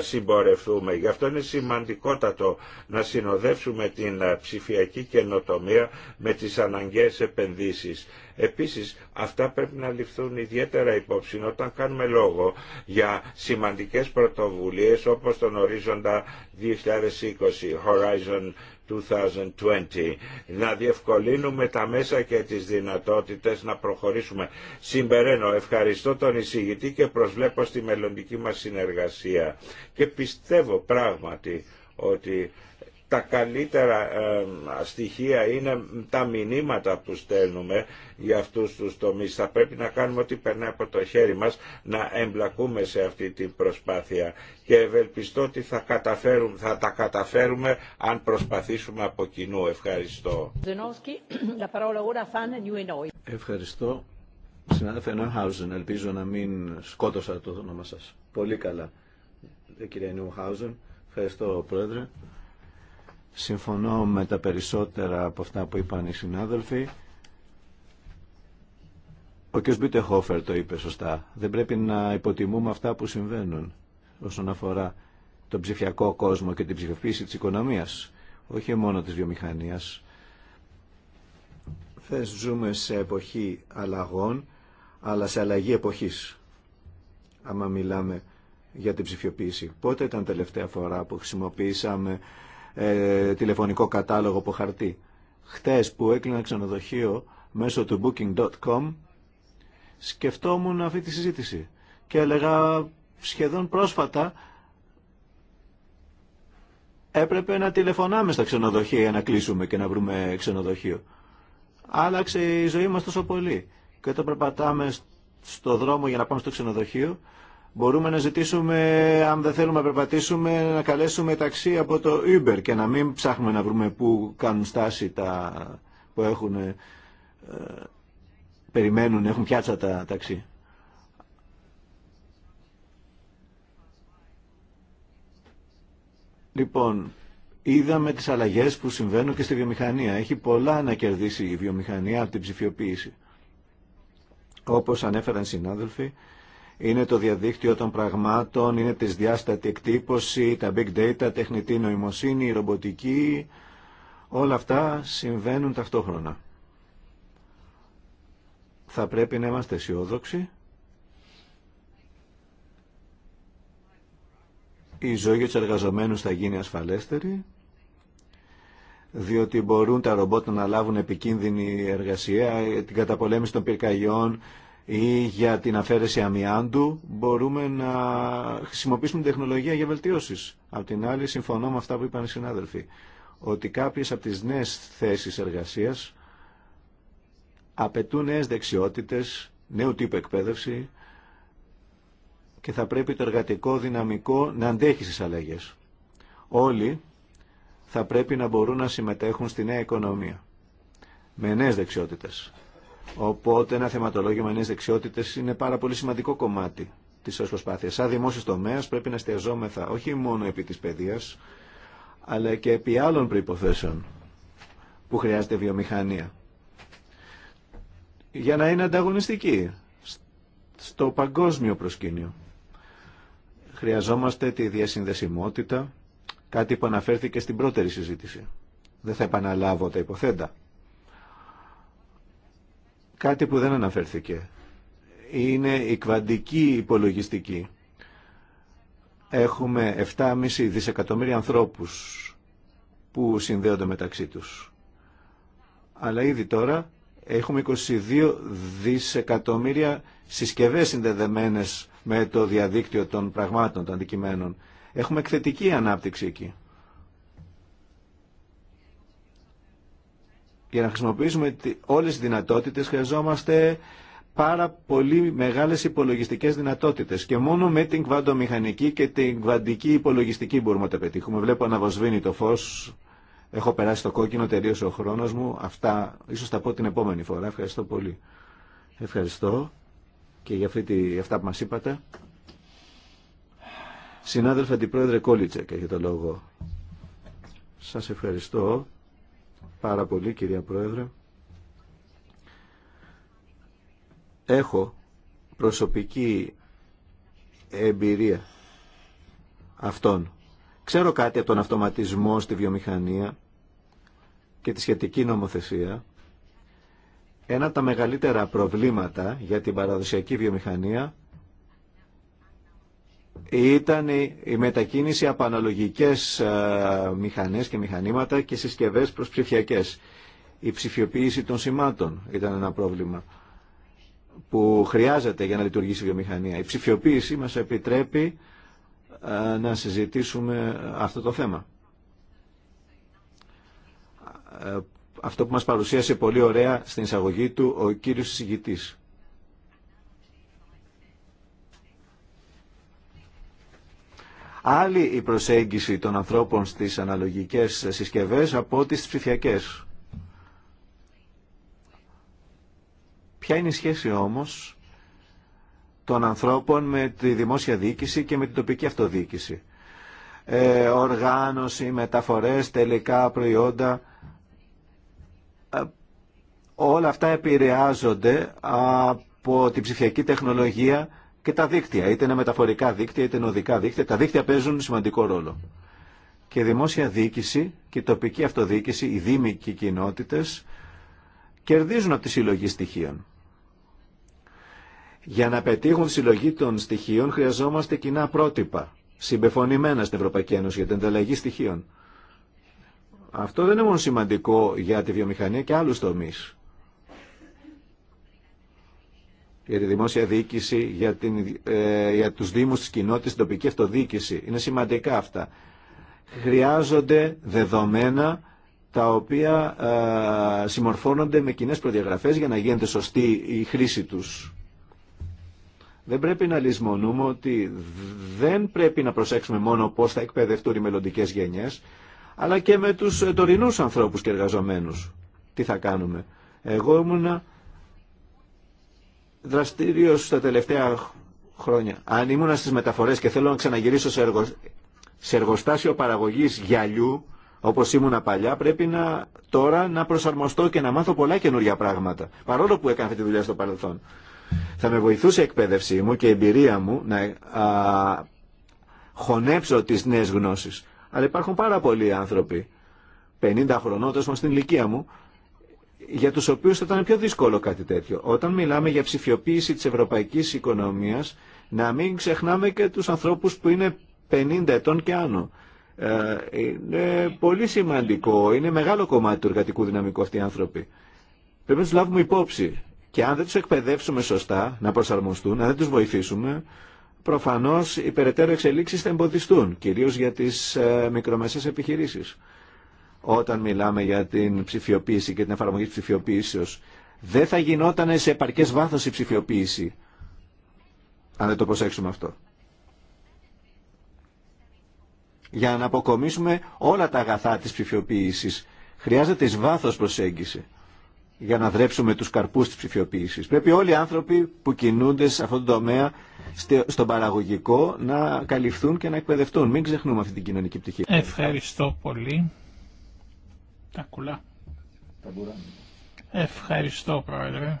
συμπορευτούμε. Γι' αυτό είναι σημαντικότατο να συνοδεύσουμε την ψηφιακή καινοτομία με τις αναγκαίες επενδύσεις. Επίσης αυτά πρέπει να ληφθούν ιδιαίτερα υπόψη όταν κάνουμε λόγο για σημαντικές πρωτοβουλίες όπως τον ορίζοντα 2020, Horizon 2020, να διευκολύνουμε τα μέσα και τις δυνατότητες να προχωρήσουμε. Συμπεραίνω, ευχαριστώ τον εισηγητή και προσβλέπω στη μελλοντική μας συνεργασία. Και πιστεύω πράγματι ότι τα καλύτερα ε, στοιχεία είναι τα μηνύματα που στέλνουμε για αυτούς τους τομείς. Θα πρέπει να κάνουμε ό,τι περνάει από το χέρι μας να εμπλακούμε σε αυτή την προσπάθεια και ευελπιστώ ότι θα, καταφέρουμε, θα τα καταφέρουμε αν προσπαθήσουμε από κοινού. Ευχαριστώ. Ευχαριστώ. Συνάδελφε Νόχαουζεν, ελπίζω να μην σκότωσα το όνομα σας. Πολύ καλά, Κύριε Νόχαουζεν. Ευχαριστώ, Πρόεδρε. Συμφωνώ με τα περισσότερα από αυτά που είπαν οι συνάδελφοι. Ο κ. Μπίτεχόφερ το είπε σωστά. Δεν πρέπει να υποτιμούμε αυτά που συμβαίνουν όσον αφορά τον ψηφιακό κόσμο και την ψηφιοποίηση της οικονομίας, όχι μόνο της βιομηχανίας. Δεν ζούμε σε εποχή αλλαγών, αλλά σε αλλαγή εποχής, άμα μιλάμε για την ψηφιοποίηση. Πότε ήταν τελευταία φορά που χρησιμοποίησαμε ε, τηλεφωνικό κατάλογο από χαρτί. Χτες που έκλεινα ξενοδοχείο μέσω του booking.com σκεφτόμουν αυτή τη συζήτηση και έλεγα σχεδόν πρόσφατα έπρεπε να τηλεφωνάμε στα ξενοδοχεία για να κλείσουμε και να βρούμε ξενοδοχείο. Άλλαξε η ζωή μας τόσο πολύ και όταν περπατάμε στο δρόμο για να πάμε στο ξενοδοχείο Μπορούμε να ζητήσουμε, αν δεν θέλουμε να περπατήσουμε, να καλέσουμε ταξί από το Uber και να μην ψάχνουμε να βρούμε πού κάνουν στάση τα που έχουν, ε, περιμένουν, έχουν πιάτσα τα ταξί. Λοιπόν, είδαμε τις αλλαγές που συμβαίνουν και στη βιομηχανία. Έχει πολλά να κερδίσει η βιομηχανία από την ψηφιοποίηση. Όπως ανέφεραν συνάδελφοι, είναι το διαδίκτυο των πραγμάτων, είναι τη διάστατη εκτύπωση, τα big data, τεχνητή νοημοσύνη, η ρομποτική, όλα αυτά συμβαίνουν ταυτόχρονα. Θα πρέπει να είμαστε αισιόδοξοι. Η ζωή για του εργαζομένους θα γίνει ασφαλέστερη, διότι μπορούν τα ρομπότ να λάβουν επικίνδυνη εργασία, την καταπολέμηση των πυρκαγιών, ή για την αφαίρεση αμοιάντου μπορούμε να χρησιμοποιήσουμε τεχνολογία για βελτιώσεις. Απ' την άλλη συμφωνώ με αυτά που είπαν οι συνάδελφοι ότι κάποιες από τις νέες θέσεις εργασίας απαιτούν νέες δεξιότητες, νέου τύπου εκπαίδευση και θα πρέπει το εργατικό δυναμικό να αντέχει στις αλλαγές. Όλοι θα πρέπει να μπορούν να συμμετέχουν στη νέα οικονομία με νέες δεξιότητες. Οπότε ένα θεματολόγιο με νέε δεξιότητε είναι πάρα πολύ σημαντικό κομμάτι τη όλη προσπάθεια. Σαν δημόσιο τομέα πρέπει να εστιαζόμεθα όχι μόνο επί τη παιδεία, αλλά και επί άλλων προποθέσεων που χρειάζεται βιομηχανία. Για να είναι ανταγωνιστική στο παγκόσμιο προσκήνιο. Χρειαζόμαστε τη διασυνδεσιμότητα, κάτι που αναφέρθηκε στην πρώτερη συζήτηση. Δεν θα επαναλάβω τα υποθέντα. Κάτι που δεν αναφέρθηκε είναι η κβαντική υπολογιστική. Έχουμε 7,5 δισεκατομμύρια ανθρώπους που συνδέονται μεταξύ τους. Αλλά ήδη τώρα έχουμε 22 δισεκατομμύρια συσκευές συνδεδεμένες με το διαδίκτυο των πραγμάτων, των αντικειμένων. Έχουμε εκθετική ανάπτυξη εκεί. για να χρησιμοποιήσουμε όλες τις δυνατότητες χρειαζόμαστε πάρα πολύ μεγάλες υπολογιστικές δυνατότητες και μόνο με την κβαντομηχανική και την κβαντική υπολογιστική μπορούμε να τα πετύχουμε. Βλέπω να βοσβήνει το φως, έχω περάσει το κόκκινο, τελείωσε ο χρόνος μου. Αυτά ίσως τα πω την επόμενη φορά. Ευχαριστώ πολύ. Ευχαριστώ και για αυτή τη, αυτά που μας είπατε. Συνάδελφα την πρόεδρε Κόλιτσεκ, έχει το λόγο. Σας ευχαριστώ πάρα πολύ κυρία Πρόεδρε. Έχω προσωπική εμπειρία αυτών. Ξέρω κάτι από τον αυτοματισμό στη βιομηχανία και τη σχετική νομοθεσία. Ένα από τα μεγαλύτερα προβλήματα για την παραδοσιακή βιομηχανία ήταν η μετακίνηση από αναλογικές ε, μηχανές και μηχανήματα και συσκευές προς ψηφιακές. Η ψηφιοποίηση των σημάτων ήταν ένα πρόβλημα που χρειάζεται για να λειτουργήσει η βιομηχανία. Η ψηφιοποίηση μας επιτρέπει ε, να συζητήσουμε αυτό το θέμα. Ε, αυτό που μας παρουσίασε πολύ ωραία στην εισαγωγή του ο κύριος συζητητής. άλλη η προσέγγιση των ανθρώπων στις αναλογικές συσκευές από τις ψηφιακές. Ποια είναι η σχέση όμως των ανθρώπων με τη δημόσια διοίκηση και με την τοπική αυτοδιοίκηση. Ε, οργάνωση, μεταφορές, τελικά προϊόντα, ε, όλα αυτά επηρεάζονται από την ψηφιακή τεχνολογία και τα δίκτυα, είτε είναι μεταφορικά δίκτυα, είτε είναι οδικά δίκτυα. Τα δίκτυα παίζουν σημαντικό ρόλο. Και η δημόσια διοίκηση και η τοπική αυτοδιοίκηση, οι δήμοι και οι κοινότητε κερδίζουν από τη συλλογή στοιχείων. Για να πετύχουν τη συλλογή των στοιχείων χρειαζόμαστε κοινά πρότυπα, συμπεφωνημένα στην Ευρωπαϊκή Ένωση για την ανταλλαγή στοιχείων. Αυτό δεν είναι μόνο σημαντικό για τη βιομηχανία και άλλου τομεί. για τη δημόσια διοίκηση, για, την, ε, για τους δήμους, της κοινότητας, την τοπική αυτοδιοίκηση. Είναι σημαντικά αυτά. Χρειάζονται δεδομένα τα οποία ε, συμμορφώνονται με κοινέ προδιαγραφές για να γίνεται σωστή η χρήση τους. Δεν πρέπει να λησμονούμε ότι δεν πρέπει να προσέξουμε μόνο πώς θα εκπαιδευτούν οι μελλοντικέ γενιές, αλλά και με τους τωρινούς ανθρώπους και εργαζομένους. Τι θα κάνουμε. Εγώ ήμουνα δραστήριο στα τελευταία χρόνια. Αν ήμουν στι μεταφορές και θέλω να ξαναγυρίσω σε, εργο... σε εργοστάσιο παραγωγής γυαλιού, όπως ήμουνα παλιά, πρέπει να, τώρα να προσαρμοστώ και να μάθω πολλά καινούργια πράγματα. Παρόλο που έκανα αυτή τη δουλειά στο παρελθόν. Θα με βοηθούσε η εκπαίδευσή μου και η εμπειρία μου να α, χωνέψω τις νέες γνώσεις. Αλλά υπάρχουν πάρα πολλοί άνθρωποι, 50 χρονών, τόσο στην ηλικία μου, για τους οποίους θα ήταν πιο δύσκολο κάτι τέτοιο. Όταν μιλάμε για ψηφιοποίηση της ευρωπαϊκής οικονομίας, να μην ξεχνάμε και τους ανθρώπους που είναι 50 ετών και άνω. Ε, είναι πολύ σημαντικό, είναι μεγάλο κομμάτι του εργατικού δυναμικού αυτοί οι άνθρωποι. Πρέπει να τους λάβουμε υπόψη. Και αν δεν τους εκπαιδεύσουμε σωστά να προσαρμοστούν, αν δεν τους βοηθήσουμε, προφανώς οι περαιτέρω εξελίξεις θα εμποδιστούν, κυρίως για τις ε, μικρομεσαίες επιχειρήσεις όταν μιλάμε για την ψηφιοποίηση και την εφαρμογή της ψηφιοποίησεως. Δεν θα γινόταν σε επαρκές βάθος η ψηφιοποίηση, αν δεν το προσέξουμε αυτό. Για να αποκομίσουμε όλα τα αγαθά της ψηφιοποίησης, χρειάζεται εις βάθος προσέγγιση για να δρέψουμε τους καρπούς της ψηφιοποίησης. Πρέπει όλοι οι άνθρωποι που κινούνται σε αυτόν τον τομέα, στον παραγωγικό, να καλυφθούν και να εκπαιδευτούν. Μην ξεχνούμε αυτή την κοινωνική πτυχή. Ευχαριστώ πολύ. Ευχαριστώ Πρόεδρε.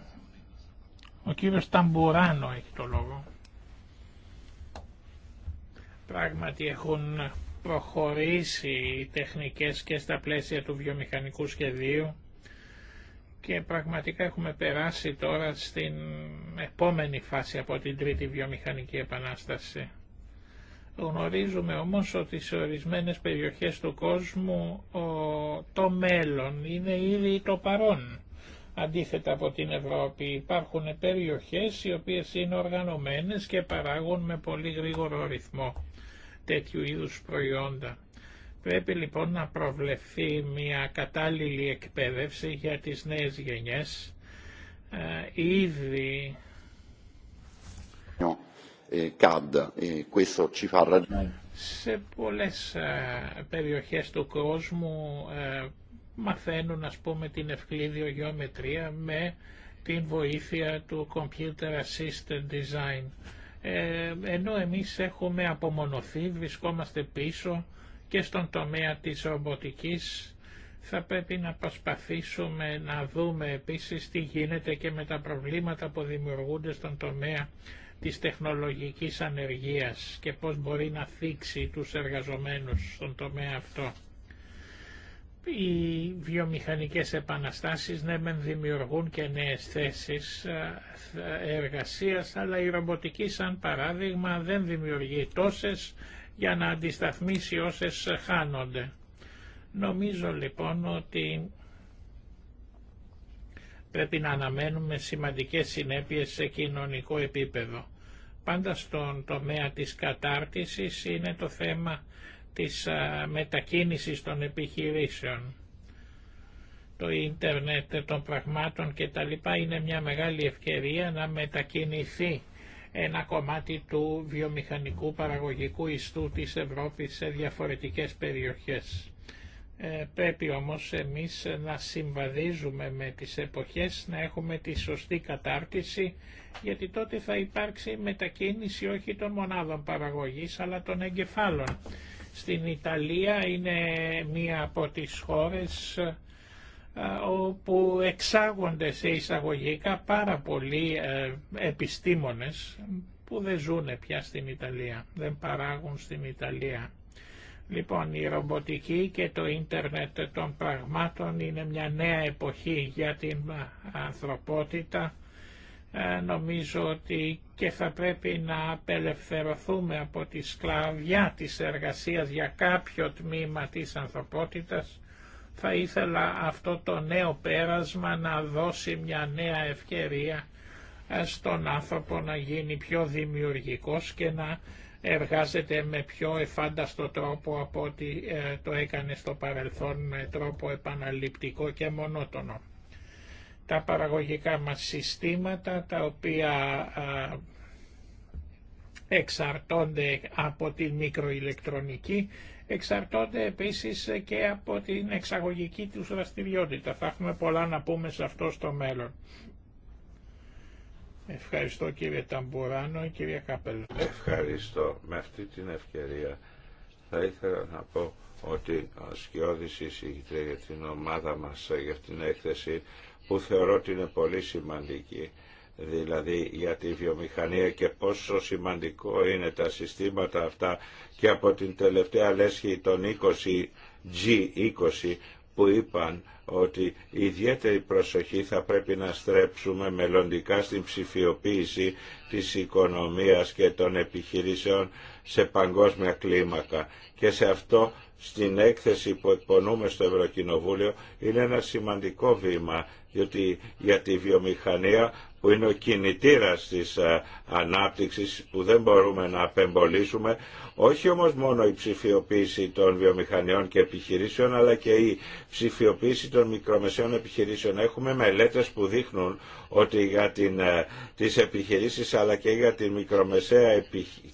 Ο κύριος Ταμπουράνο έχει το λόγο. Πράγματι έχουν προχωρήσει οι τεχνικές και στα πλαίσια του βιομηχανικού σχεδίου και πραγματικά έχουμε περάσει τώρα στην επόμενη φάση από την τρίτη βιομηχανική επανάσταση. Γνωρίζουμε όμως ότι σε ορισμένες περιοχές του κόσμου το μέλλον είναι ήδη το παρόν. Αντίθετα από την Ευρώπη υπάρχουν περιοχές οι οποίες είναι οργανωμένες και παράγουν με πολύ γρήγορο ρυθμό τέτοιου είδους προϊόντα. Πρέπει λοιπόν να προβλεφθεί μια κατάλληλη εκπαίδευση για τις νέες γενιές. Ε, ήδη ε, CAD e Σε πολλές ε, περιοχές του κόσμου μαθαίνουν ας πούμε την ευκλήδιο γεωμετρία με την βοήθεια του Computer Assisted Design. ενώ εμείς έχουμε απομονωθεί, βρισκόμαστε πίσω και στον τομέα της ρομποτικής θα πρέπει να προσπαθήσουμε να δούμε επίσης τι γίνεται και με τα προβλήματα που δημιουργούνται στον τομέα της τεχνολογικής ανεργίας και πώς μπορεί να θίξει τους εργαζομένους στον τομέα αυτό. Οι βιομηχανικές επαναστάσεις ναι μεν δημιουργούν και νέες θέσεις ε, εργασίας, αλλά η ρομποτική σαν παράδειγμα δεν δημιουργεί τόσες για να αντισταθμίσει όσες χάνονται. Νομίζω λοιπόν ότι πρέπει να αναμένουμε σημαντικές συνέπειες σε κοινωνικό επίπεδο. Πάντα στον τομέα της κατάρτισης είναι το θέμα της μετακίνησης των επιχειρήσεων. Το ίντερνετ των πραγμάτων και τα λοιπά είναι μια μεγάλη ευκαιρία να μετακινηθεί ένα κομμάτι του βιομηχανικού παραγωγικού ιστού της Ευρώπης σε διαφορετικές περιοχές. Ε, πρέπει όμως εμείς να συμβαδίζουμε με τις εποχές, να έχουμε τη σωστή κατάρτιση, γιατί τότε θα υπάρξει μετακίνηση όχι των μονάδων παραγωγής, αλλά των εγκεφάλων. Στην Ιταλία είναι μία από τις χώρες ε, όπου εξάγονται σε εισαγωγικά πάρα πολλοί ε, επιστήμονες που δεν ζουν πια στην Ιταλία, δεν παράγουν στην Ιταλία. Λοιπόν, η ρομποτική και το ίντερνετ των πραγμάτων είναι μια νέα εποχή για την ανθρωπότητα. Ε, νομίζω ότι και θα πρέπει να απελευθερωθούμε από τη σκλαβιά της εργασίας για κάποιο τμήμα της ανθρωπότητας. Θα ήθελα αυτό το νέο πέρασμα να δώσει μια νέα ευκαιρία ε, στον άνθρωπο να γίνει πιο δημιουργικός και να εργάζεται με πιο εφάνταστο τρόπο από ότι ε, το έκανε στο παρελθόν με τρόπο επαναληπτικό και μονότονο. Τα παραγωγικά μας συστήματα τα οποία εξαρτώνται από την μικροηλεκτρονική εξαρτώνται επίσης και από την εξαγωγική τους δραστηριότητα. Θα έχουμε πολλά να πούμε σε αυτό στο μέλλον. Ευχαριστώ κύριε Ταμπουράνο και κύριε Καπέλο. Ευχαριστώ. Με αυτή την ευκαιρία θα ήθελα να πω ότι ο Σκιώδης εισηγητρία για την ομάδα μας για την έκθεση που θεωρώ ότι είναι πολύ σημαντική δηλαδή για τη βιομηχανία και πόσο σημαντικό είναι τα συστήματα αυτά και από την τελευταία λέσχη των 20 G20 που είπαν ότι ιδιαίτερη προσοχή θα πρέπει να στρέψουμε μελλοντικά στην ψηφιοποίηση της οικονομίας και των επιχειρήσεων σε παγκόσμια κλίμακα. Και σε αυτό στην έκθεση που εκπονούμε στο Ευρωκοινοβούλιο είναι ένα σημαντικό βήμα διότι για τη βιομηχανία που είναι ο κινητήρας της ε, ανάπτυξης που δεν μπορούμε να απεμπολίσουμε όχι όμως μόνο η ψηφιοποίηση των βιομηχανιών και επιχειρήσεων, αλλά και η ψηφιοποίηση των μικρομεσαίων επιχειρήσεων. Έχουμε μελέτες που δείχνουν ότι για την, ε, τις επιχειρήσεις αλλά και για την μικρομεσαία,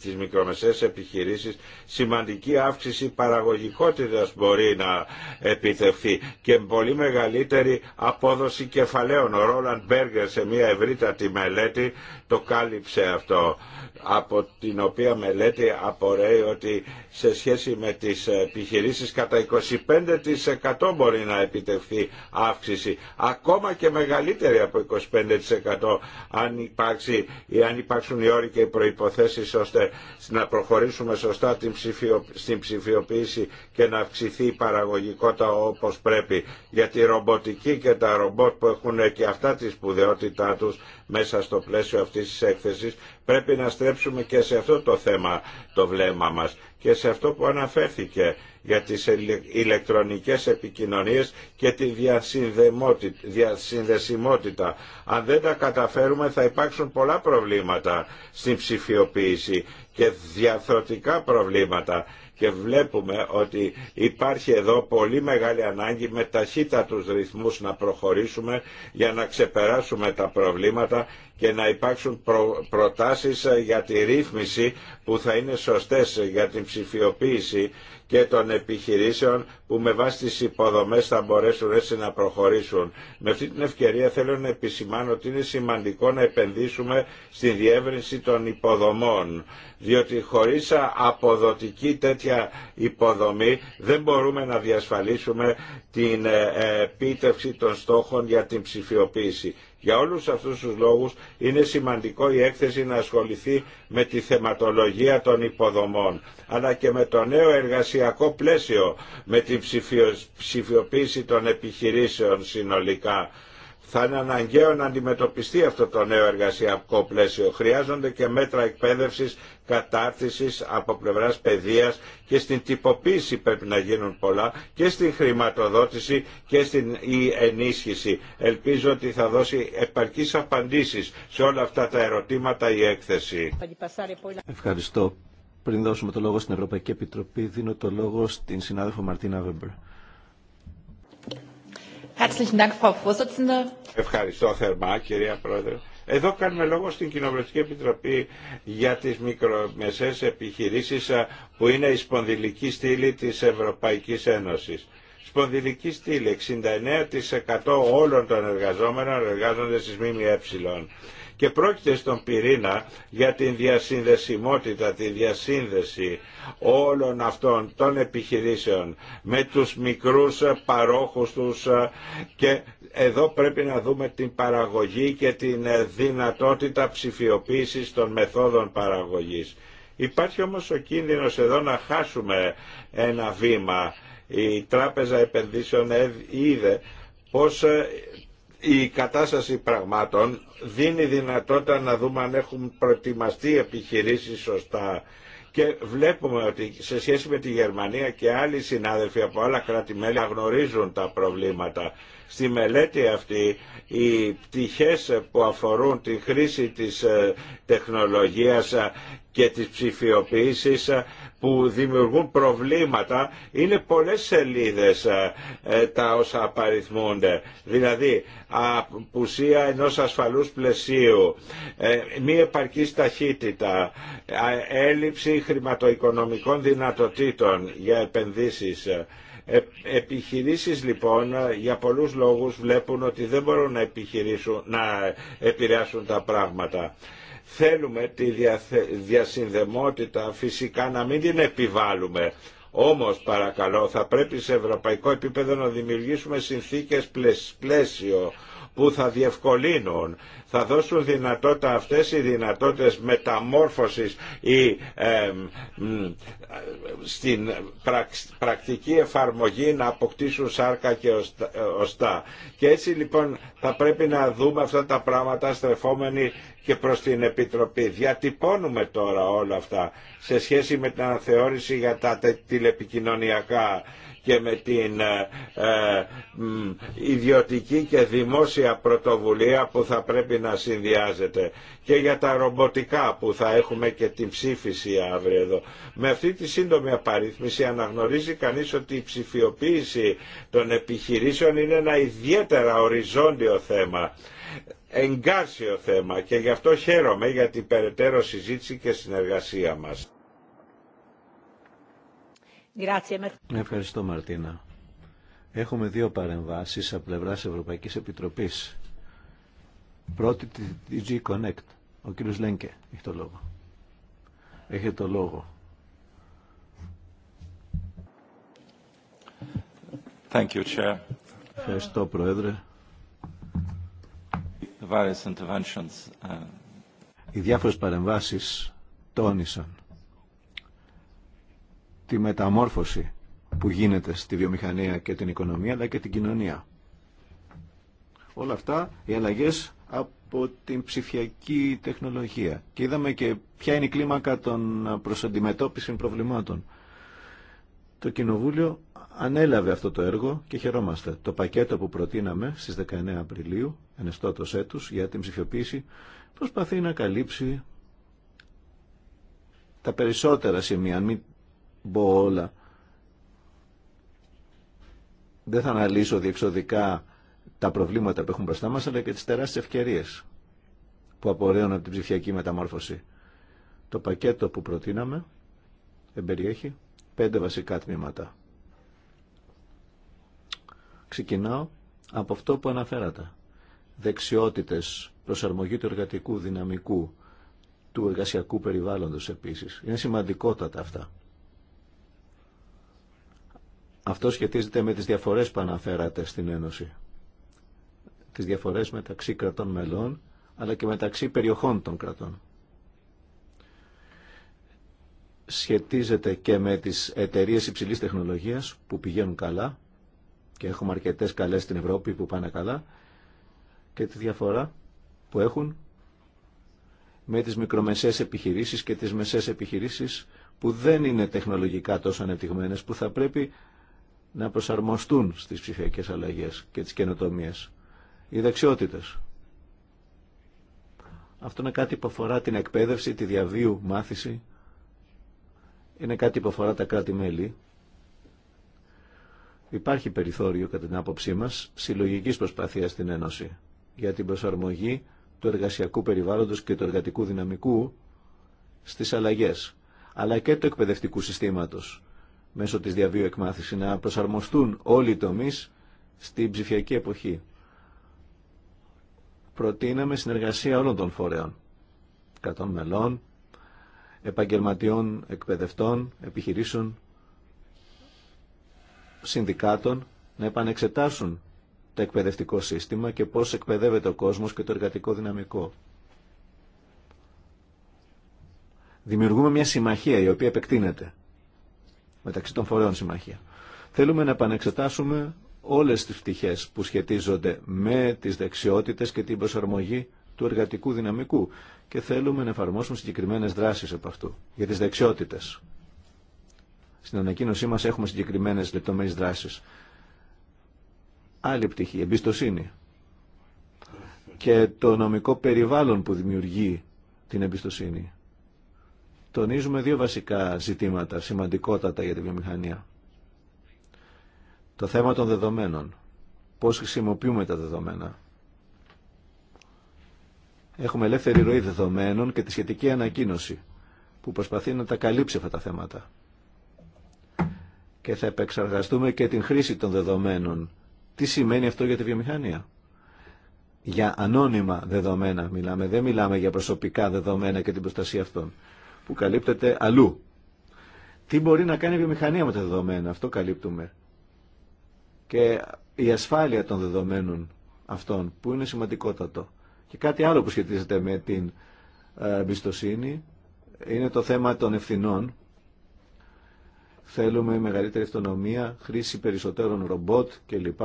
τις μικρομεσαίες επιχειρήσεις σημαντική αύξηση παραγωγικότητας μπορεί να επιτευχθεί και πολύ μεγαλύτερη απόδοση κεφαλαίων. Ο Ρόλαντ Μπέργκερ σε μια ευρύτατη μελέτη το κάλυψε αυτό από την οποία μελέτη απορρέει ότι σε σχέση με τις επιχειρήσεις κατά 25% μπορεί να επιτευχθεί αύξηση ακόμα και μεγαλύτερη από 25% αν, υπάρξει, ή αν υπάρξουν οι όροι και οι προϋποθέσεις ώστε να προχωρήσουμε σωστά στην ψηφιοποίηση και να αυξηθεί η παραγωγικότητα όπως πρέπει. γιατί τη ρομποτική και τα ρομπότ που έχουν και αυτά τη σπουδαιότητά τους μέσα στο πλαίσιο αυτής της έκθεσης πρέπει να στρέψουμε και σε αυτό το θέμα το βλέμμα μας και σε αυτό που αναφέρθηκε για τις ηλεκτρονικές επικοινωνίες και τη διασυνδεσιμότητα. Αν δεν τα καταφέρουμε θα υπάρξουν πολλά προβλήματα στην ψηφιοποίηση και διαθροτικά προβλήματα και βλέπουμε ότι υπάρχει εδώ πολύ μεγάλη ανάγκη με ταχύτατους ρυθμούς να προχωρήσουμε για να ξεπεράσουμε τα προβλήματα και να υπάρξουν προ, προτάσεις για τη ρύθμιση που θα είναι σωστές για την ψηφιοποίηση και των επιχειρήσεων που με βάση τις υποδομές θα μπορέσουν έτσι να προχωρήσουν. Με αυτή την ευκαιρία θέλω να επισημάνω ότι είναι σημαντικό να επενδύσουμε στη διεύρυνση των υποδομών διότι χωρίς αποδοτική τέτοια υποδομή δεν μπορούμε να διασφαλίσουμε την ε, ε, επίτευξη των στόχων για την ψηφιοποίηση. Για όλους αυτούς τους λόγους είναι σημαντικό η έκθεση να ασχοληθεί με τη θεματολογία των υποδομών, αλλά και με το νέο εργασιακό πλαίσιο, με την ψηφιοποίηση των επιχειρήσεων συνολικά θα είναι αναγκαίο να αντιμετωπιστεί αυτό το νέο εργασιακό πλαίσιο. Χρειάζονται και μέτρα εκπαίδευσης, κατάρτισης από πλευράς παιδείας και στην τυποποίηση πρέπει να γίνουν πολλά και στην χρηματοδότηση και στην ενίσχυση. Ελπίζω ότι θα δώσει επαρκείς απαντήσεις σε όλα αυτά τα ερωτήματα η έκθεση. Ευχαριστώ. Πριν δώσουμε το λόγο στην Ευρωπαϊκή Επιτροπή, δίνω το λόγο στην συνάδελφο Μαρτίνα Βέμπερ. Ευχαριστώ θερμά κυρία Πρόεδρε. Εδώ κάνουμε λόγο στην Κοινοβουλευτική Επιτροπή για τις μικρομεσαίες επιχειρήσεις που είναι η σπονδυλική στήλη της Ευρωπαϊκής Ένωσης. Σπονδυλική στήλη, 69% όλων των εργαζόμενων εργάζονται στις ΜΜΕ και πρόκειται στον πυρήνα για την διασυνδεσιμότητα, τη διασύνδεση όλων αυτών των επιχειρήσεων με τους μικρούς παρόχους τους και εδώ πρέπει να δούμε την παραγωγή και την δυνατότητα ψηφιοποίησης των μεθόδων παραγωγής. Υπάρχει όμως ο κίνδυνος εδώ να χάσουμε ένα βήμα. Η Τράπεζα Επενδύσεων ε, είδε πως ε, η κατάσταση πραγμάτων δίνει δυνατότητα να δούμε αν έχουν προετοιμαστεί επιχειρήσεις σωστά και βλέπουμε ότι σε σχέση με τη Γερμανία και άλλοι συνάδελφοι από άλλα κράτη-μέλη γνωρίζουν τα προβλήματα. Στη μελέτη αυτή οι πτυχές που αφορούν τη χρήση της ε, τεχνολογίας ε, και τις ψηφιοποίησεις ε, που δημιουργούν προβλήματα είναι πολλές σελίδες ε, ε, τα όσα απαριθμούνται. Δηλαδή, απουσία ενός ασφαλούς πλαισίου, μη επαρκής ταχύτητα, έλλειψη χρηματοοικονομικών δυνατοτήτων για επενδύσεις. Επιχειρήσεις λοιπόν για πολλούς λόγους βλέπουν ότι δεν μπορούν να, επιχειρήσουν, να επηρεάσουν τα πράγματα. Θέλουμε τη διασυνδεμότητα φυσικά να μην την επιβάλλουμε. Όμως παρακαλώ θα πρέπει σε ευρωπαϊκό επίπεδο να δημιουργήσουμε συνθήκες πλαίσιο που θα διευκολύνουν. Θα δώσουν δυνατότητα αυτές οι δυνατότητες μεταμόρφωσης ή στην πρακτική εφαρμογή να αποκτήσουν σάρκα και οστά. Και έτσι λοιπόν θα πρέπει να δούμε αυτά τα πράγματα στρεφόμενοι και προς την Επιτροπή. Διατυπώνουμε τώρα όλα αυτά σε σχέση με την αναθεώρηση για τα τηλεπικοινωνιακά και με την ε, ε, ιδιωτική και δημόσια πρωτοβουλία που θα πρέπει να συνδυάζεται και για τα ρομποτικά που θα έχουμε και την ψήφιση αύριο εδώ. Με αυτή τη σύντομη απαρίθμηση αναγνωρίζει κανείς ότι η ψηφιοποίηση των επιχειρήσεων είναι ένα ιδιαίτερα οριζόντιο θέμα εγκάρσιο θέμα και γι' αυτό χαίρομαι για την περαιτέρω συζήτηση και συνεργασία μας. Ευχαριστώ Μαρτίνα. Έχουμε δύο παρεμβάσεις από πλευράς Ευρωπαϊκής Επιτροπής. Πρώτη τη DG Connect. Ο κύριος Λέγκε έχει το λόγο. Έχετε το λόγο. Thank you, Chair. Ευχαριστώ, Πρόεδρε. Uh, Οι διάφορες παρεμβάσεις τόνισαν τη μεταμόρφωση που γίνεται στη βιομηχανία και την οικονομία αλλά και την κοινωνία. Όλα αυτά οι αλλαγές από την ψηφιακή τεχνολογία. Και είδαμε και ποια είναι η κλίμακα των προς αντιμετώπιση προβλημάτων. Το Κοινοβούλιο ανέλαβε αυτό το έργο και χαιρόμαστε. Το πακέτο που προτείναμε στις 19 Απριλίου, ενεστώτος έτους, για την ψηφιοποίηση, προσπαθεί να καλύψει τα περισσότερα σημεία, αν μην όλα. Δεν θα αναλύσω διεξοδικά τα προβλήματα που έχουν μπροστά μας, αλλά και τις τεράστιες ευκαιρίες που απορρέουν από την ψηφιακή μεταμόρφωση. Το πακέτο που προτείναμε εμπεριέχει πέντε βασικά τμήματα. Ξεκινάω από αυτό που αναφέρατε. Δεξιότητες, προσαρμογή του εργατικού δυναμικού, του εργασιακού περιβάλλοντος επίσης. Είναι σημαντικότατα αυτά. Αυτό σχετίζεται με τις διαφορές που αναφέρατε στην Ένωση. Τις διαφορές μεταξύ κρατών μελών, αλλά και μεταξύ περιοχών των κρατών. Σχετίζεται και με τις εταιρείε υψηλής τεχνολογίας που πηγαίνουν καλά και έχουμε αρκετές καλές στην Ευρώπη που πάνε καλά και τη διαφορά που έχουν με τις μικρομεσαίες επιχειρήσεις και τις μεσαίες επιχειρήσεις που δεν είναι τεχνολογικά τόσο ανεπτυγμένες που θα πρέπει να προσαρμοστούν στις ψηφιακές αλλαγές και τις καινοτομίες. Οι δεξιότητες. Αυτό είναι κάτι που αφορά την εκπαίδευση, τη διαβίου μάθηση. Είναι κάτι που αφορά τα κράτη-μέλη. Υπάρχει περιθώριο, κατά την άποψή μας, συλλογικής προσπαθίας στην Ένωση για την προσαρμογή του εργασιακού περιβάλλοντος και του εργατικού δυναμικού στις αλλαγές, αλλά και του εκπαιδευτικού συστήματος μέσω της διαβίου εκμάθησης, να προσαρμοστούν όλοι οι τομείς στην ψηφιακή εποχή. Προτείναμε συνεργασία όλων των φορέων, κατών μελών, επαγγελματιών, εκπαιδευτών, επιχειρήσεων, συνδικάτων, να επανεξετάσουν το εκπαιδευτικό σύστημα και πώς εκπαιδεύεται ο κόσμος και το εργατικό δυναμικό. Δημιουργούμε μια συμμαχία η οποία επεκτείνεται μεταξύ των φορέων συμμαχία. Θέλουμε να επανεξετάσουμε όλες τις πτυχές που σχετίζονται με τις δεξιότητες και την προσαρμογή του εργατικού δυναμικού και θέλουμε να εφαρμόσουμε συγκεκριμένες δράσεις από αυτού για τις δεξιότητες. Στην ανακοίνωσή μας έχουμε συγκεκριμένες λεπτομέρειες δράσεις. Άλλη πτυχή, εμπιστοσύνη και το νομικό περιβάλλον που δημιουργεί την εμπιστοσύνη τονίζουμε δύο βασικά ζητήματα σημαντικότατα για τη βιομηχανία. Το θέμα των δεδομένων. Πώς χρησιμοποιούμε τα δεδομένα. Έχουμε ελεύθερη ροή δεδομένων και τη σχετική ανακοίνωση που προσπαθεί να τα καλύψει αυτά τα θέματα. Και θα επεξεργαστούμε και την χρήση των δεδομένων. Τι σημαίνει αυτό για τη βιομηχανία. Για ανώνυμα δεδομένα μιλάμε. Δεν μιλάμε για προσωπικά δεδομένα και την προστασία αυτών που καλύπτεται αλλού. Τι μπορεί να κάνει η βιομηχανία με τα δεδομένα, αυτό καλύπτουμε. Και η ασφάλεια των δεδομένων αυτών, που είναι σημαντικότατο. Και κάτι άλλο που σχετίζεται με την ε, εμπιστοσύνη είναι το θέμα των ευθυνών. Θέλουμε μεγαλύτερη αυτονομία, χρήση περισσότερων ρομπότ κλπ.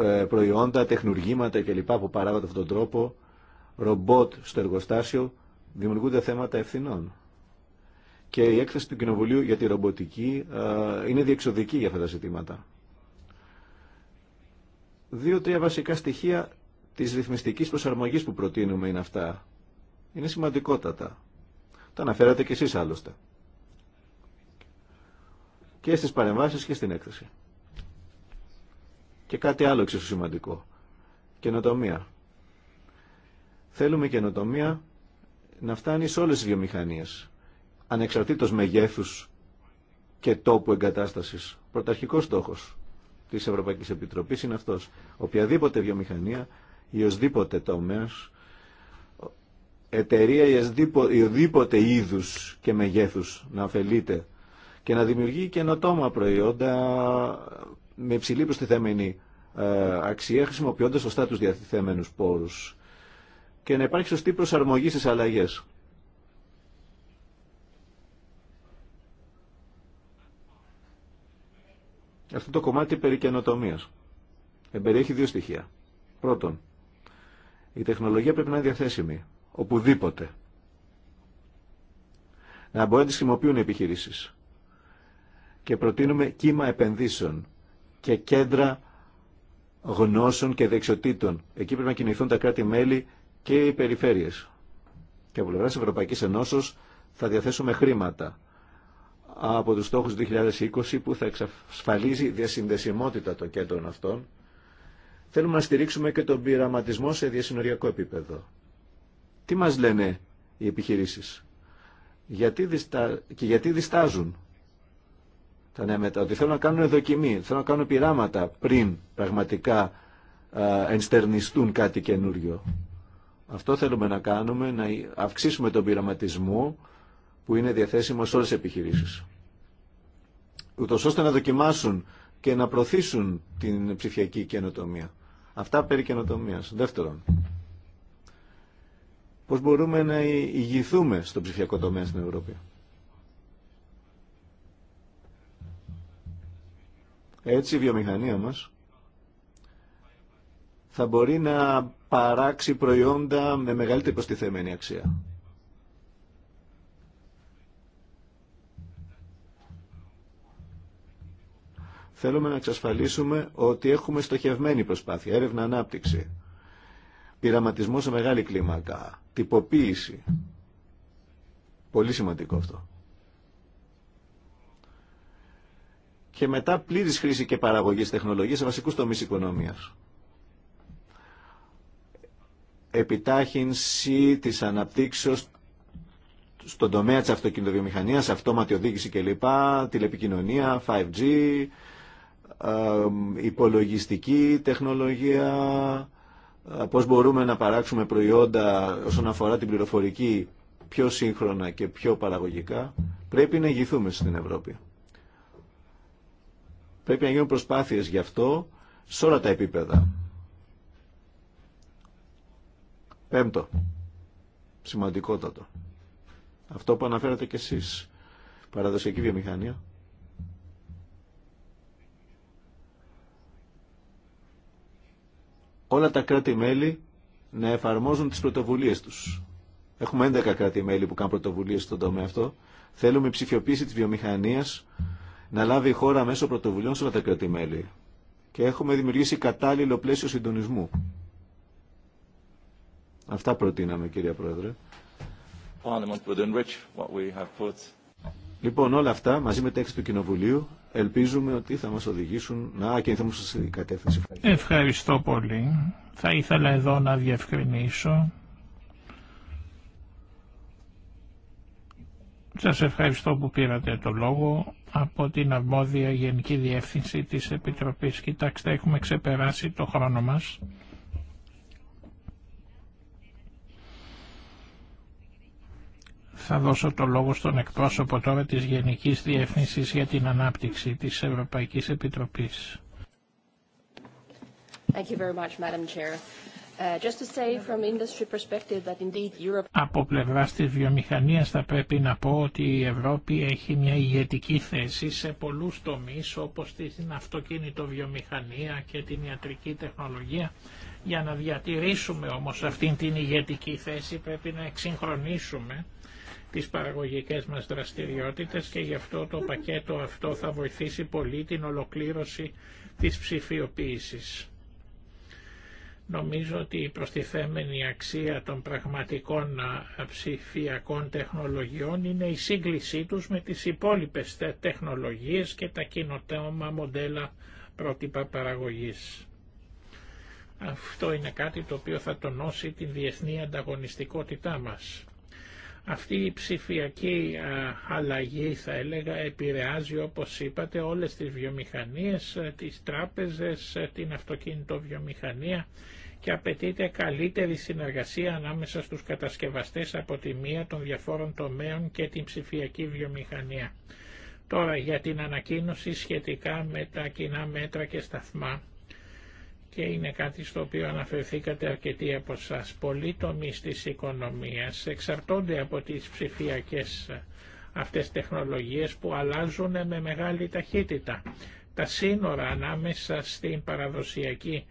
Ε, προϊόντα, τεχνουργήματα κλπ. που παράγονται αυτόν τον τρόπο. Ρομπότ στο εργοστάσιο δημιουργούνται θέματα ευθυνών. Και η έκθεση του Κοινοβουλίου για τη ρομποτική είναι διεξοδική για αυτά τα ζητήματα. Δύο-τρία βασικά στοιχεία της ρυθμιστικής προσαρμογής που προτείνουμε είναι αυτά. Είναι σημαντικότατα. Τα αναφέρατε κι εσείς άλλωστε. Και στις παρεμβάσεις και στην έκθεση. Και κάτι άλλο εξίσου σημαντικό. Καινοτομία. Θέλουμε καινοτομία να φτάνει σε όλες τις βιομηχανίες, ανεξαρτήτως μεγέθους και τόπου εγκατάστασης. Πρωταρχικός στόχος της Ευρωπαϊκής Επιτροπής είναι αυτός. Οποιαδήποτε βιομηχανία ή οσδήποτε τομέας, εταιρεία ή οδήποτε είδους και μεγέθους να αφελείται και να δημιουργεί καινοτόμα προϊόντα με υψηλή προστιθέμενη ε, αξία χρησιμοποιώντας σωστά τους διαθέμενους πόρους και να υπάρχει σωστή προσαρμογή στις αλλαγές. Αυτό το κομμάτι περί καινοτομίας. Εμπεριέχει δύο στοιχεία. Πρώτον, η τεχνολογία πρέπει να είναι διαθέσιμη οπουδήποτε. Να μπορεί να τις χρησιμοποιούν οι επιχειρήσεις. Και προτείνουμε κύμα επενδύσεων και κέντρα γνώσεων και δεξιοτήτων. Εκεί πρέπει να κινηθούν τα κράτη-μέλη και οι περιφέρειες. Και από πλευρά Ευρωπαϊκή Ευρωπαϊκής θα διαθέσουμε χρήματα από τους στόχους 2020 που θα εξασφαλίζει διασυνδεσιμότητα των κέντρων αυτών. Θέλουμε να στηρίξουμε και τον πειραματισμό σε διασυνοριακό επίπεδο. Τι μας λένε οι επιχειρήσεις γιατί διστα... και γιατί διστάζουν τα νέα μετά, ότι θέλουν να κάνουν δοκιμή, θέλουν να κάνουν πειράματα πριν πραγματικά ε, ενστερνιστούν κάτι καινούριο. Αυτό θέλουμε να κάνουμε, να αυξήσουμε τον πειραματισμό που είναι διαθέσιμο σε όλες τις επιχειρήσεις. Ούτως ώστε να δοκιμάσουν και να προωθήσουν την ψηφιακή καινοτομία. Αυτά περί καινοτομίας. Δεύτερον, πώς μπορούμε να ηγηθούμε στο ψηφιακό τομέα στην Ευρώπη. Έτσι η βιομηχανία μας θα μπορεί να παράξει προϊόντα με μεγαλύτερη προστιθέμενη αξία. Θέλουμε να εξασφαλίσουμε ότι έχουμε στοχευμένη προσπάθεια, έρευνα ανάπτυξη, πειραματισμό σε μεγάλη κλίμακα, τυποποίηση. Πολύ σημαντικό αυτό. Και μετά πλήρης χρήση και παραγωγής τεχνολογίας σε βασικούς τομείς οικονομίας επιτάχυνση της αναπτύξεως στον τομέα της αυτοκινητοβιομηχανίας, αυτόματη οδήγηση κλπ, τηλεπικοινωνία, 5G, ε, υπολογιστική τεχνολογία, ε, πώς μπορούμε να παράξουμε προϊόντα όσον αφορά την πληροφορική πιο σύγχρονα και πιο παραγωγικά, πρέπει να ηγηθούμε στην Ευρώπη. Πρέπει να γίνουν προσπάθειες γι' αυτό σε όλα τα επίπεδα. Πέμπτο, σημαντικότατο. Αυτό που αναφέρατε κι εσείς, παραδοσιακή βιομηχανία. Όλα τα κράτη-μέλη να εφαρμόζουν τις πρωτοβουλίες τους. Έχουμε 11 κράτη-μέλη που κάνουν πρωτοβουλίες στον τομέα αυτό. Θέλουμε η ψηφιοποίηση της βιομηχανίας να λάβει η χώρα μέσω πρωτοβουλίων σε όλα τα κράτη-μέλη. Και έχουμε δημιουργήσει κατάλληλο πλαίσιο συντονισμού Αυτά προτείναμε, κύριε Πρόεδρε. Λοιπόν, όλα αυτά μαζί με τέξη του Κοινοβουλίου ελπίζουμε ότι θα μας οδηγήσουν να ακινηθούμε σε κατεύθυνση. Ευχαριστώ πολύ. Θα ήθελα εδώ να διευκρινίσω. Σας ευχαριστώ που πήρατε το λόγο από την αρμόδια Γενική Διεύθυνση της Επιτροπής. Κοιτάξτε, έχουμε ξεπεράσει το χρόνο μας. Θα δώσω το λόγο στον εκπρόσωπο τώρα της Γενικής Διεύθυνσης για την Ανάπτυξη της Ευρωπαϊκής Επιτροπής. Uh, Από πλευρά τη βιομηχανία θα πρέπει να πω ότι η Ευρώπη έχει μια ηγετική θέση σε πολλού τομεί όπω την αυτοκίνητοβιομηχανία και την ιατρική τεχνολογία. Για να διατηρήσουμε όμω αυτή την ηγετική θέση πρέπει να εξυγχρονίσουμε τις παραγωγικές μας δραστηριότητες και γι' αυτό το πακέτο αυτό θα βοηθήσει πολύ την ολοκλήρωση της ψηφιοποίησης. Νομίζω ότι η προστιθέμενη αξία των πραγματικών ψηφιακών τεχνολογιών είναι η σύγκλησή τους με τις υπόλοιπες τεχνολογίες και τα κοινοτέωμα μοντέλα πρότυπα παραγωγής. Αυτό είναι κάτι το οποίο θα τονώσει την διεθνή ανταγωνιστικότητά μας. Αυτή η ψηφιακή αλλαγή θα έλεγα επηρεάζει όπως είπατε όλες τις βιομηχανίες, ε, τις τράπεζες, ε, την αυτοκινητοβιομηχανία και απαιτείται καλύτερη συνεργασία ανάμεσα στους κατασκευαστές από τη μία των διαφόρων τομέων και την ψηφιακή βιομηχανία. Τώρα για την ανακοίνωση σχετικά με τα κοινά μέτρα και σταθμά και είναι κάτι στο οποίο αναφερθήκατε αρκετοί από εσά. Πολλοί τομεί τη οικονομία εξαρτώνται από τι ψηφιακέ ε, αυτές τεχνολογίες που αλλάζουν με μεγάλη ταχύτητα. Τα σύνορα ανάμεσα στην παραδοσιακή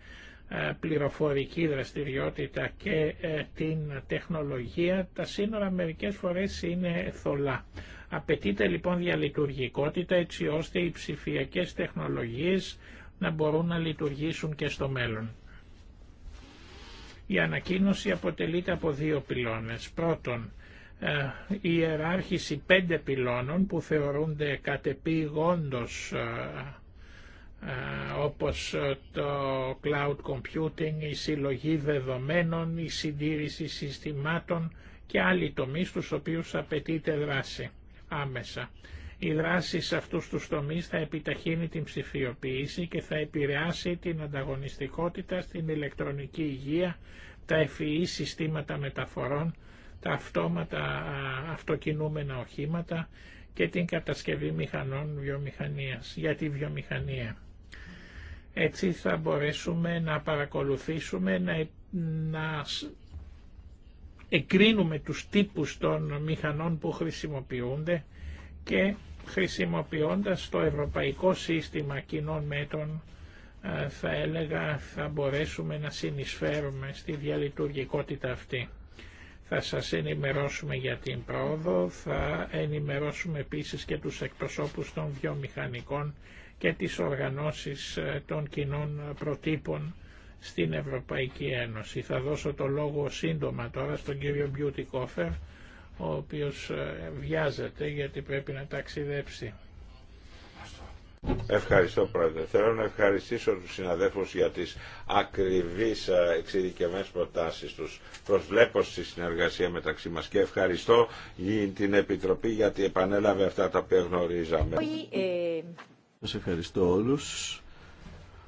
ε, πληροφορική δραστηριότητα και ε, την τεχνολογία, τα σύνορα μερικές φορές είναι θολά. Απαιτείται λοιπόν διαλειτουργικότητα έτσι ώστε οι ψηφιακές τεχνολογίες να μπορούν να λειτουργήσουν και στο μέλλον. Η ανακοίνωση αποτελείται από δύο πυλώνες. Πρώτον, ε, η ιεράρχηση πέντε πυλώνων που θεωρούνται κατεπήγοντος ε, ε, όπως το cloud computing, η συλλογή δεδομένων, η συντήρηση συστημάτων και άλλοι τομείς στους οποίους απαιτείται δράση άμεσα. Η δράση σε αυτούς τους τομείς θα επιταχύνει την ψηφιοποίηση και θα επηρεάσει την ανταγωνιστικότητα στην ηλεκτρονική υγεία, τα FEE e συστήματα μεταφορών, τα αυτόματα αυτοκινούμενα οχήματα και την κατασκευή μηχανών βιομηχανίας, για τη βιομηχανία. Έτσι θα μπορέσουμε να παρακολουθήσουμε, να, να εκρίνουμε τους τύπους των μηχανών που χρησιμοποιούνται και χρησιμοποιώντας το ευρωπαϊκό σύστημα κοινών μέτρων ε, θα έλεγα θα μπορέσουμε να συνεισφέρουμε στη διαλειτουργικότητα αυτή. Θα σας ενημερώσουμε για την πρόοδο, θα ενημερώσουμε επίσης και τους εκπροσώπους των βιομηχανικών και τις οργανώσεις ε, των κοινών προτύπων στην Ευρωπαϊκή Ένωση. Θα δώσω το λόγο σύντομα τώρα στον κύριο Μπιούτι Κόφερ, ο οποίος ε, βιάζεται γιατί πρέπει να ταξιδέψει. Ευχαριστώ Πρόεδρε. Θέλω να ευχαριστήσω τους συναδέλφους για τις ακριβείς ε, εξειδικευμένες προτάσεις τους. Προσβλέπω στη συνεργασία μεταξύ μας και ευχαριστώ την Επιτροπή γιατί επανέλαβε αυτά τα οποία γνωρίζαμε. Ε, Σας ευχαριστώ όλους.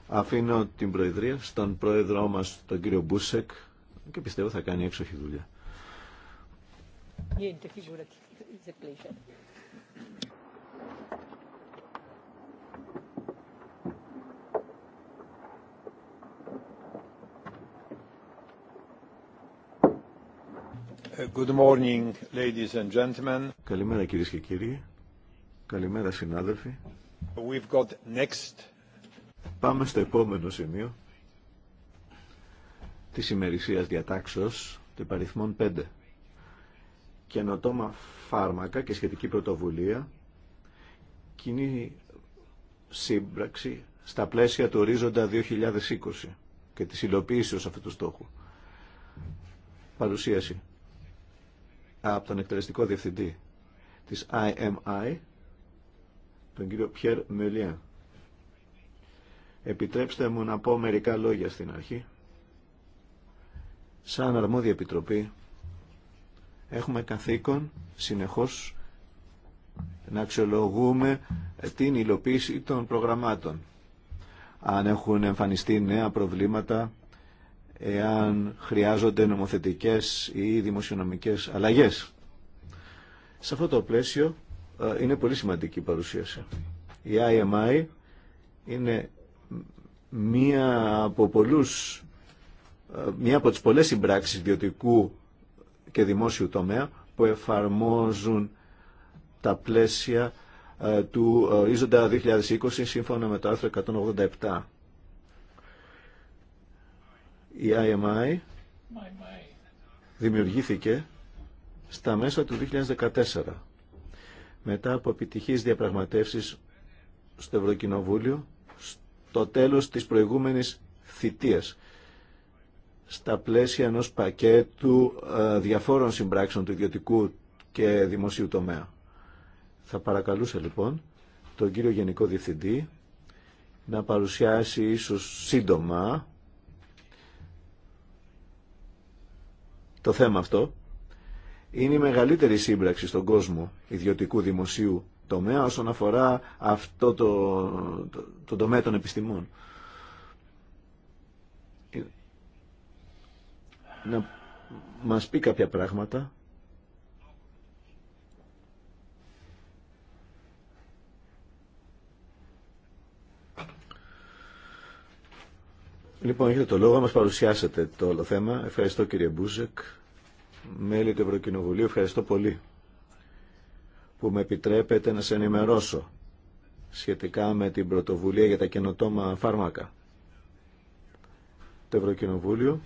Αφήνω την Προεδρία στον Πρόεδρό μας, τον κύριο Μπούσεκ και πιστεύω θα κάνει έξοχη δουλειά. Niente, figurati, it's a pleasure. Good morning, ladies and gentlemen. Καλημέρα κυρίες και κύριοι. Καλημέρα συνάδελφοι. We've got next. Πάμε στο επόμενο σημείο της ημερησίας διατάξεως των παριθμών 5 καινοτόμα φάρμακα και σχετική πρωτοβουλία, κοινή σύμπραξη στα πλαίσια του ορίζοντα 2020 και της υλοποίηση αυτού του στόχου. Παρουσίαση από τον εκτελεστικό διευθυντή της IMI, τον κύριο Πιέρ Μελιά. Επιτρέψτε μου να πω μερικά λόγια στην αρχή. Σαν αρμόδια επιτροπή Έχουμε καθήκον συνεχώς να αξιολογούμε την υλοποίηση των προγραμμάτων. Αν έχουν εμφανιστεί νέα προβλήματα, εάν χρειάζονται νομοθετικές ή δημοσιονομικές αλλαγές. Σε αυτό το πλαίσιο ε, είναι πολύ σημαντική η παρουσίαση. Η IMI είναι μία από πολλούς ε, μία από τις πολλές συμπράξεις ιδιωτικού και δημόσιου τομέα που εφαρμόζουν τα πλαίσια ε, του ε, Ίζοντα 2020 σύμφωνα με το άρθρο 187. Η IMI δημιουργήθηκε στα μέσα του 2014 μετά από επιτυχείς διαπραγματεύσεις στο Ευρωκοινοβούλιο στο τέλος της προηγούμενης θητείας στα πλαίσια ενός πακέτου ε, διαφόρων συμπράξεων του ιδιωτικού και δημοσίου τομέα. Θα παρακαλούσα λοιπόν τον κύριο Γενικό Διευθυντή να παρουσιάσει ίσως σύντομα το θέμα αυτό. Είναι η μεγαλύτερη σύμπραξη στον κόσμο ιδιωτικού δημοσίου τομέα όσον αφορά αυτό το, το, το τομέα των επιστημών. να μας πει κάποια πράγματα. Λοιπόν, έχετε το λόγο να μας παρουσιάσετε το όλο θέμα. Ευχαριστώ κύριε Μπούζεκ, μέλη του Ευρωκοινοβουλίου. Ευχαριστώ πολύ που με επιτρέπετε να σε ενημερώσω σχετικά με την πρωτοβουλία για τα καινοτόμα φάρμακα. Το Ευρωκοινοβούλιο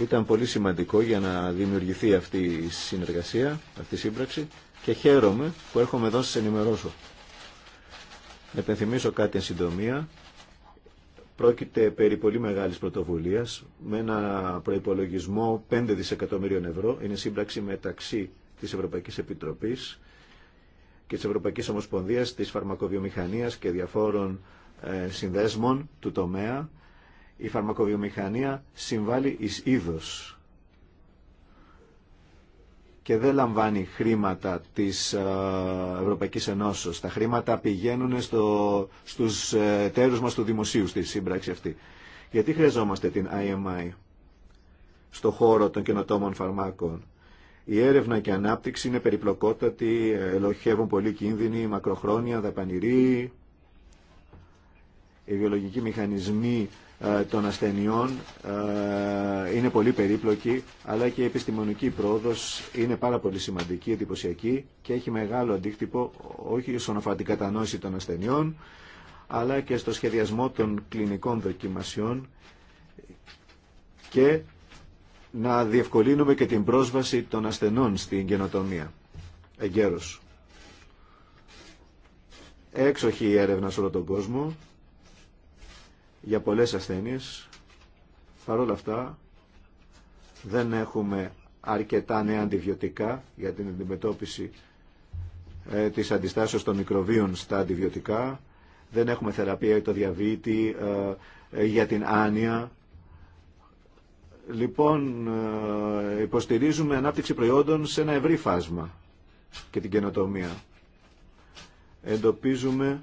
ήταν πολύ σημαντικό για να δημιουργηθεί αυτή η συνεργασία, αυτή η σύμπραξη και χαίρομαι που έρχομαι εδώ να σας ενημερώσω. επενθυμίσω κάτι εν συντομία. Πρόκειται περί πολύ μεγάλης πρωτοβουλίας με ένα προϋπολογισμό 5 δισεκατομμυρίων ευρώ. Είναι σύμπραξη μεταξύ της Ευρωπαϊκής Επιτροπής και της Ευρωπαϊκής Ομοσπονδίας της Φαρμακοβιομηχανίας και διαφόρων ε, συνδέσμων του τομέα η φαρμακοβιομηχανία συμβάλλει εις είδος και δεν λαμβάνει χρήματα της ε, Ευρωπαϊκής Ενώσεως. Τα χρήματα πηγαίνουν στο, στους τέρους μας του δημοσίου στη σύμπραξη αυτή. Γιατί χρειαζόμαστε την IMI στο χώρο των καινοτόμων φαρμάκων. Η έρευνα και η ανάπτυξη είναι περιπλοκότατη, ελοχεύουν πολύ κίνδυνοι, μακροχρόνια, δαπανηροί. Οι βιολογικοί μηχανισμοί ε, των ασθενειών ε, είναι πολύ περίπλοκη, αλλά και η επιστημονική πρόοδος είναι πάρα πολύ σημαντική, εντυπωσιακή και έχει μεγάλο αντίκτυπο όχι στον αφορά την κατανόηση των ασθενειών, αλλά και στο σχεδιασμό των κλινικών δοκιμασιών και να διευκολύνουμε και την πρόσβαση των ασθενών στην καινοτομία. Εγκαίρως. Έξοχη η έρευνα σε όλο τον κόσμο για πολλές ασθένειες. Παρ' αυτά δεν έχουμε αρκετά νέα αντιβιωτικά για την αντιμετώπιση ε, της αντιστάσεως των μικροβίων στα αντιβιωτικά. Δεν έχουμε θεραπεία για το διαβήτη, ε, για την άνοια. Λοιπόν, ε, υποστηρίζουμε ανάπτυξη προϊόντων σε ένα ευρύ φάσμα και την καινοτομία. Εντοπίζουμε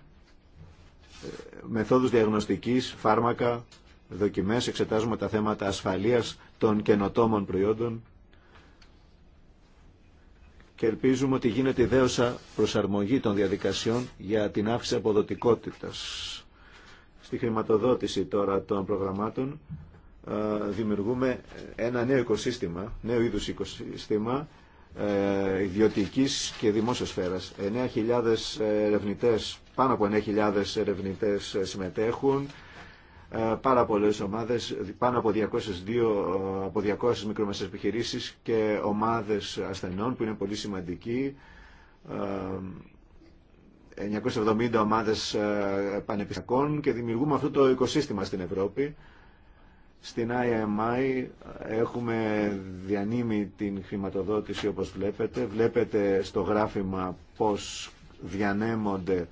μεθόδους διαγνωστικής, φάρμακα, δοκιμές, εξετάζουμε τα θέματα ασφαλείας των καινοτόμων προϊόντων και ελπίζουμε ότι γίνεται δέωσα προσαρμογή των διαδικασιών για την αύξηση αποδοτικότητας. Στη χρηματοδότηση τώρα των προγραμμάτων ε, δημιουργούμε ένα νέο οικοσύστημα, νέο είδους οικοσύστημα ε, ιδιωτικής και δημόσιας σφαίρας. 9.000 ε, ερευνητές, πάνω από 9.000 ερευνητές ε, συμμετέχουν, πάρα πολλές ομάδες, πάνω από 202 από 200 μικρομεσαίες επιχειρήσεις και ομάδες ασθενών που είναι πολύ σημαντικοί. 970 ομάδες πανεπιστημιακών και δημιουργούμε αυτό το οικοσύστημα στην Ευρώπη στην IMI έχουμε διανύμει την χρηματοδότηση όπως βλέπετε. Βλέπετε στο γράφημα πώς διανέμονται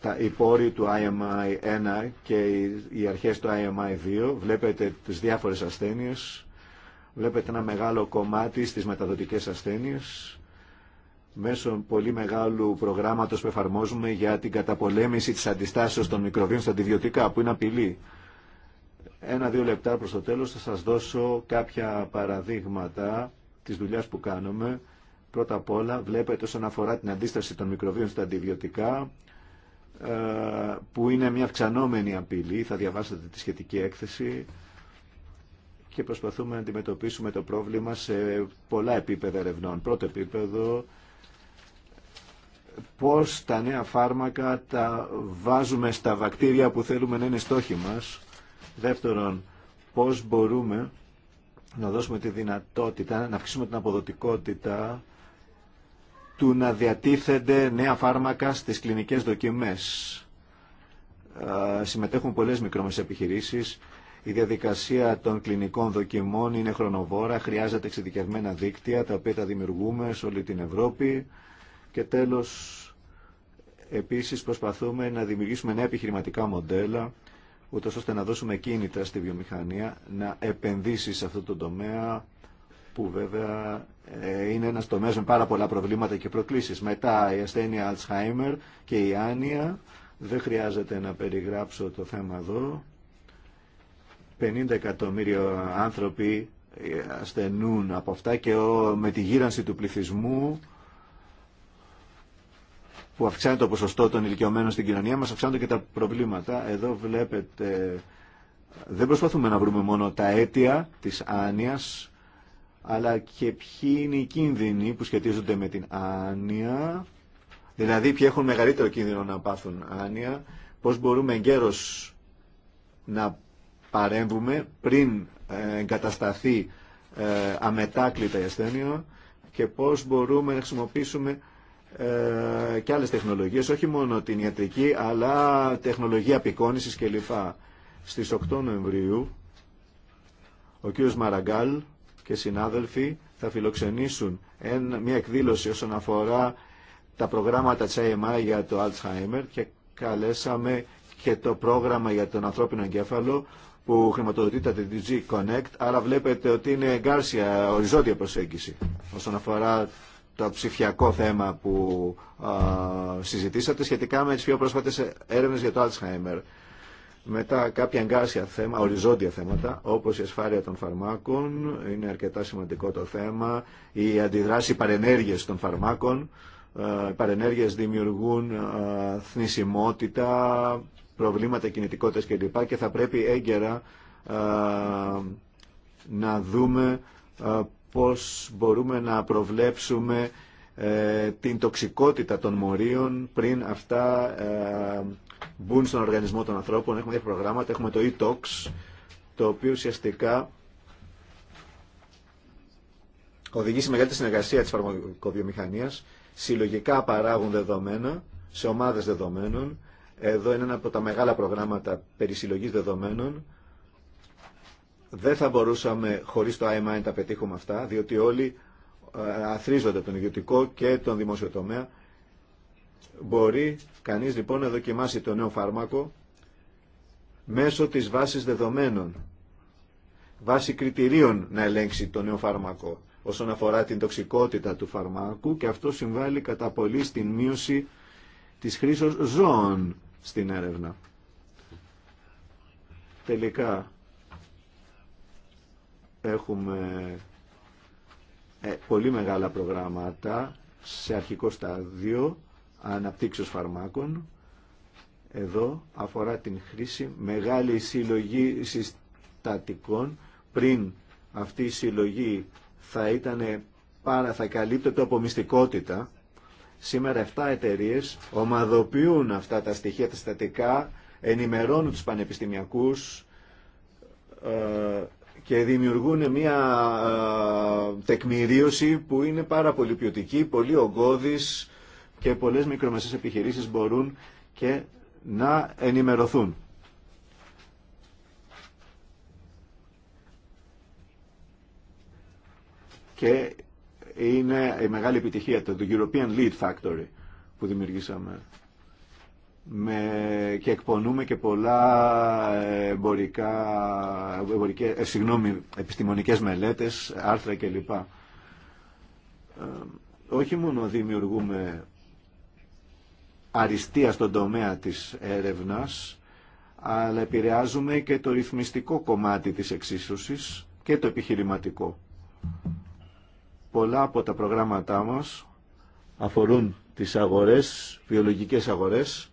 τα πόροι του IMI-1 και οι αρχές του IMI-2. Βλέπετε τις διάφορες ασθένειες. Βλέπετε ένα μεγάλο κομμάτι στις μεταδοτικές ασθένειες μέσω πολύ μεγάλου προγράμματος που εφαρμόζουμε για την καταπολέμηση της αντιστάσεως των μικροβίων στα αντιβιωτικά, που είναι απειλή. Ένα-δύο λεπτά προς το τέλος θα σας δώσω κάποια παραδείγματα της δουλειάς που κάνουμε. Πρώτα απ' όλα βλέπετε όσον αφορά την αντίσταση των μικροβίων στα αντιβιωτικά ε, που είναι μια αυξανόμενη απειλή, θα διαβάσετε τη σχετική έκθεση και προσπαθούμε να αντιμετωπίσουμε το πρόβλημα σε πολλά επίπεδα ερευνών. Πρώτο επίπεδο, πώς τα νέα φάρμακα τα βάζουμε στα βακτήρια που θέλουμε να είναι στόχοι μας Δεύτερον, πώς μπορούμε να δώσουμε τη δυνατότητα, να αυξήσουμε την αποδοτικότητα του να διατίθενται νέα φάρμακα στις κλινικές δοκιμές. Συμμετέχουν πολλές μικρόμεσες επιχειρήσεις. Η διαδικασία των κλινικών δοκιμών είναι χρονοβόρα, χρειάζεται εξειδικευμένα δίκτυα, τα οποία τα δημιουργούμε σε όλη την Ευρώπη. Και τέλος, επίσης προσπαθούμε να δημιουργήσουμε νέα επιχειρηματικά μοντέλα, ούτως ώστε να δώσουμε κίνητρα στη βιομηχανία να επενδύσει σε αυτό το τομέα που βέβαια ε, είναι ένας τομέας με πάρα πολλά προβλήματα και προκλήσεις. Μετά η ασθένεια Alzheimer και η άνοια, δεν χρειάζεται να περιγράψω το θέμα εδώ. 50 εκατομμύριο άνθρωποι ε, ασθενούν από αυτά και με τη γύρανση του πληθυσμού που αυξάνεται το ποσοστό των ηλικιωμένων στην κοινωνία μας, αυξάνονται και τα προβλήματα. Εδώ βλέπετε, δεν προσπαθούμε να βρούμε μόνο τα αίτια της άνοιας, αλλά και ποιοι είναι οι κίνδυνοι που σχετίζονται με την άνοια, δηλαδή ποιοι έχουν μεγαλύτερο κίνδυνο να πάθουν άνοια, πώς μπορούμε εγκαίρως να παρέμβουμε πριν ε, εγκατασταθεί ε, αμετάκλητα η ασθένεια και πώς μπορούμε να χρησιμοποιήσουμε ε, και άλλες τεχνολογίες, όχι μόνο την ιατρική, αλλά τεχνολογία απεικόνησης κλπ. Στις 8 Νοεμβρίου, ο κύριος Μαραγκάλ και συνάδελφοι θα φιλοξενήσουν μια εκδήλωση όσον αφορά τα προγράμματα της AMI για το Alzheimer και καλέσαμε και το πρόγραμμα για τον ανθρώπινο εγκέφαλο που χρηματοδοτείται τα DG Connect, άρα βλέπετε ότι είναι εγκάρσια, οριζόντια προσέγγιση όσον αφορά το ψηφιακό θέμα που συζητήσατε σχετικά με τις πιο πρόσφατες έρευνες για το Alzheimer. Μετά κάποια εγκάσια θέματα, οριζόντια θέματα, όπως η ασφάλεια των φαρμάκων, είναι αρκετά σημαντικό το θέμα, η αντιδράση παρενέργειες των φαρμάκων, οι παρενέργειες δημιουργούν θνησιμότητα, προβλήματα κινητικότητας κλπ. και θα πρέπει έγκαιρα να δούμε πώς μπορούμε να προβλέψουμε ε, την τοξικότητα των μορίων πριν αυτά ε, μπουν στον οργανισμό των ανθρώπων. Έχουμε δύο προγράμματα, έχουμε το e-tox, το οποίο ουσιαστικά οδηγεί σε μεγαλύτερη συνεργασία της φαρμακοβιομηχανίας. Συλλογικά παράγουν δεδομένα σε ομάδες δεδομένων. Εδώ είναι ένα από τα μεγάλα προγράμματα περί συλλογής δεδομένων δεν θα μπορούσαμε χωρίς το IMI να τα πετύχουμε αυτά, διότι όλοι ε, αθρίζονται τον ιδιωτικό και τον δημόσιο τομέα. Μπορεί κανείς λοιπόν να δοκιμάσει το νέο φάρμακο μέσω της βάσης δεδομένων, βάση κριτηρίων να ελέγξει το νέο φάρμακο όσον αφορά την τοξικότητα του φαρμάκου και αυτό συμβάλλει κατά πολύ στην μείωση της χρήσης ζώων στην έρευνα. Τελικά, Έχουμε ε, πολύ μεγάλα προγράμματα σε αρχικό στάδιο αναπτύξεως φαρμάκων. Εδώ αφορά την χρήση μεγάλη συλλογή συστατικών. Πριν αυτή η συλλογή θα ήταν πάρα θα καλύπτεται από μυστικότητα. Σήμερα 7 εταιρείε ομαδοποιούν αυτά τα στοιχεία τα στατικά, ενημερώνουν τους πανεπιστημιακούς, ε, και δημιουργούν μια ε, τεκμηρίωση που είναι πάρα πολύ ποιοτική, πολύ ογκώδης και πολλές μικρομεσαίες επιχειρήσεις μπορούν και να ενημερωθούν. Και είναι η μεγάλη επιτυχία του European Lead Factory που δημιουργήσαμε με, και εκπονούμε και πολλά εμπορικά, εμπορικές, ε, επιστημονικές μελέτες, άρθρα κλπ. Ε, όχι μόνο δημιουργούμε αριστεία στον τομέα της έρευνας, αλλά επηρεάζουμε και το ρυθμιστικό κομμάτι της εξίσωσης και το επιχειρηματικό. Πολλά από τα προγράμματά μας αφορούν τις αγορές, βιολογικές αγορές,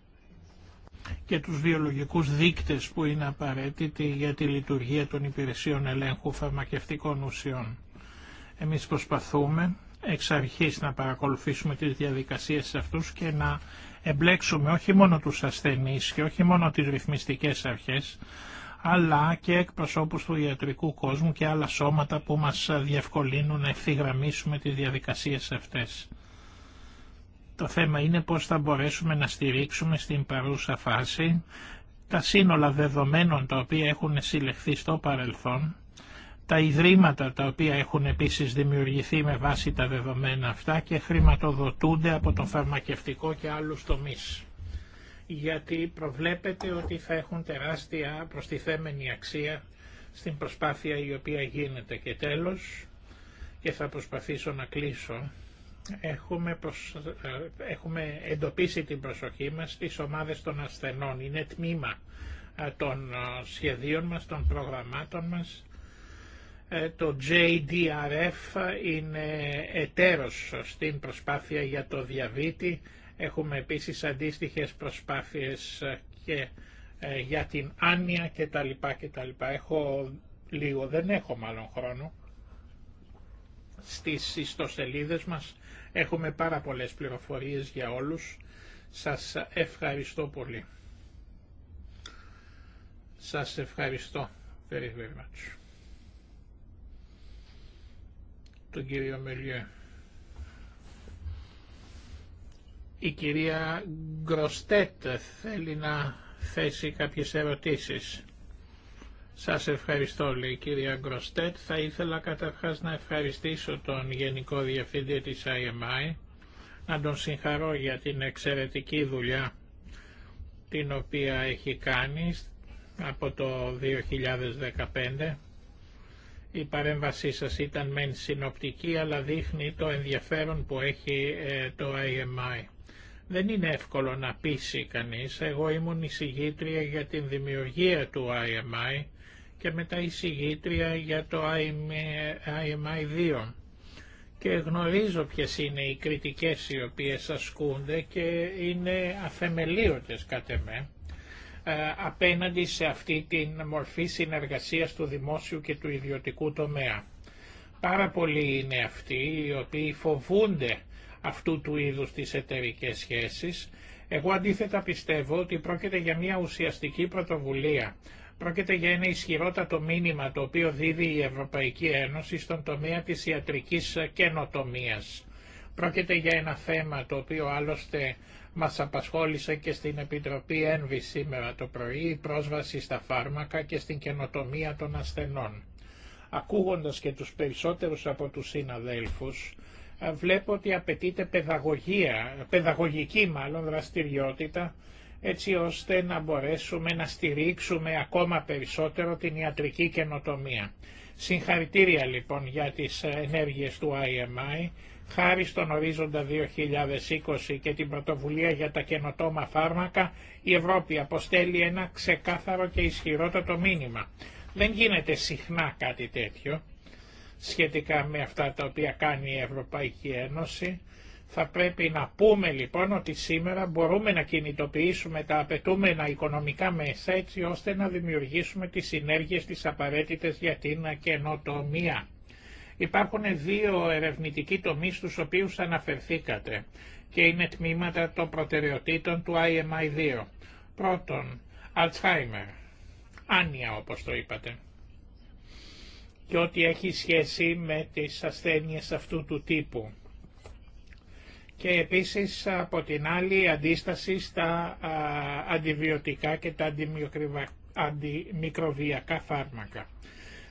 και τους βιολογικούς δείκτες που είναι απαραίτητοι για τη λειτουργία των υπηρεσιών ελέγχου φαρμακευτικών ουσιών. Εμείς προσπαθούμε εξ αρχής να παρακολουθήσουμε τις διαδικασίες αυτούς και να εμπλέξουμε όχι μόνο τους ασθενείς και όχι μόνο τις ρυθμιστικές αρχές, αλλά και εκπροσώπους του ιατρικού κόσμου και άλλα σώματα που μας διευκολύνουν να ευθυγραμμίσουμε τις διαδικασίες αυτές. Το θέμα είναι πώς θα μπορέσουμε να στηρίξουμε στην παρούσα φάση τα σύνολα δεδομένων τα οποία έχουν συλλεχθεί στο παρελθόν, τα ιδρύματα τα οποία έχουν επίσης δημιουργηθεί με βάση τα δεδομένα αυτά και χρηματοδοτούνται από τον φαρμακευτικό και άλλους τομείς. Γιατί προβλέπεται ότι θα έχουν τεράστια προστιθέμενη αξία στην προσπάθεια η οποία γίνεται. Και τέλος, και θα προσπαθήσω να κλείσω, ε, έχουμε, εντοπίσει την προσοχή μας στις ομάδες των ασθενών. Είναι τμήμα ε, των ε, σχεδίων μας, των προγραμμάτων μας. Το JDRF είναι εταίρος στην προσπάθεια για το διαβήτη. Έχουμε επίσης αντίστοιχες προσπάθειες και για την άνοια κτλ. κτλ. Έχω λίγο, δεν έχω μάλλον χρόνο στις ιστοσελίδες μας. Έχουμε πάρα πολλές πληροφορίες για όλους. Σας ευχαριστώ πολύ. Σας ευχαριστώ. Very, very much. Τον κύριο Μελιέ. Η κυρία Γκροστέτ θέλει να θέσει κάποιες ερωτήσεις. Σας ευχαριστώ, λέει η κυρία Γκροστέτ. Θα ήθελα καταρχάς να ευχαριστήσω τον Γενικό Διευθύντη της IMI, να τον συγχαρώ για την εξαιρετική δουλειά την οποία έχει κάνει από το 2015. Η παρέμβασή σας ήταν μεν συνοπτική, αλλά δείχνει το ενδιαφέρον που έχει ε, το IMI. Δεν είναι εύκολο να πείσει κανείς. Εγώ ήμουν εισηγήτρια για την δημιουργία του IMI και μετά τα εισηγήτρια για το IMI2. Και γνωρίζω ποιες είναι οι κριτικές οι οποίες ασκούνται και είναι αφεμελίωτες κατ' με... απέναντι σε αυτή την μορφή συνεργασίας του δημόσιου και του ιδιωτικού τομέα. Πάρα πολλοί είναι αυτοί οι οποίοι φοβούνται αυτού του είδους τις εταιρικέ σχέσεις. Εγώ αντίθετα πιστεύω ότι πρόκειται για μια ουσιαστική πρωτοβουλία Πρόκειται για ένα ισχυρότατο μήνυμα το οποίο δίδει η Ευρωπαϊκή Ένωση στον τομέα της ιατρικής καινοτομίας. Πρόκειται για ένα θέμα το οποίο άλλωστε μας απασχόλησε και στην Επιτροπή Ένβη σήμερα το πρωί, η πρόσβαση στα φάρμακα και στην καινοτομία των ασθενών. Ακούγοντας και τους περισσότερους από τους συναδέλφους, ε, βλέπω ότι απαιτείται παιδαγωγική μάλλον δραστηριότητα έτσι ώστε να μπορέσουμε να στηρίξουμε ακόμα περισσότερο την ιατρική καινοτομία. Συγχαρητήρια λοιπόν για τις ε, ενέργειες του IMI, χάρη στον ορίζοντα 2020 και την πρωτοβουλία για τα καινοτόμα φάρμακα, η Ευρώπη αποστέλει ένα ξεκάθαρο και ισχυρότατο μήνυμα. Δεν γίνεται συχνά κάτι τέτοιο σχετικά με αυτά τα οποία κάνει η Ευρωπαϊκή Ένωση θα πρέπει να πούμε λοιπόν ότι σήμερα μπορούμε να κινητοποιήσουμε τα απαιτούμενα οικονομικά μέσα έτσι ώστε να δημιουργήσουμε τις συνέργειες τις απαραίτητες για την καινοτομία. Υπάρχουν δύο ερευνητικοί τομείς στους οποίους αναφερθήκατε και είναι τμήματα των προτεραιοτήτων του IMI2. Πρώτον, Alzheimer, άνοια όπως το είπατε, και ό,τι έχει σχέση με τις ασθένειες αυτού του τύπου και επίσης από την άλλη αντίσταση στα α, αντιβιωτικά και τα αντιμικροβιακά φάρμακα.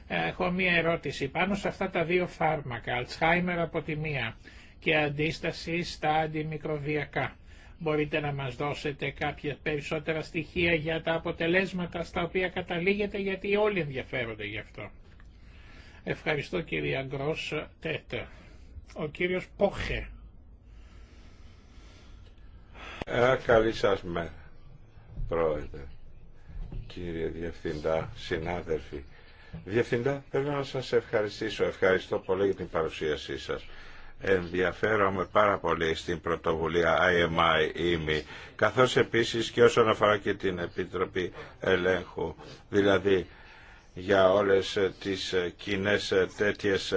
Έχω μία ερώτηση πάνω σε αυτά τα δύο φάρμακα, Αλτσχάιμερ από τη μία και αντίσταση στα αντιμικροβιακά. Μπορείτε να μας δώσετε κάποια περισσότερα στοιχεία για τα αποτελέσματα στα οποία καταλήγετε γιατί όλοι ενδιαφέρονται γι' αυτό. Ευχαριστώ κύριε Αγκρός Τέτ. Ο κύριος Πόχε καλή σας μέρα, πρόεδρε, κύριε Διευθυντά, συνάδελφοι. Διευθυντά, θέλω να σας ευχαριστήσω. Ευχαριστώ πολύ για την παρουσίασή σας. Ενδιαφέρομαι πάρα πολύ στην πρωτοβουλία IMI EMI, καθώς επίσης και όσον αφορά και την Επιτροπή Ελέγχου. Δηλαδή, για όλες τις κοινέ τέτοιες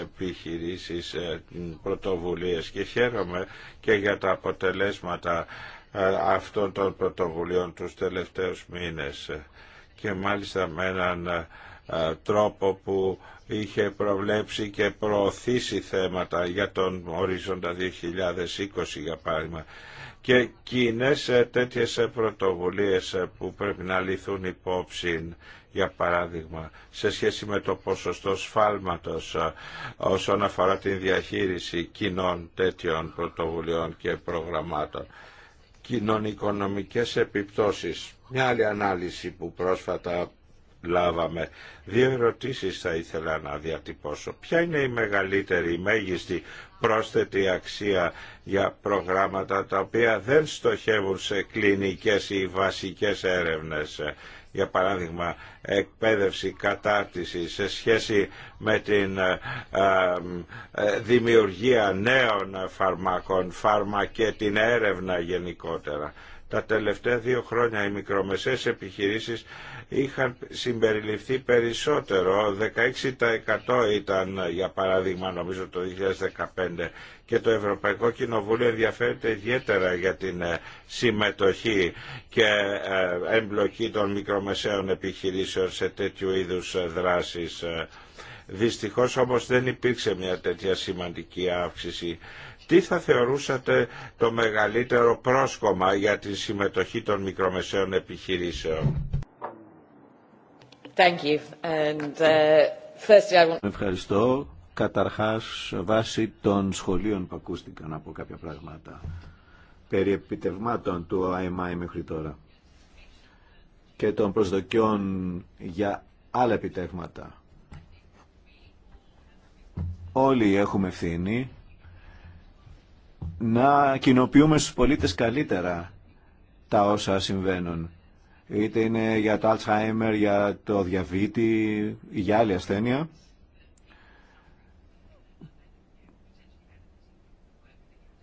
επιχειρήσεις, ε, πρωτοβουλίες και χαίρομαι και για τα αποτελέσματα ε, αυτών των πρωτοβουλίων τους τελευταίους μήνες και μάλιστα με έναν ε, τρόπο που είχε προβλέψει και προωθήσει θέματα για τον ορίζοντα 2020 για παράδειγμα και κοινέ τέτοιες πρωτοβουλίες που πρέπει να λυθούν υπόψη για παράδειγμα, σε σχέση με το ποσοστό σφάλματος ε, όσον αφορά την διαχείριση κοινών τέτοιων πρωτοβουλειών και προγραμμάτων. Κοινωνικονομικές επιπτώσεις. Μια άλλη ανάλυση που πρόσφατα λάβαμε. Δύο ερωτήσεις θα ήθελα να διατυπώσω. Ποια είναι η μεγαλύτερη, η μέγιστη πρόσθετη αξία για προγράμματα τα οποία δεν στοχεύουν σε κλινικές ή βασικές έρευνες για παράδειγμα εκπαίδευση, κατάρτιση σε σχέση με την ε, ε, ε, δημιουργία νέων φαρμάκων, φάρμα και την έρευνα γενικότερα. Τα τελευταία δύο χρόνια οι μικρομεσαίες επιχειρήσεις είχαν συμπεριληφθεί περισσότερο, 16% ήταν για παράδειγμα νομίζω το 2015 και το Ευρωπαϊκό Κοινοβούλιο ενδιαφέρεται ιδιαίτερα για την ε, συμμετοχή και ε, εμπλοκή των μικρομεσαίων επιχειρήσεων σε τέτοιου είδους ε, δράσεις. Δυστυχώς όμως δεν υπήρξε μια τέτοια σημαντική αύξηση. Τι θα θεωρούσατε το μεγαλύτερο πρόσκομα για τη συμμετοχή των μικρομεσαίων επιχειρήσεων. Thank you. And, uh, firstly, Ευχαριστώ. Καταρχάς, βάσει των σχολείων που ακούστηκαν από κάποια πράγματα περί επιτευμάτων του IMI μέχρι τώρα και των προσδοκιών για άλλα επιτεύγματα. Όλοι έχουμε ευθύνη να κοινοποιούμε στους πολίτες καλύτερα τα όσα συμβαίνουν. Είτε είναι για το Alzheimer, για το διαβήτη, για άλλη ασθένεια.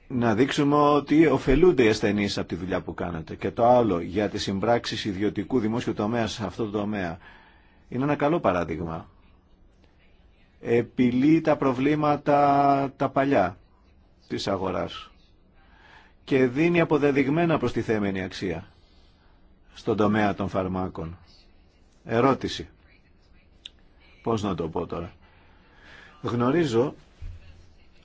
να δείξουμε ότι ωφελούνται οι ασθενείς από τη δουλειά που κάνετε. Και το άλλο για τι συμπράξεις ιδιωτικού δημόσιου τομέα σε αυτό το τομέα είναι ένα καλό παράδειγμα. Επιλύει τα προβλήματα τα παλιά της αγοράς και δίνει αποδεδειγμένα προστιθέμενη αξία στον τομέα των φαρμάκων. Ερώτηση. Πώς να το πω τώρα. Γνωρίζω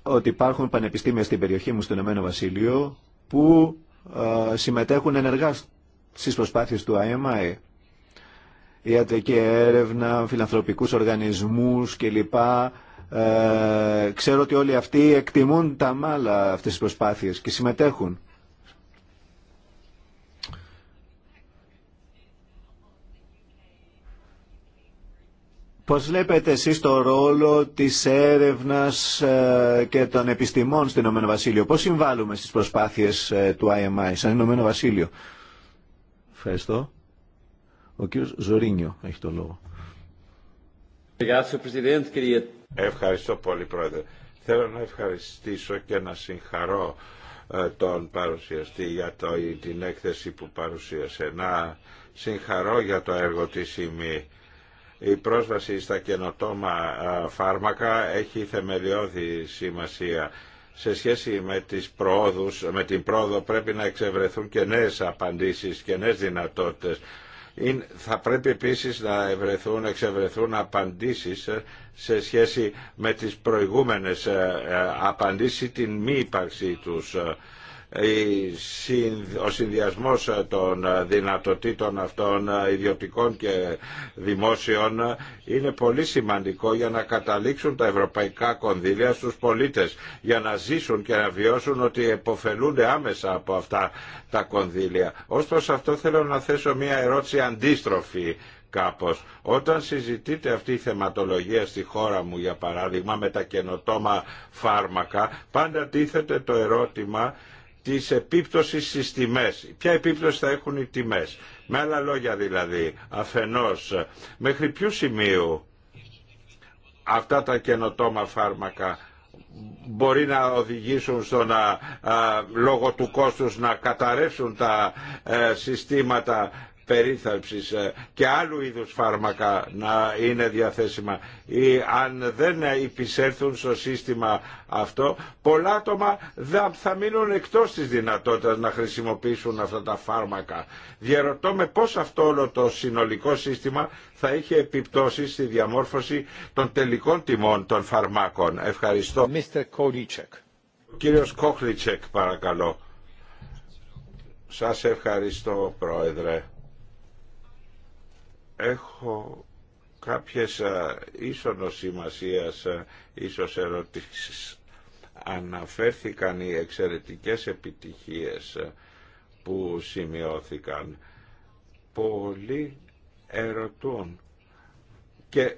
ότι υπάρχουν πανεπιστήμια στην περιοχή μου, στον Ηνωμένο Βασίλειο, που ε, συμμετέχουν ενεργά στις προσπάθειες του IMI. Ιατρική έρευνα, φιλανθρωπικούς οργανισμούς κλπ. Ε, ξέρω ότι όλοι αυτοί εκτιμούν τα μάλα αυτές τις προσπάθειες και συμμετέχουν. Πώς βλέπετε εσείς το ρόλο της έρευνας ε, και των επιστημών στην Ηνωμένο Βασίλειο. Πώς συμβάλλουμε στις προσπάθειες ε, του IMI σαν Ηνωμένο Βασίλειο. Ευχαριστώ. Ο κύριος Ζωρίνιο έχει το λόγο. Ευχαριστώ πολύ πρόεδρε. Θέλω να ευχαριστήσω και να συγχαρώ ε, τον παρουσιαστή για την έκθεση που παρουσίασε. Να συγχαρώ για το έργο της η πρόσβαση στα καινοτόμα φάρμακα έχει θεμελιώδη σημασία. Σε σχέση με, τις προόδους, με την πρόοδο πρέπει να εξευρεθούν και νέες απαντήσεις και νέες δυνατότητες. Θα πρέπει επίσης να ευρεθούν, εξευρεθούν απαντήσεις ε, σε σχέση με τις προηγούμενες ε, ε, απαντήσεις, την μη ύπαρξή τους. Ε, ο συνδυασμός ε, των ε, δυνατοτήτων αυτών ιδιωτικών και δημόσιων είναι πολύ σημαντικό για να καταλήξουν τα ευρωπαϊκά κονδύλια στους πολίτες για να ζήσουν και να βιώσουν ότι εποφελούνται άμεσα από αυτά τα κονδύλια. Ωστόσο αυτό θέλω να θέσω μια ερώτηση αντίστροφη κάπως. Όταν συζητείτε αυτή η θεματολογία στη χώρα μου, για παράδειγμα, με τα καινοτόμα φάρμακα, πάντα τίθεται το ερώτημα της επίπτωσης στις τιμές. Ποια επίπτωση θα έχουν οι τιμές. Με άλλα λόγια δηλαδή, αφενός, μέχρι ποιο σημείο αυτά τα καινοτόμα φάρμακα μπορεί να οδηγήσουν στο να λόγω του κόστους να καταρρεύσουν τα ε, συστήματα περίθαλψης ε, και άλλου είδους φάρμακα να είναι διαθέσιμα ή αν δεν υπησέλθουν στο σύστημα αυτό πολλά άτομα θα μείνουν εκτός της δυνατότητας να χρησιμοποιήσουν αυτά τα φάρμακα. Διαρωτώ με πώς αυτό όλο το συνολικό σύστημα θα είχε επιπτώσει στη διαμόρφωση των τελικών τιμών των φαρμάκων. Ευχαριστώ. κύριος Κόχλιτσεκ παρακαλώ. Σας ευχαριστώ Πρόεδρε έχω κάποιες ίσονος σημασίας ίσως ερωτήσεις. Αναφέρθηκαν οι εξαιρετικές επιτυχίες που σημειώθηκαν. Πολλοί ερωτούν και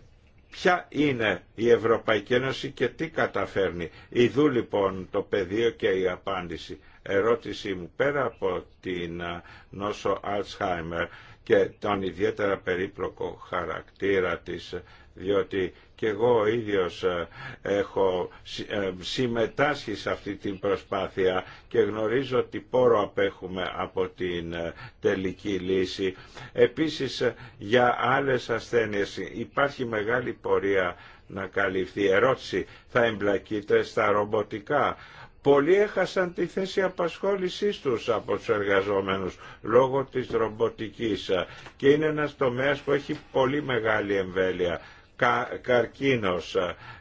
ποια είναι η Ευρωπαϊκή Ένωση και τι καταφέρνει. Ιδού λοιπόν το πεδίο και η απάντηση. Ερώτησή μου πέρα από την νόσο Αλτσχάιμερ και τον ιδιαίτερα περίπλοκο χαρακτήρα της διότι και εγώ ο ίδιος ε, έχω ε, συμμετάσχει σε αυτή την προσπάθεια και γνωρίζω ότι πόρο απέχουμε από την ε, τελική λύση. Επίσης για άλλες ασθένειες υπάρχει μεγάλη πορεία να καλυφθεί. Ερώτηση, θα εμπλακείτε στα ρομποτικά Πολλοί έχασαν τη θέση απασχόλησής τους από τους εργαζόμενους λόγω της ρομποτικής και είναι ένας τομέας που έχει πολύ μεγάλη εμβέλεια. Κα, καρκίνος,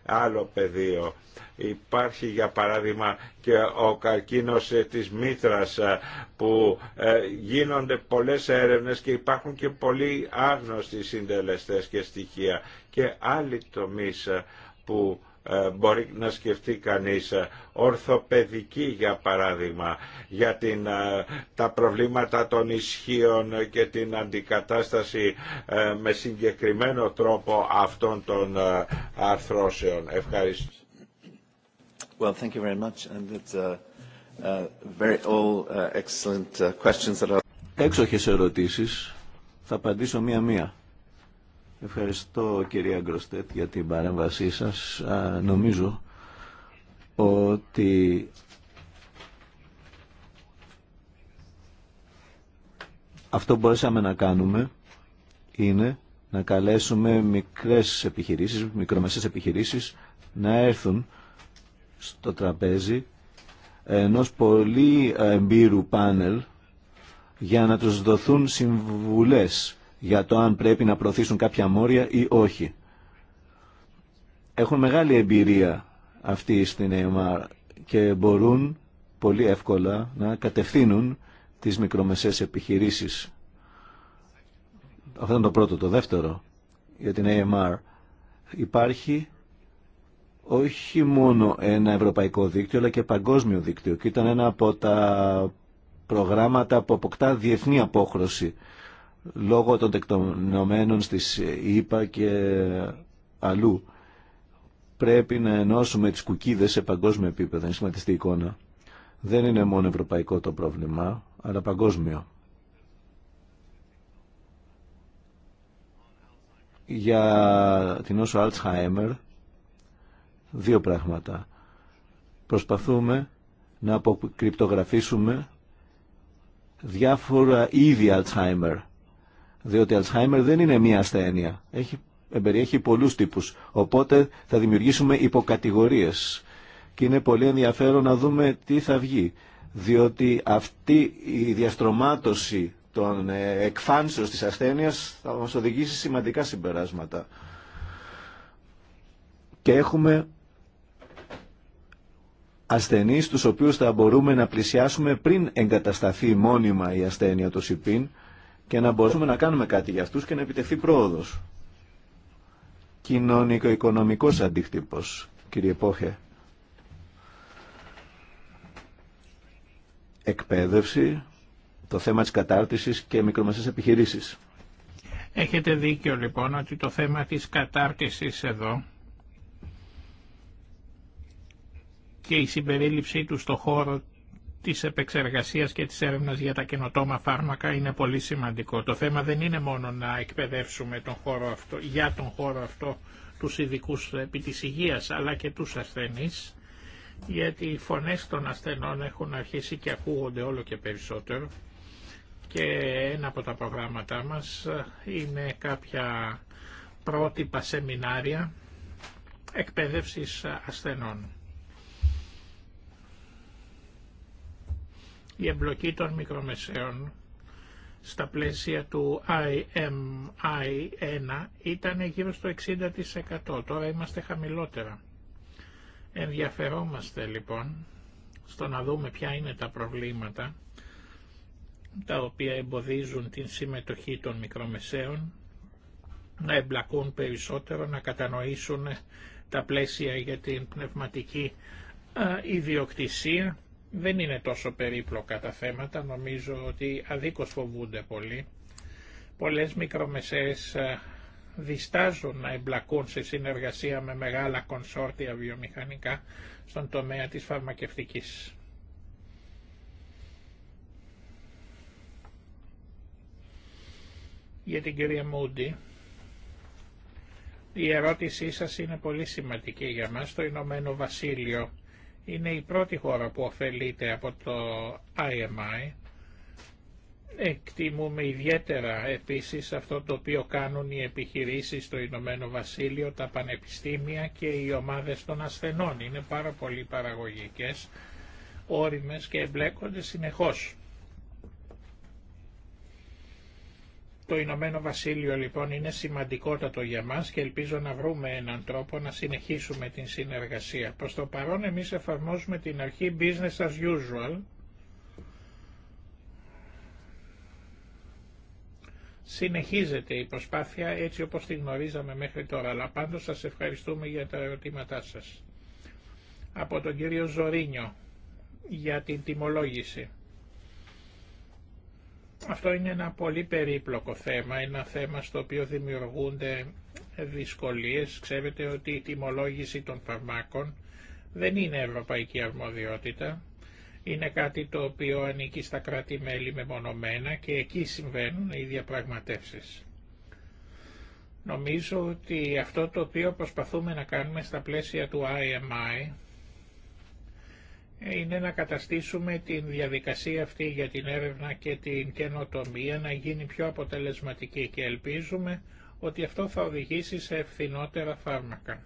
άλλο πεδίο. Υπάρχει για παράδειγμα και ο καρκίνος της μήτρας που ε, γίνονται πολλές έρευνες και υπάρχουν και πολλοί άγνωστοι συντελεστές και στοιχεία και άλλοι τομείς ε, που ε, μπορεί να σκεφτεί κανείς ε, ορθοπαιδική για παράδειγμα για την, ε, τα προβλήματα των ισχύων και την αντικατάσταση με συγκεκριμένο τρόπο αυτών των αρθρώσεων. Ευχαριστώ. Well, thank you very much. And it's, uh, uh, very all uh, excellent questions that are... Έξοχες ερωτήσεις. Θα απαντήσω μία-μία. Ευχαριστώ κυρία Γκροστέτ για την παρέμβασή σας. νομίζω ότι αυτό που μπορέσαμε να κάνουμε είναι να καλέσουμε μικρές επιχειρήσεις, μικρομεσαίες επιχειρήσεις να έρθουν στο τραπέζι ενός πολύ εμπειρού πάνελ για να τους δοθούν συμβουλές για το αν πρέπει να προωθήσουν κάποια μόρια ή όχι. Έχουν μεγάλη εμπειρία αυτοί στην ΕΜΑΡ και μπορούν πολύ εύκολα να κατευθύνουν τις μικρομεσαίες επιχειρήσεις. Αυτό είναι το πρώτο. Το δεύτερο για την AMR υπάρχει όχι μόνο ένα ευρωπαϊκό δίκτυο αλλά και παγκόσμιο δίκτυο και ήταν ένα από τα προγράμματα που αποκτά διεθνή απόχρωση λόγω των τεκτονωμένων στις ΙΠΑ και αλλού. Πρέπει να ενώσουμε τις κουκίδες σε παγκόσμιο επίπεδο, είναι εικόνα. Δεν είναι μόνο ευρωπαϊκό το πρόβλημα, αλλά παγκόσμιο. Για την όσο άλτσχαϊμερ δύο πράγματα. Προσπαθούμε να αποκρυπτογραφήσουμε διάφορα είδη Αλτσχάιμερ διότι Alzheimer δεν είναι μία ασθένεια. Έχει, περιέχει πολλούς τύπους. Οπότε θα δημιουργήσουμε υποκατηγορίες. Και είναι πολύ ενδιαφέρον να δούμε τι θα βγει. Διότι αυτή η διαστρωμάτωση των ε, εκφάνσεων της ασθένειας θα μας οδηγήσει σημαντικά συμπεράσματα. Και έχουμε ασθενείς τους οποίους θα μπορούμε να πλησιάσουμε πριν εγκατασταθεί μόνιμα η ασθένεια το ΣΥΠΗΝ και να μπορούμε να κάνουμε κάτι για αυτούς και να επιτεθεί πρόοδος. Κοινωνικο-οικονομικός αντίκτυπος, κύριε Πόχε. Εκπαίδευση, το θέμα της κατάρτισης και μικρομεσαίες επιχειρήσεις. Έχετε δίκιο λοιπόν ότι το θέμα της κατάρτισης εδώ και η συμπερίληψή του στο χώρο της επεξεργασίας και της έρευνας για τα καινοτόμα φάρμακα είναι πολύ σημαντικό. Το θέμα δεν είναι μόνο να εκπαιδεύσουμε τον χώρο αυτό, για τον χώρο αυτό τους ειδικού επί της υγείας, αλλά και τους ασθενείς, γιατί οι φωνές των ασθενών έχουν αρχίσει και ακούγονται όλο και περισσότερο και ένα από τα προγράμματά μας είναι κάποια πρότυπα σεμινάρια εκπαίδευσης ασθενών. η εμπλοκή των μικρομεσαίων στα πλαίσια του IMI1 ήταν γύρω στο 60%. Τώρα είμαστε χαμηλότερα. Ενδιαφερόμαστε λοιπόν στο να δούμε ποια είναι τα προβλήματα τα οποία εμποδίζουν την συμμετοχή των μικρομεσαίων να εμπλακούν περισσότερο, να κατανοήσουν τα πλαίσια για την πνευματική ε, ιδιοκτησία δεν είναι τόσο περίπλοκα τα θέματα, νομίζω ότι αδίκως φοβούνται πολύ. Πολλές μικρομεσαίες ε, διστάζουν να εμπλακούν σε συνεργασία με μεγάλα κονσόρτια βιομηχανικά στον τομέα της φαρμακευτικής. Για την κυρία Μούντι, η ερώτησή σας είναι πολύ σημαντική για μας. Το Ηνωμένο Βασίλειο είναι η πρώτη χώρα που ωφελείται από το IMI. Εκτιμούμε ιδιαίτερα επίσης αυτό το οποίο κάνουν οι επιχειρήσεις στο Ηνωμένο Βασίλειο, τα πανεπιστήμια και οι ομάδες των ασθενών. Είναι πάρα πολύ παραγωγικές, όριμες και εμπλέκονται συνεχώς. Το Ηνωμένο Βασίλειο λοιπόν είναι σημαντικότατο για μας και ελπίζω να βρούμε έναν τρόπο να συνεχίσουμε την συνεργασία. Προς το παρόν εμείς εφαρμόζουμε την αρχή business as usual. Συνεχίζεται η προσπάθεια έτσι όπως τη γνωρίζαμε μέχρι τώρα, αλλά πάντως σας ευχαριστούμε για τα ερωτήματά σας. Από τον κύριο Ζωρίνιο για την τιμολόγηση. Αυτό είναι ένα πολύ περίπλοκο θέμα, ένα θέμα στο οποίο δημιουργούνται δυσκολίες. Ξέρετε ότι η τιμολόγηση των φαρμάκων δεν είναι ευρωπαϊκή αρμοδιότητα. Είναι κάτι το οποίο ανήκει στα κράτη-μέλη μεμονωμένα και εκεί συμβαίνουν οι διαπραγματεύσεις. Νομίζω ότι αυτό το οποίο προσπαθούμε να κάνουμε στα πλαίσια του IMI είναι να καταστήσουμε τη διαδικασία αυτή για την έρευνα και την καινοτομία να γίνει πιο αποτελεσματική και ελπίζουμε ότι αυτό θα οδηγήσει σε ευθυνότερα φάρμακα.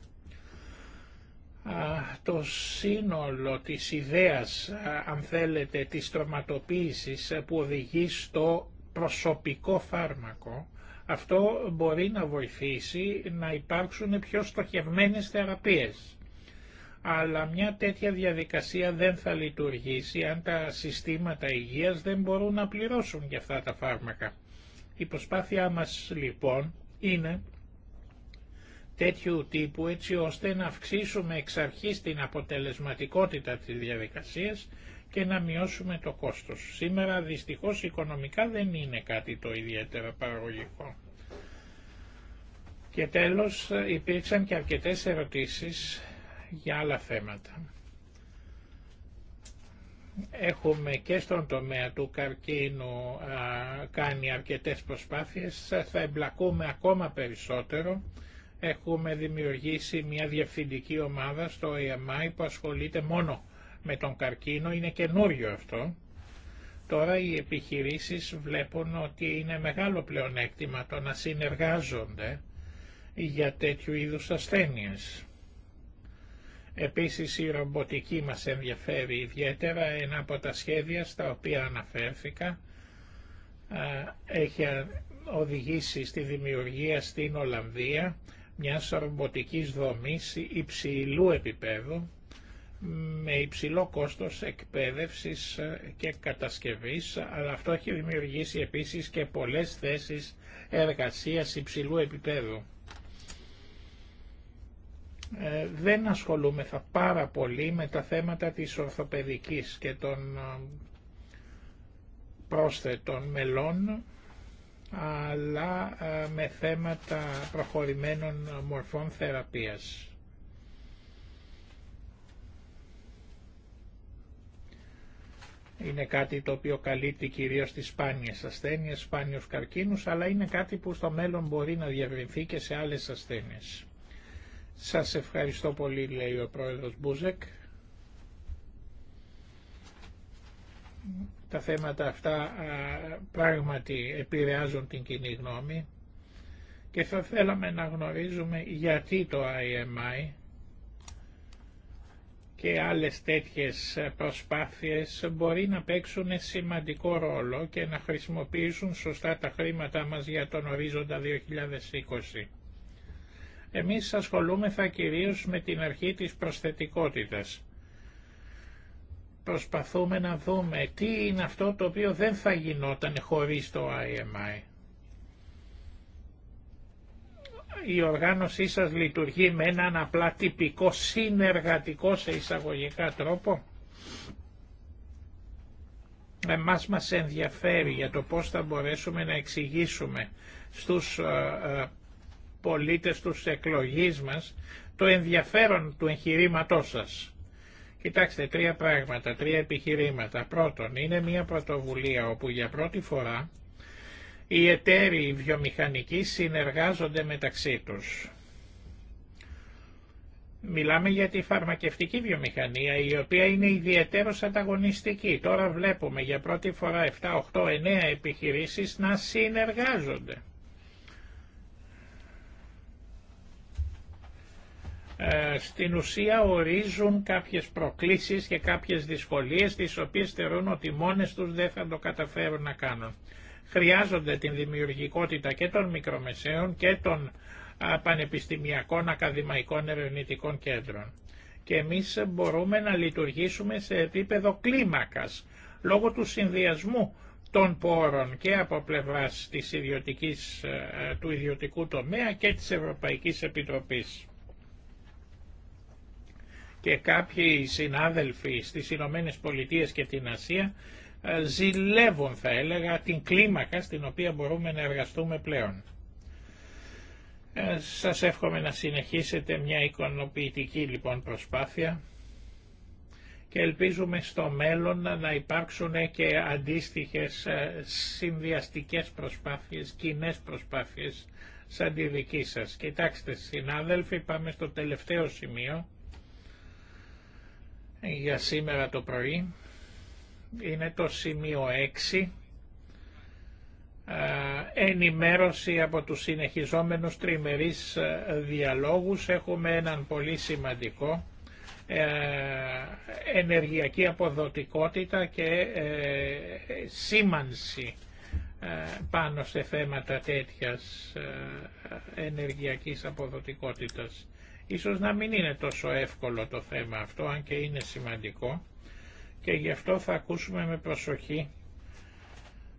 Το σύνολο της ιδέας, αν θέλετε, της τροματοποίησης που οδηγεί στο προσωπικό φάρμακο, αυτό μπορεί να βοηθήσει να υπάρξουν πιο στοχευμένες θεραπείες αλλά μια τέτοια διαδικασία δεν θα λειτουργήσει αν τα συστήματα υγείας δεν μπορούν να πληρώσουν για αυτά τα φάρμακα. Η προσπάθειά μας λοιπόν είναι τέτοιου τύπου έτσι ώστε να αυξήσουμε εξ αρχής την αποτελεσματικότητα της διαδικασίας και να μειώσουμε το κόστος. Σήμερα δυστυχώς οικονομικά δεν είναι κάτι το ιδιαίτερα παραγωγικό. Και τέλος υπήρξαν και αρκετές ερωτήσεις για άλλα θέματα. Έχουμε και στον τομέα του καρκίνου κάνει αρκετές προσπάθειες, θα εμπλακούμε ακόμα περισσότερο. Έχουμε δημιουργήσει μια διευθυντική ομάδα στο EMI που ασχολείται μόνο με τον καρκίνο, είναι καινούριο αυτό. Τώρα οι επιχειρήσεις βλέπουν ότι είναι μεγάλο πλεονέκτημα το να συνεργάζονται για τέτοιου είδους ασθένειες. Επίσης η ρομποτική μας ενδιαφέρει ιδιαίτερα, ένα από τα σχέδια στα οποία αναφέρθηκα έχει οδηγήσει στη δημιουργία στην Ολλανδία μιας ρομποτικής δομής υψηλού επίπεδου με υψηλό κόστος εκπαίδευσης και κατασκευής, αλλά αυτό έχει δημιουργήσει επίσης και πολλές θέσεις εργασίας υψηλού επίπεδου. Ε, δεν ασχολούμεθα πάρα πολύ με τα θέματα της ορθοπαιδικής και των ε, πρόσθετων μελών, αλλά ε, με θέματα προχωρημένων μορφών θεραπείας. Είναι κάτι το οποίο καλύπτει κυρίως τις σπάνιες ασθένειες, σπάνιους καρκίνους, αλλά είναι κάτι που στο μέλλον μπορεί να διευρυνθεί και σε άλλες ασθένειες. Σας ευχαριστώ πολύ, λέει ο πρόεδρος Μπούζεκ. Τα θέματα αυτά πράγματι επηρεάζουν την κοινή γνώμη και θα θέλαμε να γνωρίζουμε γιατί το IMI και άλλες τέτοιες προσπάθειες μπορεί να παίξουν σημαντικό ρόλο και να χρησιμοποιήσουν σωστά τα χρήματά μας για τον ορίζοντα 2020. Εμείς ασχολούμεθα κυρίως με την αρχή της προσθετικότητας. Προσπαθούμε να δούμε τι είναι αυτό το οποίο δεν θα γινόταν χωρίς το IMI. Η οργάνωσή σας λειτουργεί με έναν απλά τυπικό συνεργατικό σε εισαγωγικά τρόπο. Εμάς μας ενδιαφέρει για το πώς θα μπορέσουμε να εξηγήσουμε στους ε, ε, πολίτες τους εκλογής μας το ενδιαφέρον του εγχειρήματός σας. Κοιτάξτε, τρία πράγματα, τρία επιχειρήματα. Πρώτον, είναι μια πρωτοβουλία όπου για πρώτη φορά οι εταίροι βιομηχανικοί συνεργάζονται μεταξύ τους. Μιλάμε για τη φαρμακευτική βιομηχανία, η οποία είναι ιδιαίτερως ανταγωνιστική. Τώρα βλέπουμε για πρώτη φορά 7, 8, 9 επιχειρήσεις να συνεργάζονται. Ε, στην ουσία ορίζουν κάποιες προκλήσεις και κάποιες δυσκολίες τις οποίες θεωρούν ότι μόνες τους δεν θα το καταφέρουν να κάνουν. Χρειάζονται την δημιουργικότητα και των μικρομεσαίων και των πανεπιστημιακών ακαδημαϊκών ερευνητικών κέντρων. Και εμείς μπορούμε να λειτουργήσουμε σε επίπεδο κλίμακας λόγω του συνδυασμού των πόρων και από πλευράς της ε, ε, του ιδιωτικού τομέα και της Ευρωπαϊκής Επιτροπής και κάποιοι συνάδελφοι στις Ηνωμένε Πολιτείε και την Ασία ε, ζηλεύουν θα έλεγα την κλίμακα στην οποία μπορούμε να εργαστούμε πλέον. Ε, σας εύχομαι να συνεχίσετε μια εικονοποιητική λοιπόν προσπάθεια και ελπίζουμε στο μέλλον να υπάρξουν και αντίστοιχες ε, συνδυαστικές προσπάθειες, κοινέ προσπάθειες σαν τη δική σας. Κοιτάξτε συνάδελφοι, πάμε στο τελευταίο σημείο για σήμερα το πρωί είναι το σημείο 6 ε, ενημέρωση από τους συνεχιζόμενους τριμερείς ε, διαλόγους έχουμε έναν πολύ σημαντικό ε, ενεργειακή αποδοτικότητα και σήμανση πάνω σε θέματα τέτοιας ενεργειακής αποδοτικότητας. Ίσως να μην είναι τόσο εύκολο το θέμα αυτό, αν και είναι σημαντικό και γι' αυτό θα ακούσουμε με προσοχή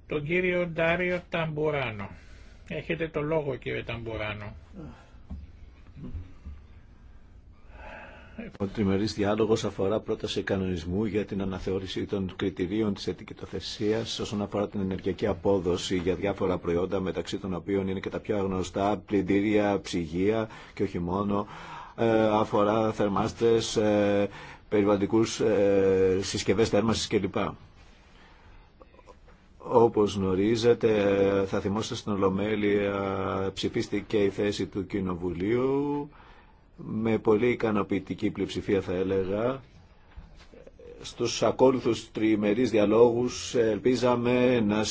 τον κύριο Ντάριο Ταμπουράνο. Έχετε το λόγο κύριε Ταμπουράνο. Ο τριμερής διάλογος αφορά πρόταση κανονισμού για την αναθεώρηση των κριτηρίων της ετικετοθεσίας όσον αφορά την ενεργειακή απόδοση για διάφορα προϊόντα μεταξύ των οποίων είναι και τα πιο αγνωστά πλυντήρια, ψυγεία και όχι μόνο ε, αφορά θερμάστες, ε, περιβαλλοντικούς ε, συσκευές θέρμασης κλπ. Όπως γνωρίζετε, θα θυμόσαστε στην Ολομέλεια, ψηφίστηκε η θέση του Κοινοβουλίου με πολύ ικανοποιητική πλειοψηφία θα έλεγα. Στους ακόλουθους τριημερείς διαλόγους ελπίζαμε να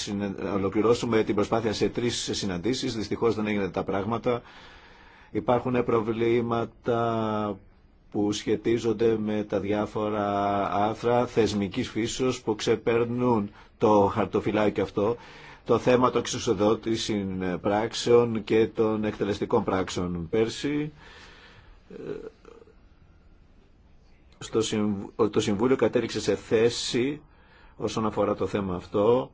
ολοκληρώσουμε την προσπάθεια σε τρεις συναντήσεις. Δυστυχώς δεν έγιναν τα πράγματα. Υπάρχουν προβλήματα που σχετίζονται με τα διάφορα άθρα θεσμικής φύσεως που ξεπερνούν το χαρτοφυλάκι αυτό, το θέμα των εξουσιοδότησης πράξεων και των εκτελεστικών πράξεων. Πέρσι, ε, στο το Συμβούλιο κατέληξε σε θέση όσον αφορά το θέμα αυτό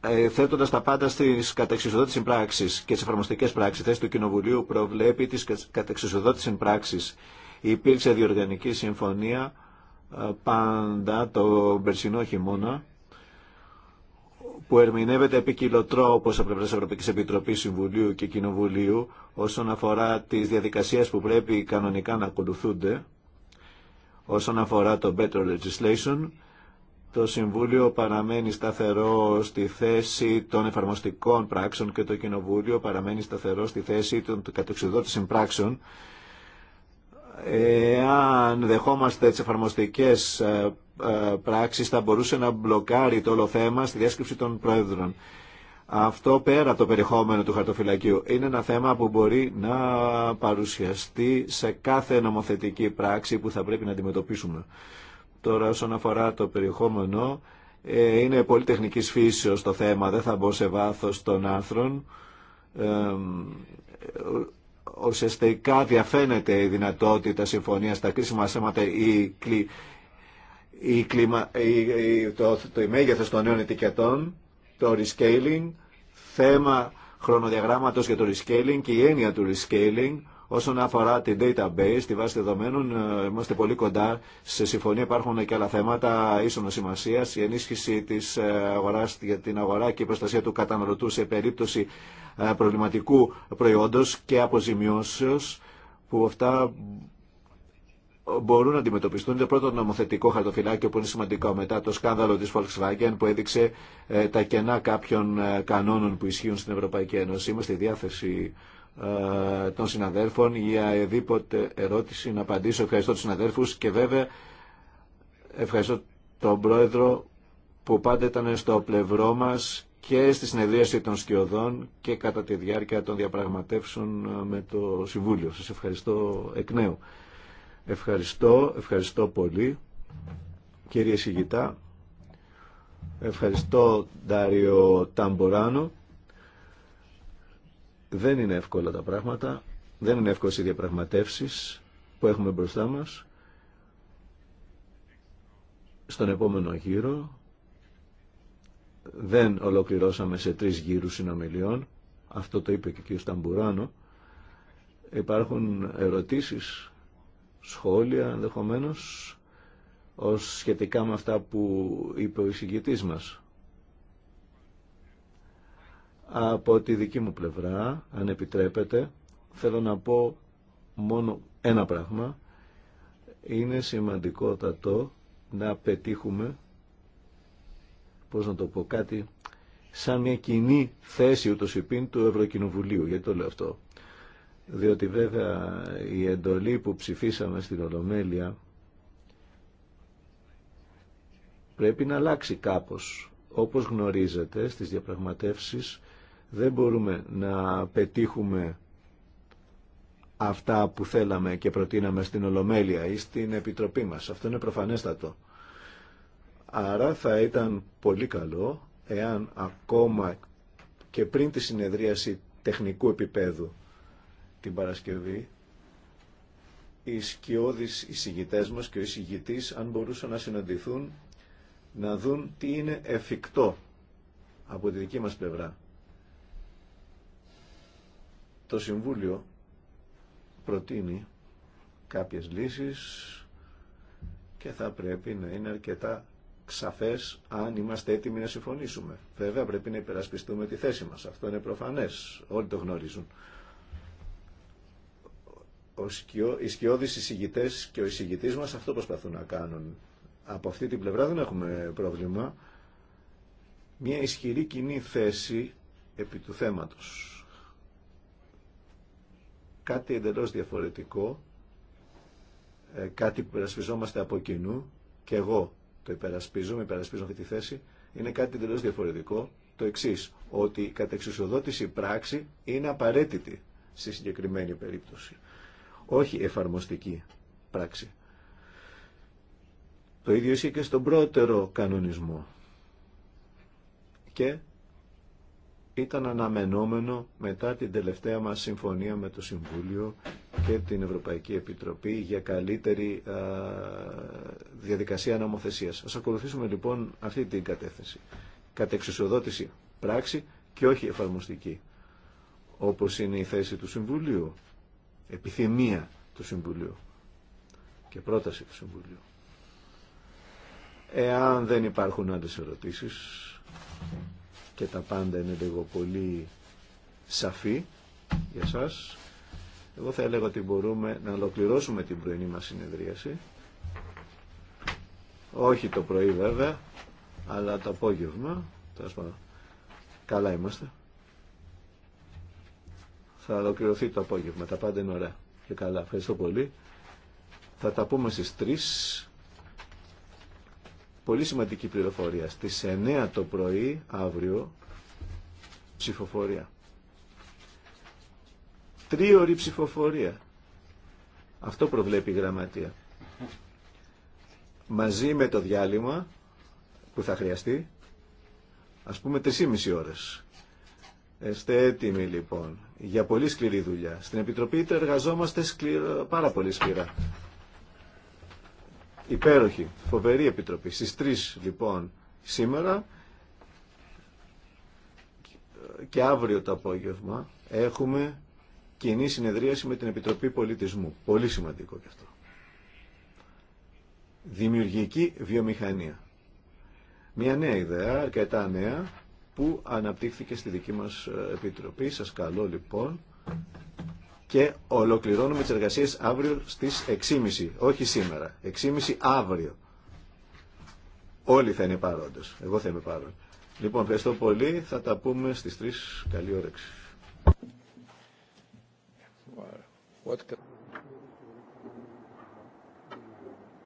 ε, θέτοντα τα πάντα στι κατεξουσιοδότηση πράξη και τι εφαρμοστικέ πράξει. Η θέση του Κοινοβουλίου προβλέπει τι κατεξουσιοδότηση πράξη. Υπήρξε διοργανική συμφωνία ε, πάντα το περσινό χειμώνα που ερμηνεύεται όπως από πλευρά Ευρωπαϊκή Επιτροπή Συμβουλίου και Κοινοβουλίου όσον αφορά τις διαδικασίες που πρέπει κανονικά να ακολουθούνται όσον αφορά το Better Legislation το Συμβούλιο παραμένει σταθερό στη θέση των εφαρμοστικών πράξεων και το Κοινοβούλιο παραμένει σταθερό στη θέση των κατεξουδότησης πράξεων. Εάν δεχόμαστε τις εφαρμοστικές ε, ε, πράξεις θα μπορούσε να μπλοκάρει το όλο θέμα στη διάσκεψη των Πρόεδρων. Αυτό πέρα το περιεχόμενο του χαρτοφυλακίου είναι ένα θέμα που μπορεί να παρουσιαστεί σε κάθε νομοθετική πράξη που θα πρέπει να αντιμετωπίσουμε. Τώρα όσον αφορά το περιεχόμενο, ε, είναι πολύ τεχνικής φύσεως το θέμα, δεν θα μπω σε βάθος των άρθρων. Ε, ουσιαστικά διαφαίνεται η δυνατότητα συμφωνία στα κρίσιμα θέματα ή κλι, η η, το, το, η μέγεθος των νέων ετικετών, το rescaling, θέμα χρονοδιαγράμματος για το rescaling και η έννοια του rescaling, Όσον αφορά την database, τη βάση δεδομένων, ε, είμαστε πολύ κοντά. Σε συμφωνία υπάρχουν και άλλα θέματα ίσονο σημασία. Η ενίσχυση τη ε, αγορά για την αγορά και η προστασία του καταναλωτού σε περίπτωση ε, προβληματικού προϊόντο και αποζημιώσεω, που αυτά μπορούν να αντιμετωπιστούν. Το πρώτο νομοθετικό χαρτοφυλάκιο που είναι σημαντικό μετά το σκάνδαλο τη Volkswagen που έδειξε τα κενά κάποιων κανόνων που ισχύουν στην Ευρωπαϊκή Ένωση. Είμαστε στη διάθεση ε, των συναδέλφων για ειδίποτε ερώτηση να απαντήσω. Ευχαριστώ τους συναδέρφους και βέβαια ευχαριστώ τον Πρόεδρο που πάντα ήταν στο πλευρό μας και στη συνεδρίαση των σκιωδών και κατά τη διάρκεια των διαπραγματεύσεων με το Συμβούλιο. Σας ευχαριστώ εκ νέου. Ευχαριστώ, ευχαριστώ πολύ. Κύριε Σιγητά, ευχαριστώ Ντάριο Ταμποράνο. Δεν είναι εύκολα τα πράγματα, δεν είναι εύκολες οι διαπραγματεύσεις που έχουμε μπροστά μας. Στον επόμενο γύρο δεν ολοκληρώσαμε σε τρεις γύρους συνομιλιών, αυτό το είπε και ο κ. Σταμπουράνο. Υπάρχουν ερωτήσεις, σχόλια ενδεχομένω ως σχετικά με αυτά που είπε ο εισηγητής μας. Από τη δική μου πλευρά, αν επιτρέπετε, θέλω να πω μόνο ένα πράγμα. Είναι σημαντικότατο να πετύχουμε, πώς να το πω, κάτι σαν μια κοινή θέση ούτως υπήν του Ευρωκοινοβουλίου. Γιατί το λέω αυτό. Διότι βέβαια η εντολή που ψηφίσαμε στην Ολομέλεια πρέπει να αλλάξει κάπως. Όπως γνωρίζετε στις διαπραγματεύσεις δεν μπορούμε να πετύχουμε αυτά που θέλαμε και προτείναμε στην Ολομέλεια ή στην Επιτροπή μας. Αυτό είναι προφανέστατο. Άρα θα ήταν πολύ καλό εάν ακόμα και πριν τη συνεδρίαση τεχνικού επίπεδου την Παρασκευή οι σκιώδεις εισηγητές μας και ο εισηγητής αν μπορούσαν να συναντηθούν να δουν τι είναι εφικτό από τη δική μας πλευρά. Το Συμβούλιο προτείνει κάποιες λύσεις και θα πρέπει να είναι αρκετά ξαφές αν είμαστε έτοιμοι να συμφωνήσουμε. Βέβαια πρέπει να υπερασπιστούμε τη θέση μας. Αυτό είναι προφανές. Όλοι το γνωρίζουν. οι σκιώδεις εισηγητές και ο εισηγητής μας αυτό προσπαθούν να κάνουν. Από αυτή την πλευρά δεν έχουμε πρόβλημα. Μια ισχυρή κοινή θέση επί του θέματος κάτι εντελώς διαφορετικό, ε, κάτι που υπερασπιζόμαστε από κοινού και εγώ το με υπερασπίζω αυτή τη θέση, είναι κάτι εντελώς διαφορετικό το εξή, ότι η κατεξουσιοδότηση πράξη είναι απαραίτητη στη συγκεκριμένη περίπτωση, όχι εφαρμοστική πράξη. Το ίδιο ισχύει και στον πρώτερο κανονισμό. Και ήταν αναμενόμενο μετά την τελευταία μας συμφωνία με το Συμβούλιο και την Ευρωπαϊκή Επιτροπή για καλύτερη διαδικασία νομοθεσίας. Ας ακολουθήσουμε λοιπόν αυτή την κατεύθυνση. Κατεξουσιοδότηση πράξη και όχι εφαρμοστική. Όπως είναι η θέση του Συμβουλίου, επιθυμία του Συμβουλίου και πρόταση του Συμβουλίου. Εάν δεν υπάρχουν άλλες ερωτήσεις, και τα πάντα είναι λίγο πολύ σαφή για σας. Εγώ θα έλεγα ότι μπορούμε να ολοκληρώσουμε την πρωινή μας συνεδρίαση. Όχι το πρωί βέβαια, αλλά το απόγευμα. Καλά είμαστε. Θα ολοκληρωθεί το απόγευμα. Τα πάντα είναι ωραία και καλά. Ευχαριστώ πολύ. Θα τα πούμε στις 3. Πολύ σημαντική πληροφορία. Στις 9 το πρωί, αύριο, ψηφοφορία. Τρίωρη ψηφοφορία. Αυτό προβλέπει η γραμματεία. Μαζί με το διάλειμμα που θα χρειαστεί, ας πούμε 3,5 ώρες. Είστε έτοιμοι λοιπόν για πολύ σκληρή δουλειά. Στην Επιτροπή είτε εργαζόμαστε πάρα πολύ σκληρά. Υπέροχη, φοβερή επιτροπή. Στις 3 λοιπόν σήμερα και αύριο το απόγευμα έχουμε κοινή συνεδρίαση με την Επιτροπή Πολιτισμού. Πολύ σημαντικό και αυτό. Δημιουργική βιομηχανία. Μια νέα ιδέα, αρκετά νέα, που αναπτύχθηκε στη δική μας ε, Επιτροπή. Σας καλώ λοιπόν και ολοκληρώνουμε τις εργασίες αύριο στις 6.30, όχι σήμερα, 6.30 αύριο. Όλοι θα είναι παρόντες, εγώ θα είμαι παρόν. Λοιπόν, ευχαριστώ πολύ, θα τα πούμε στις 3, καλή όρεξη.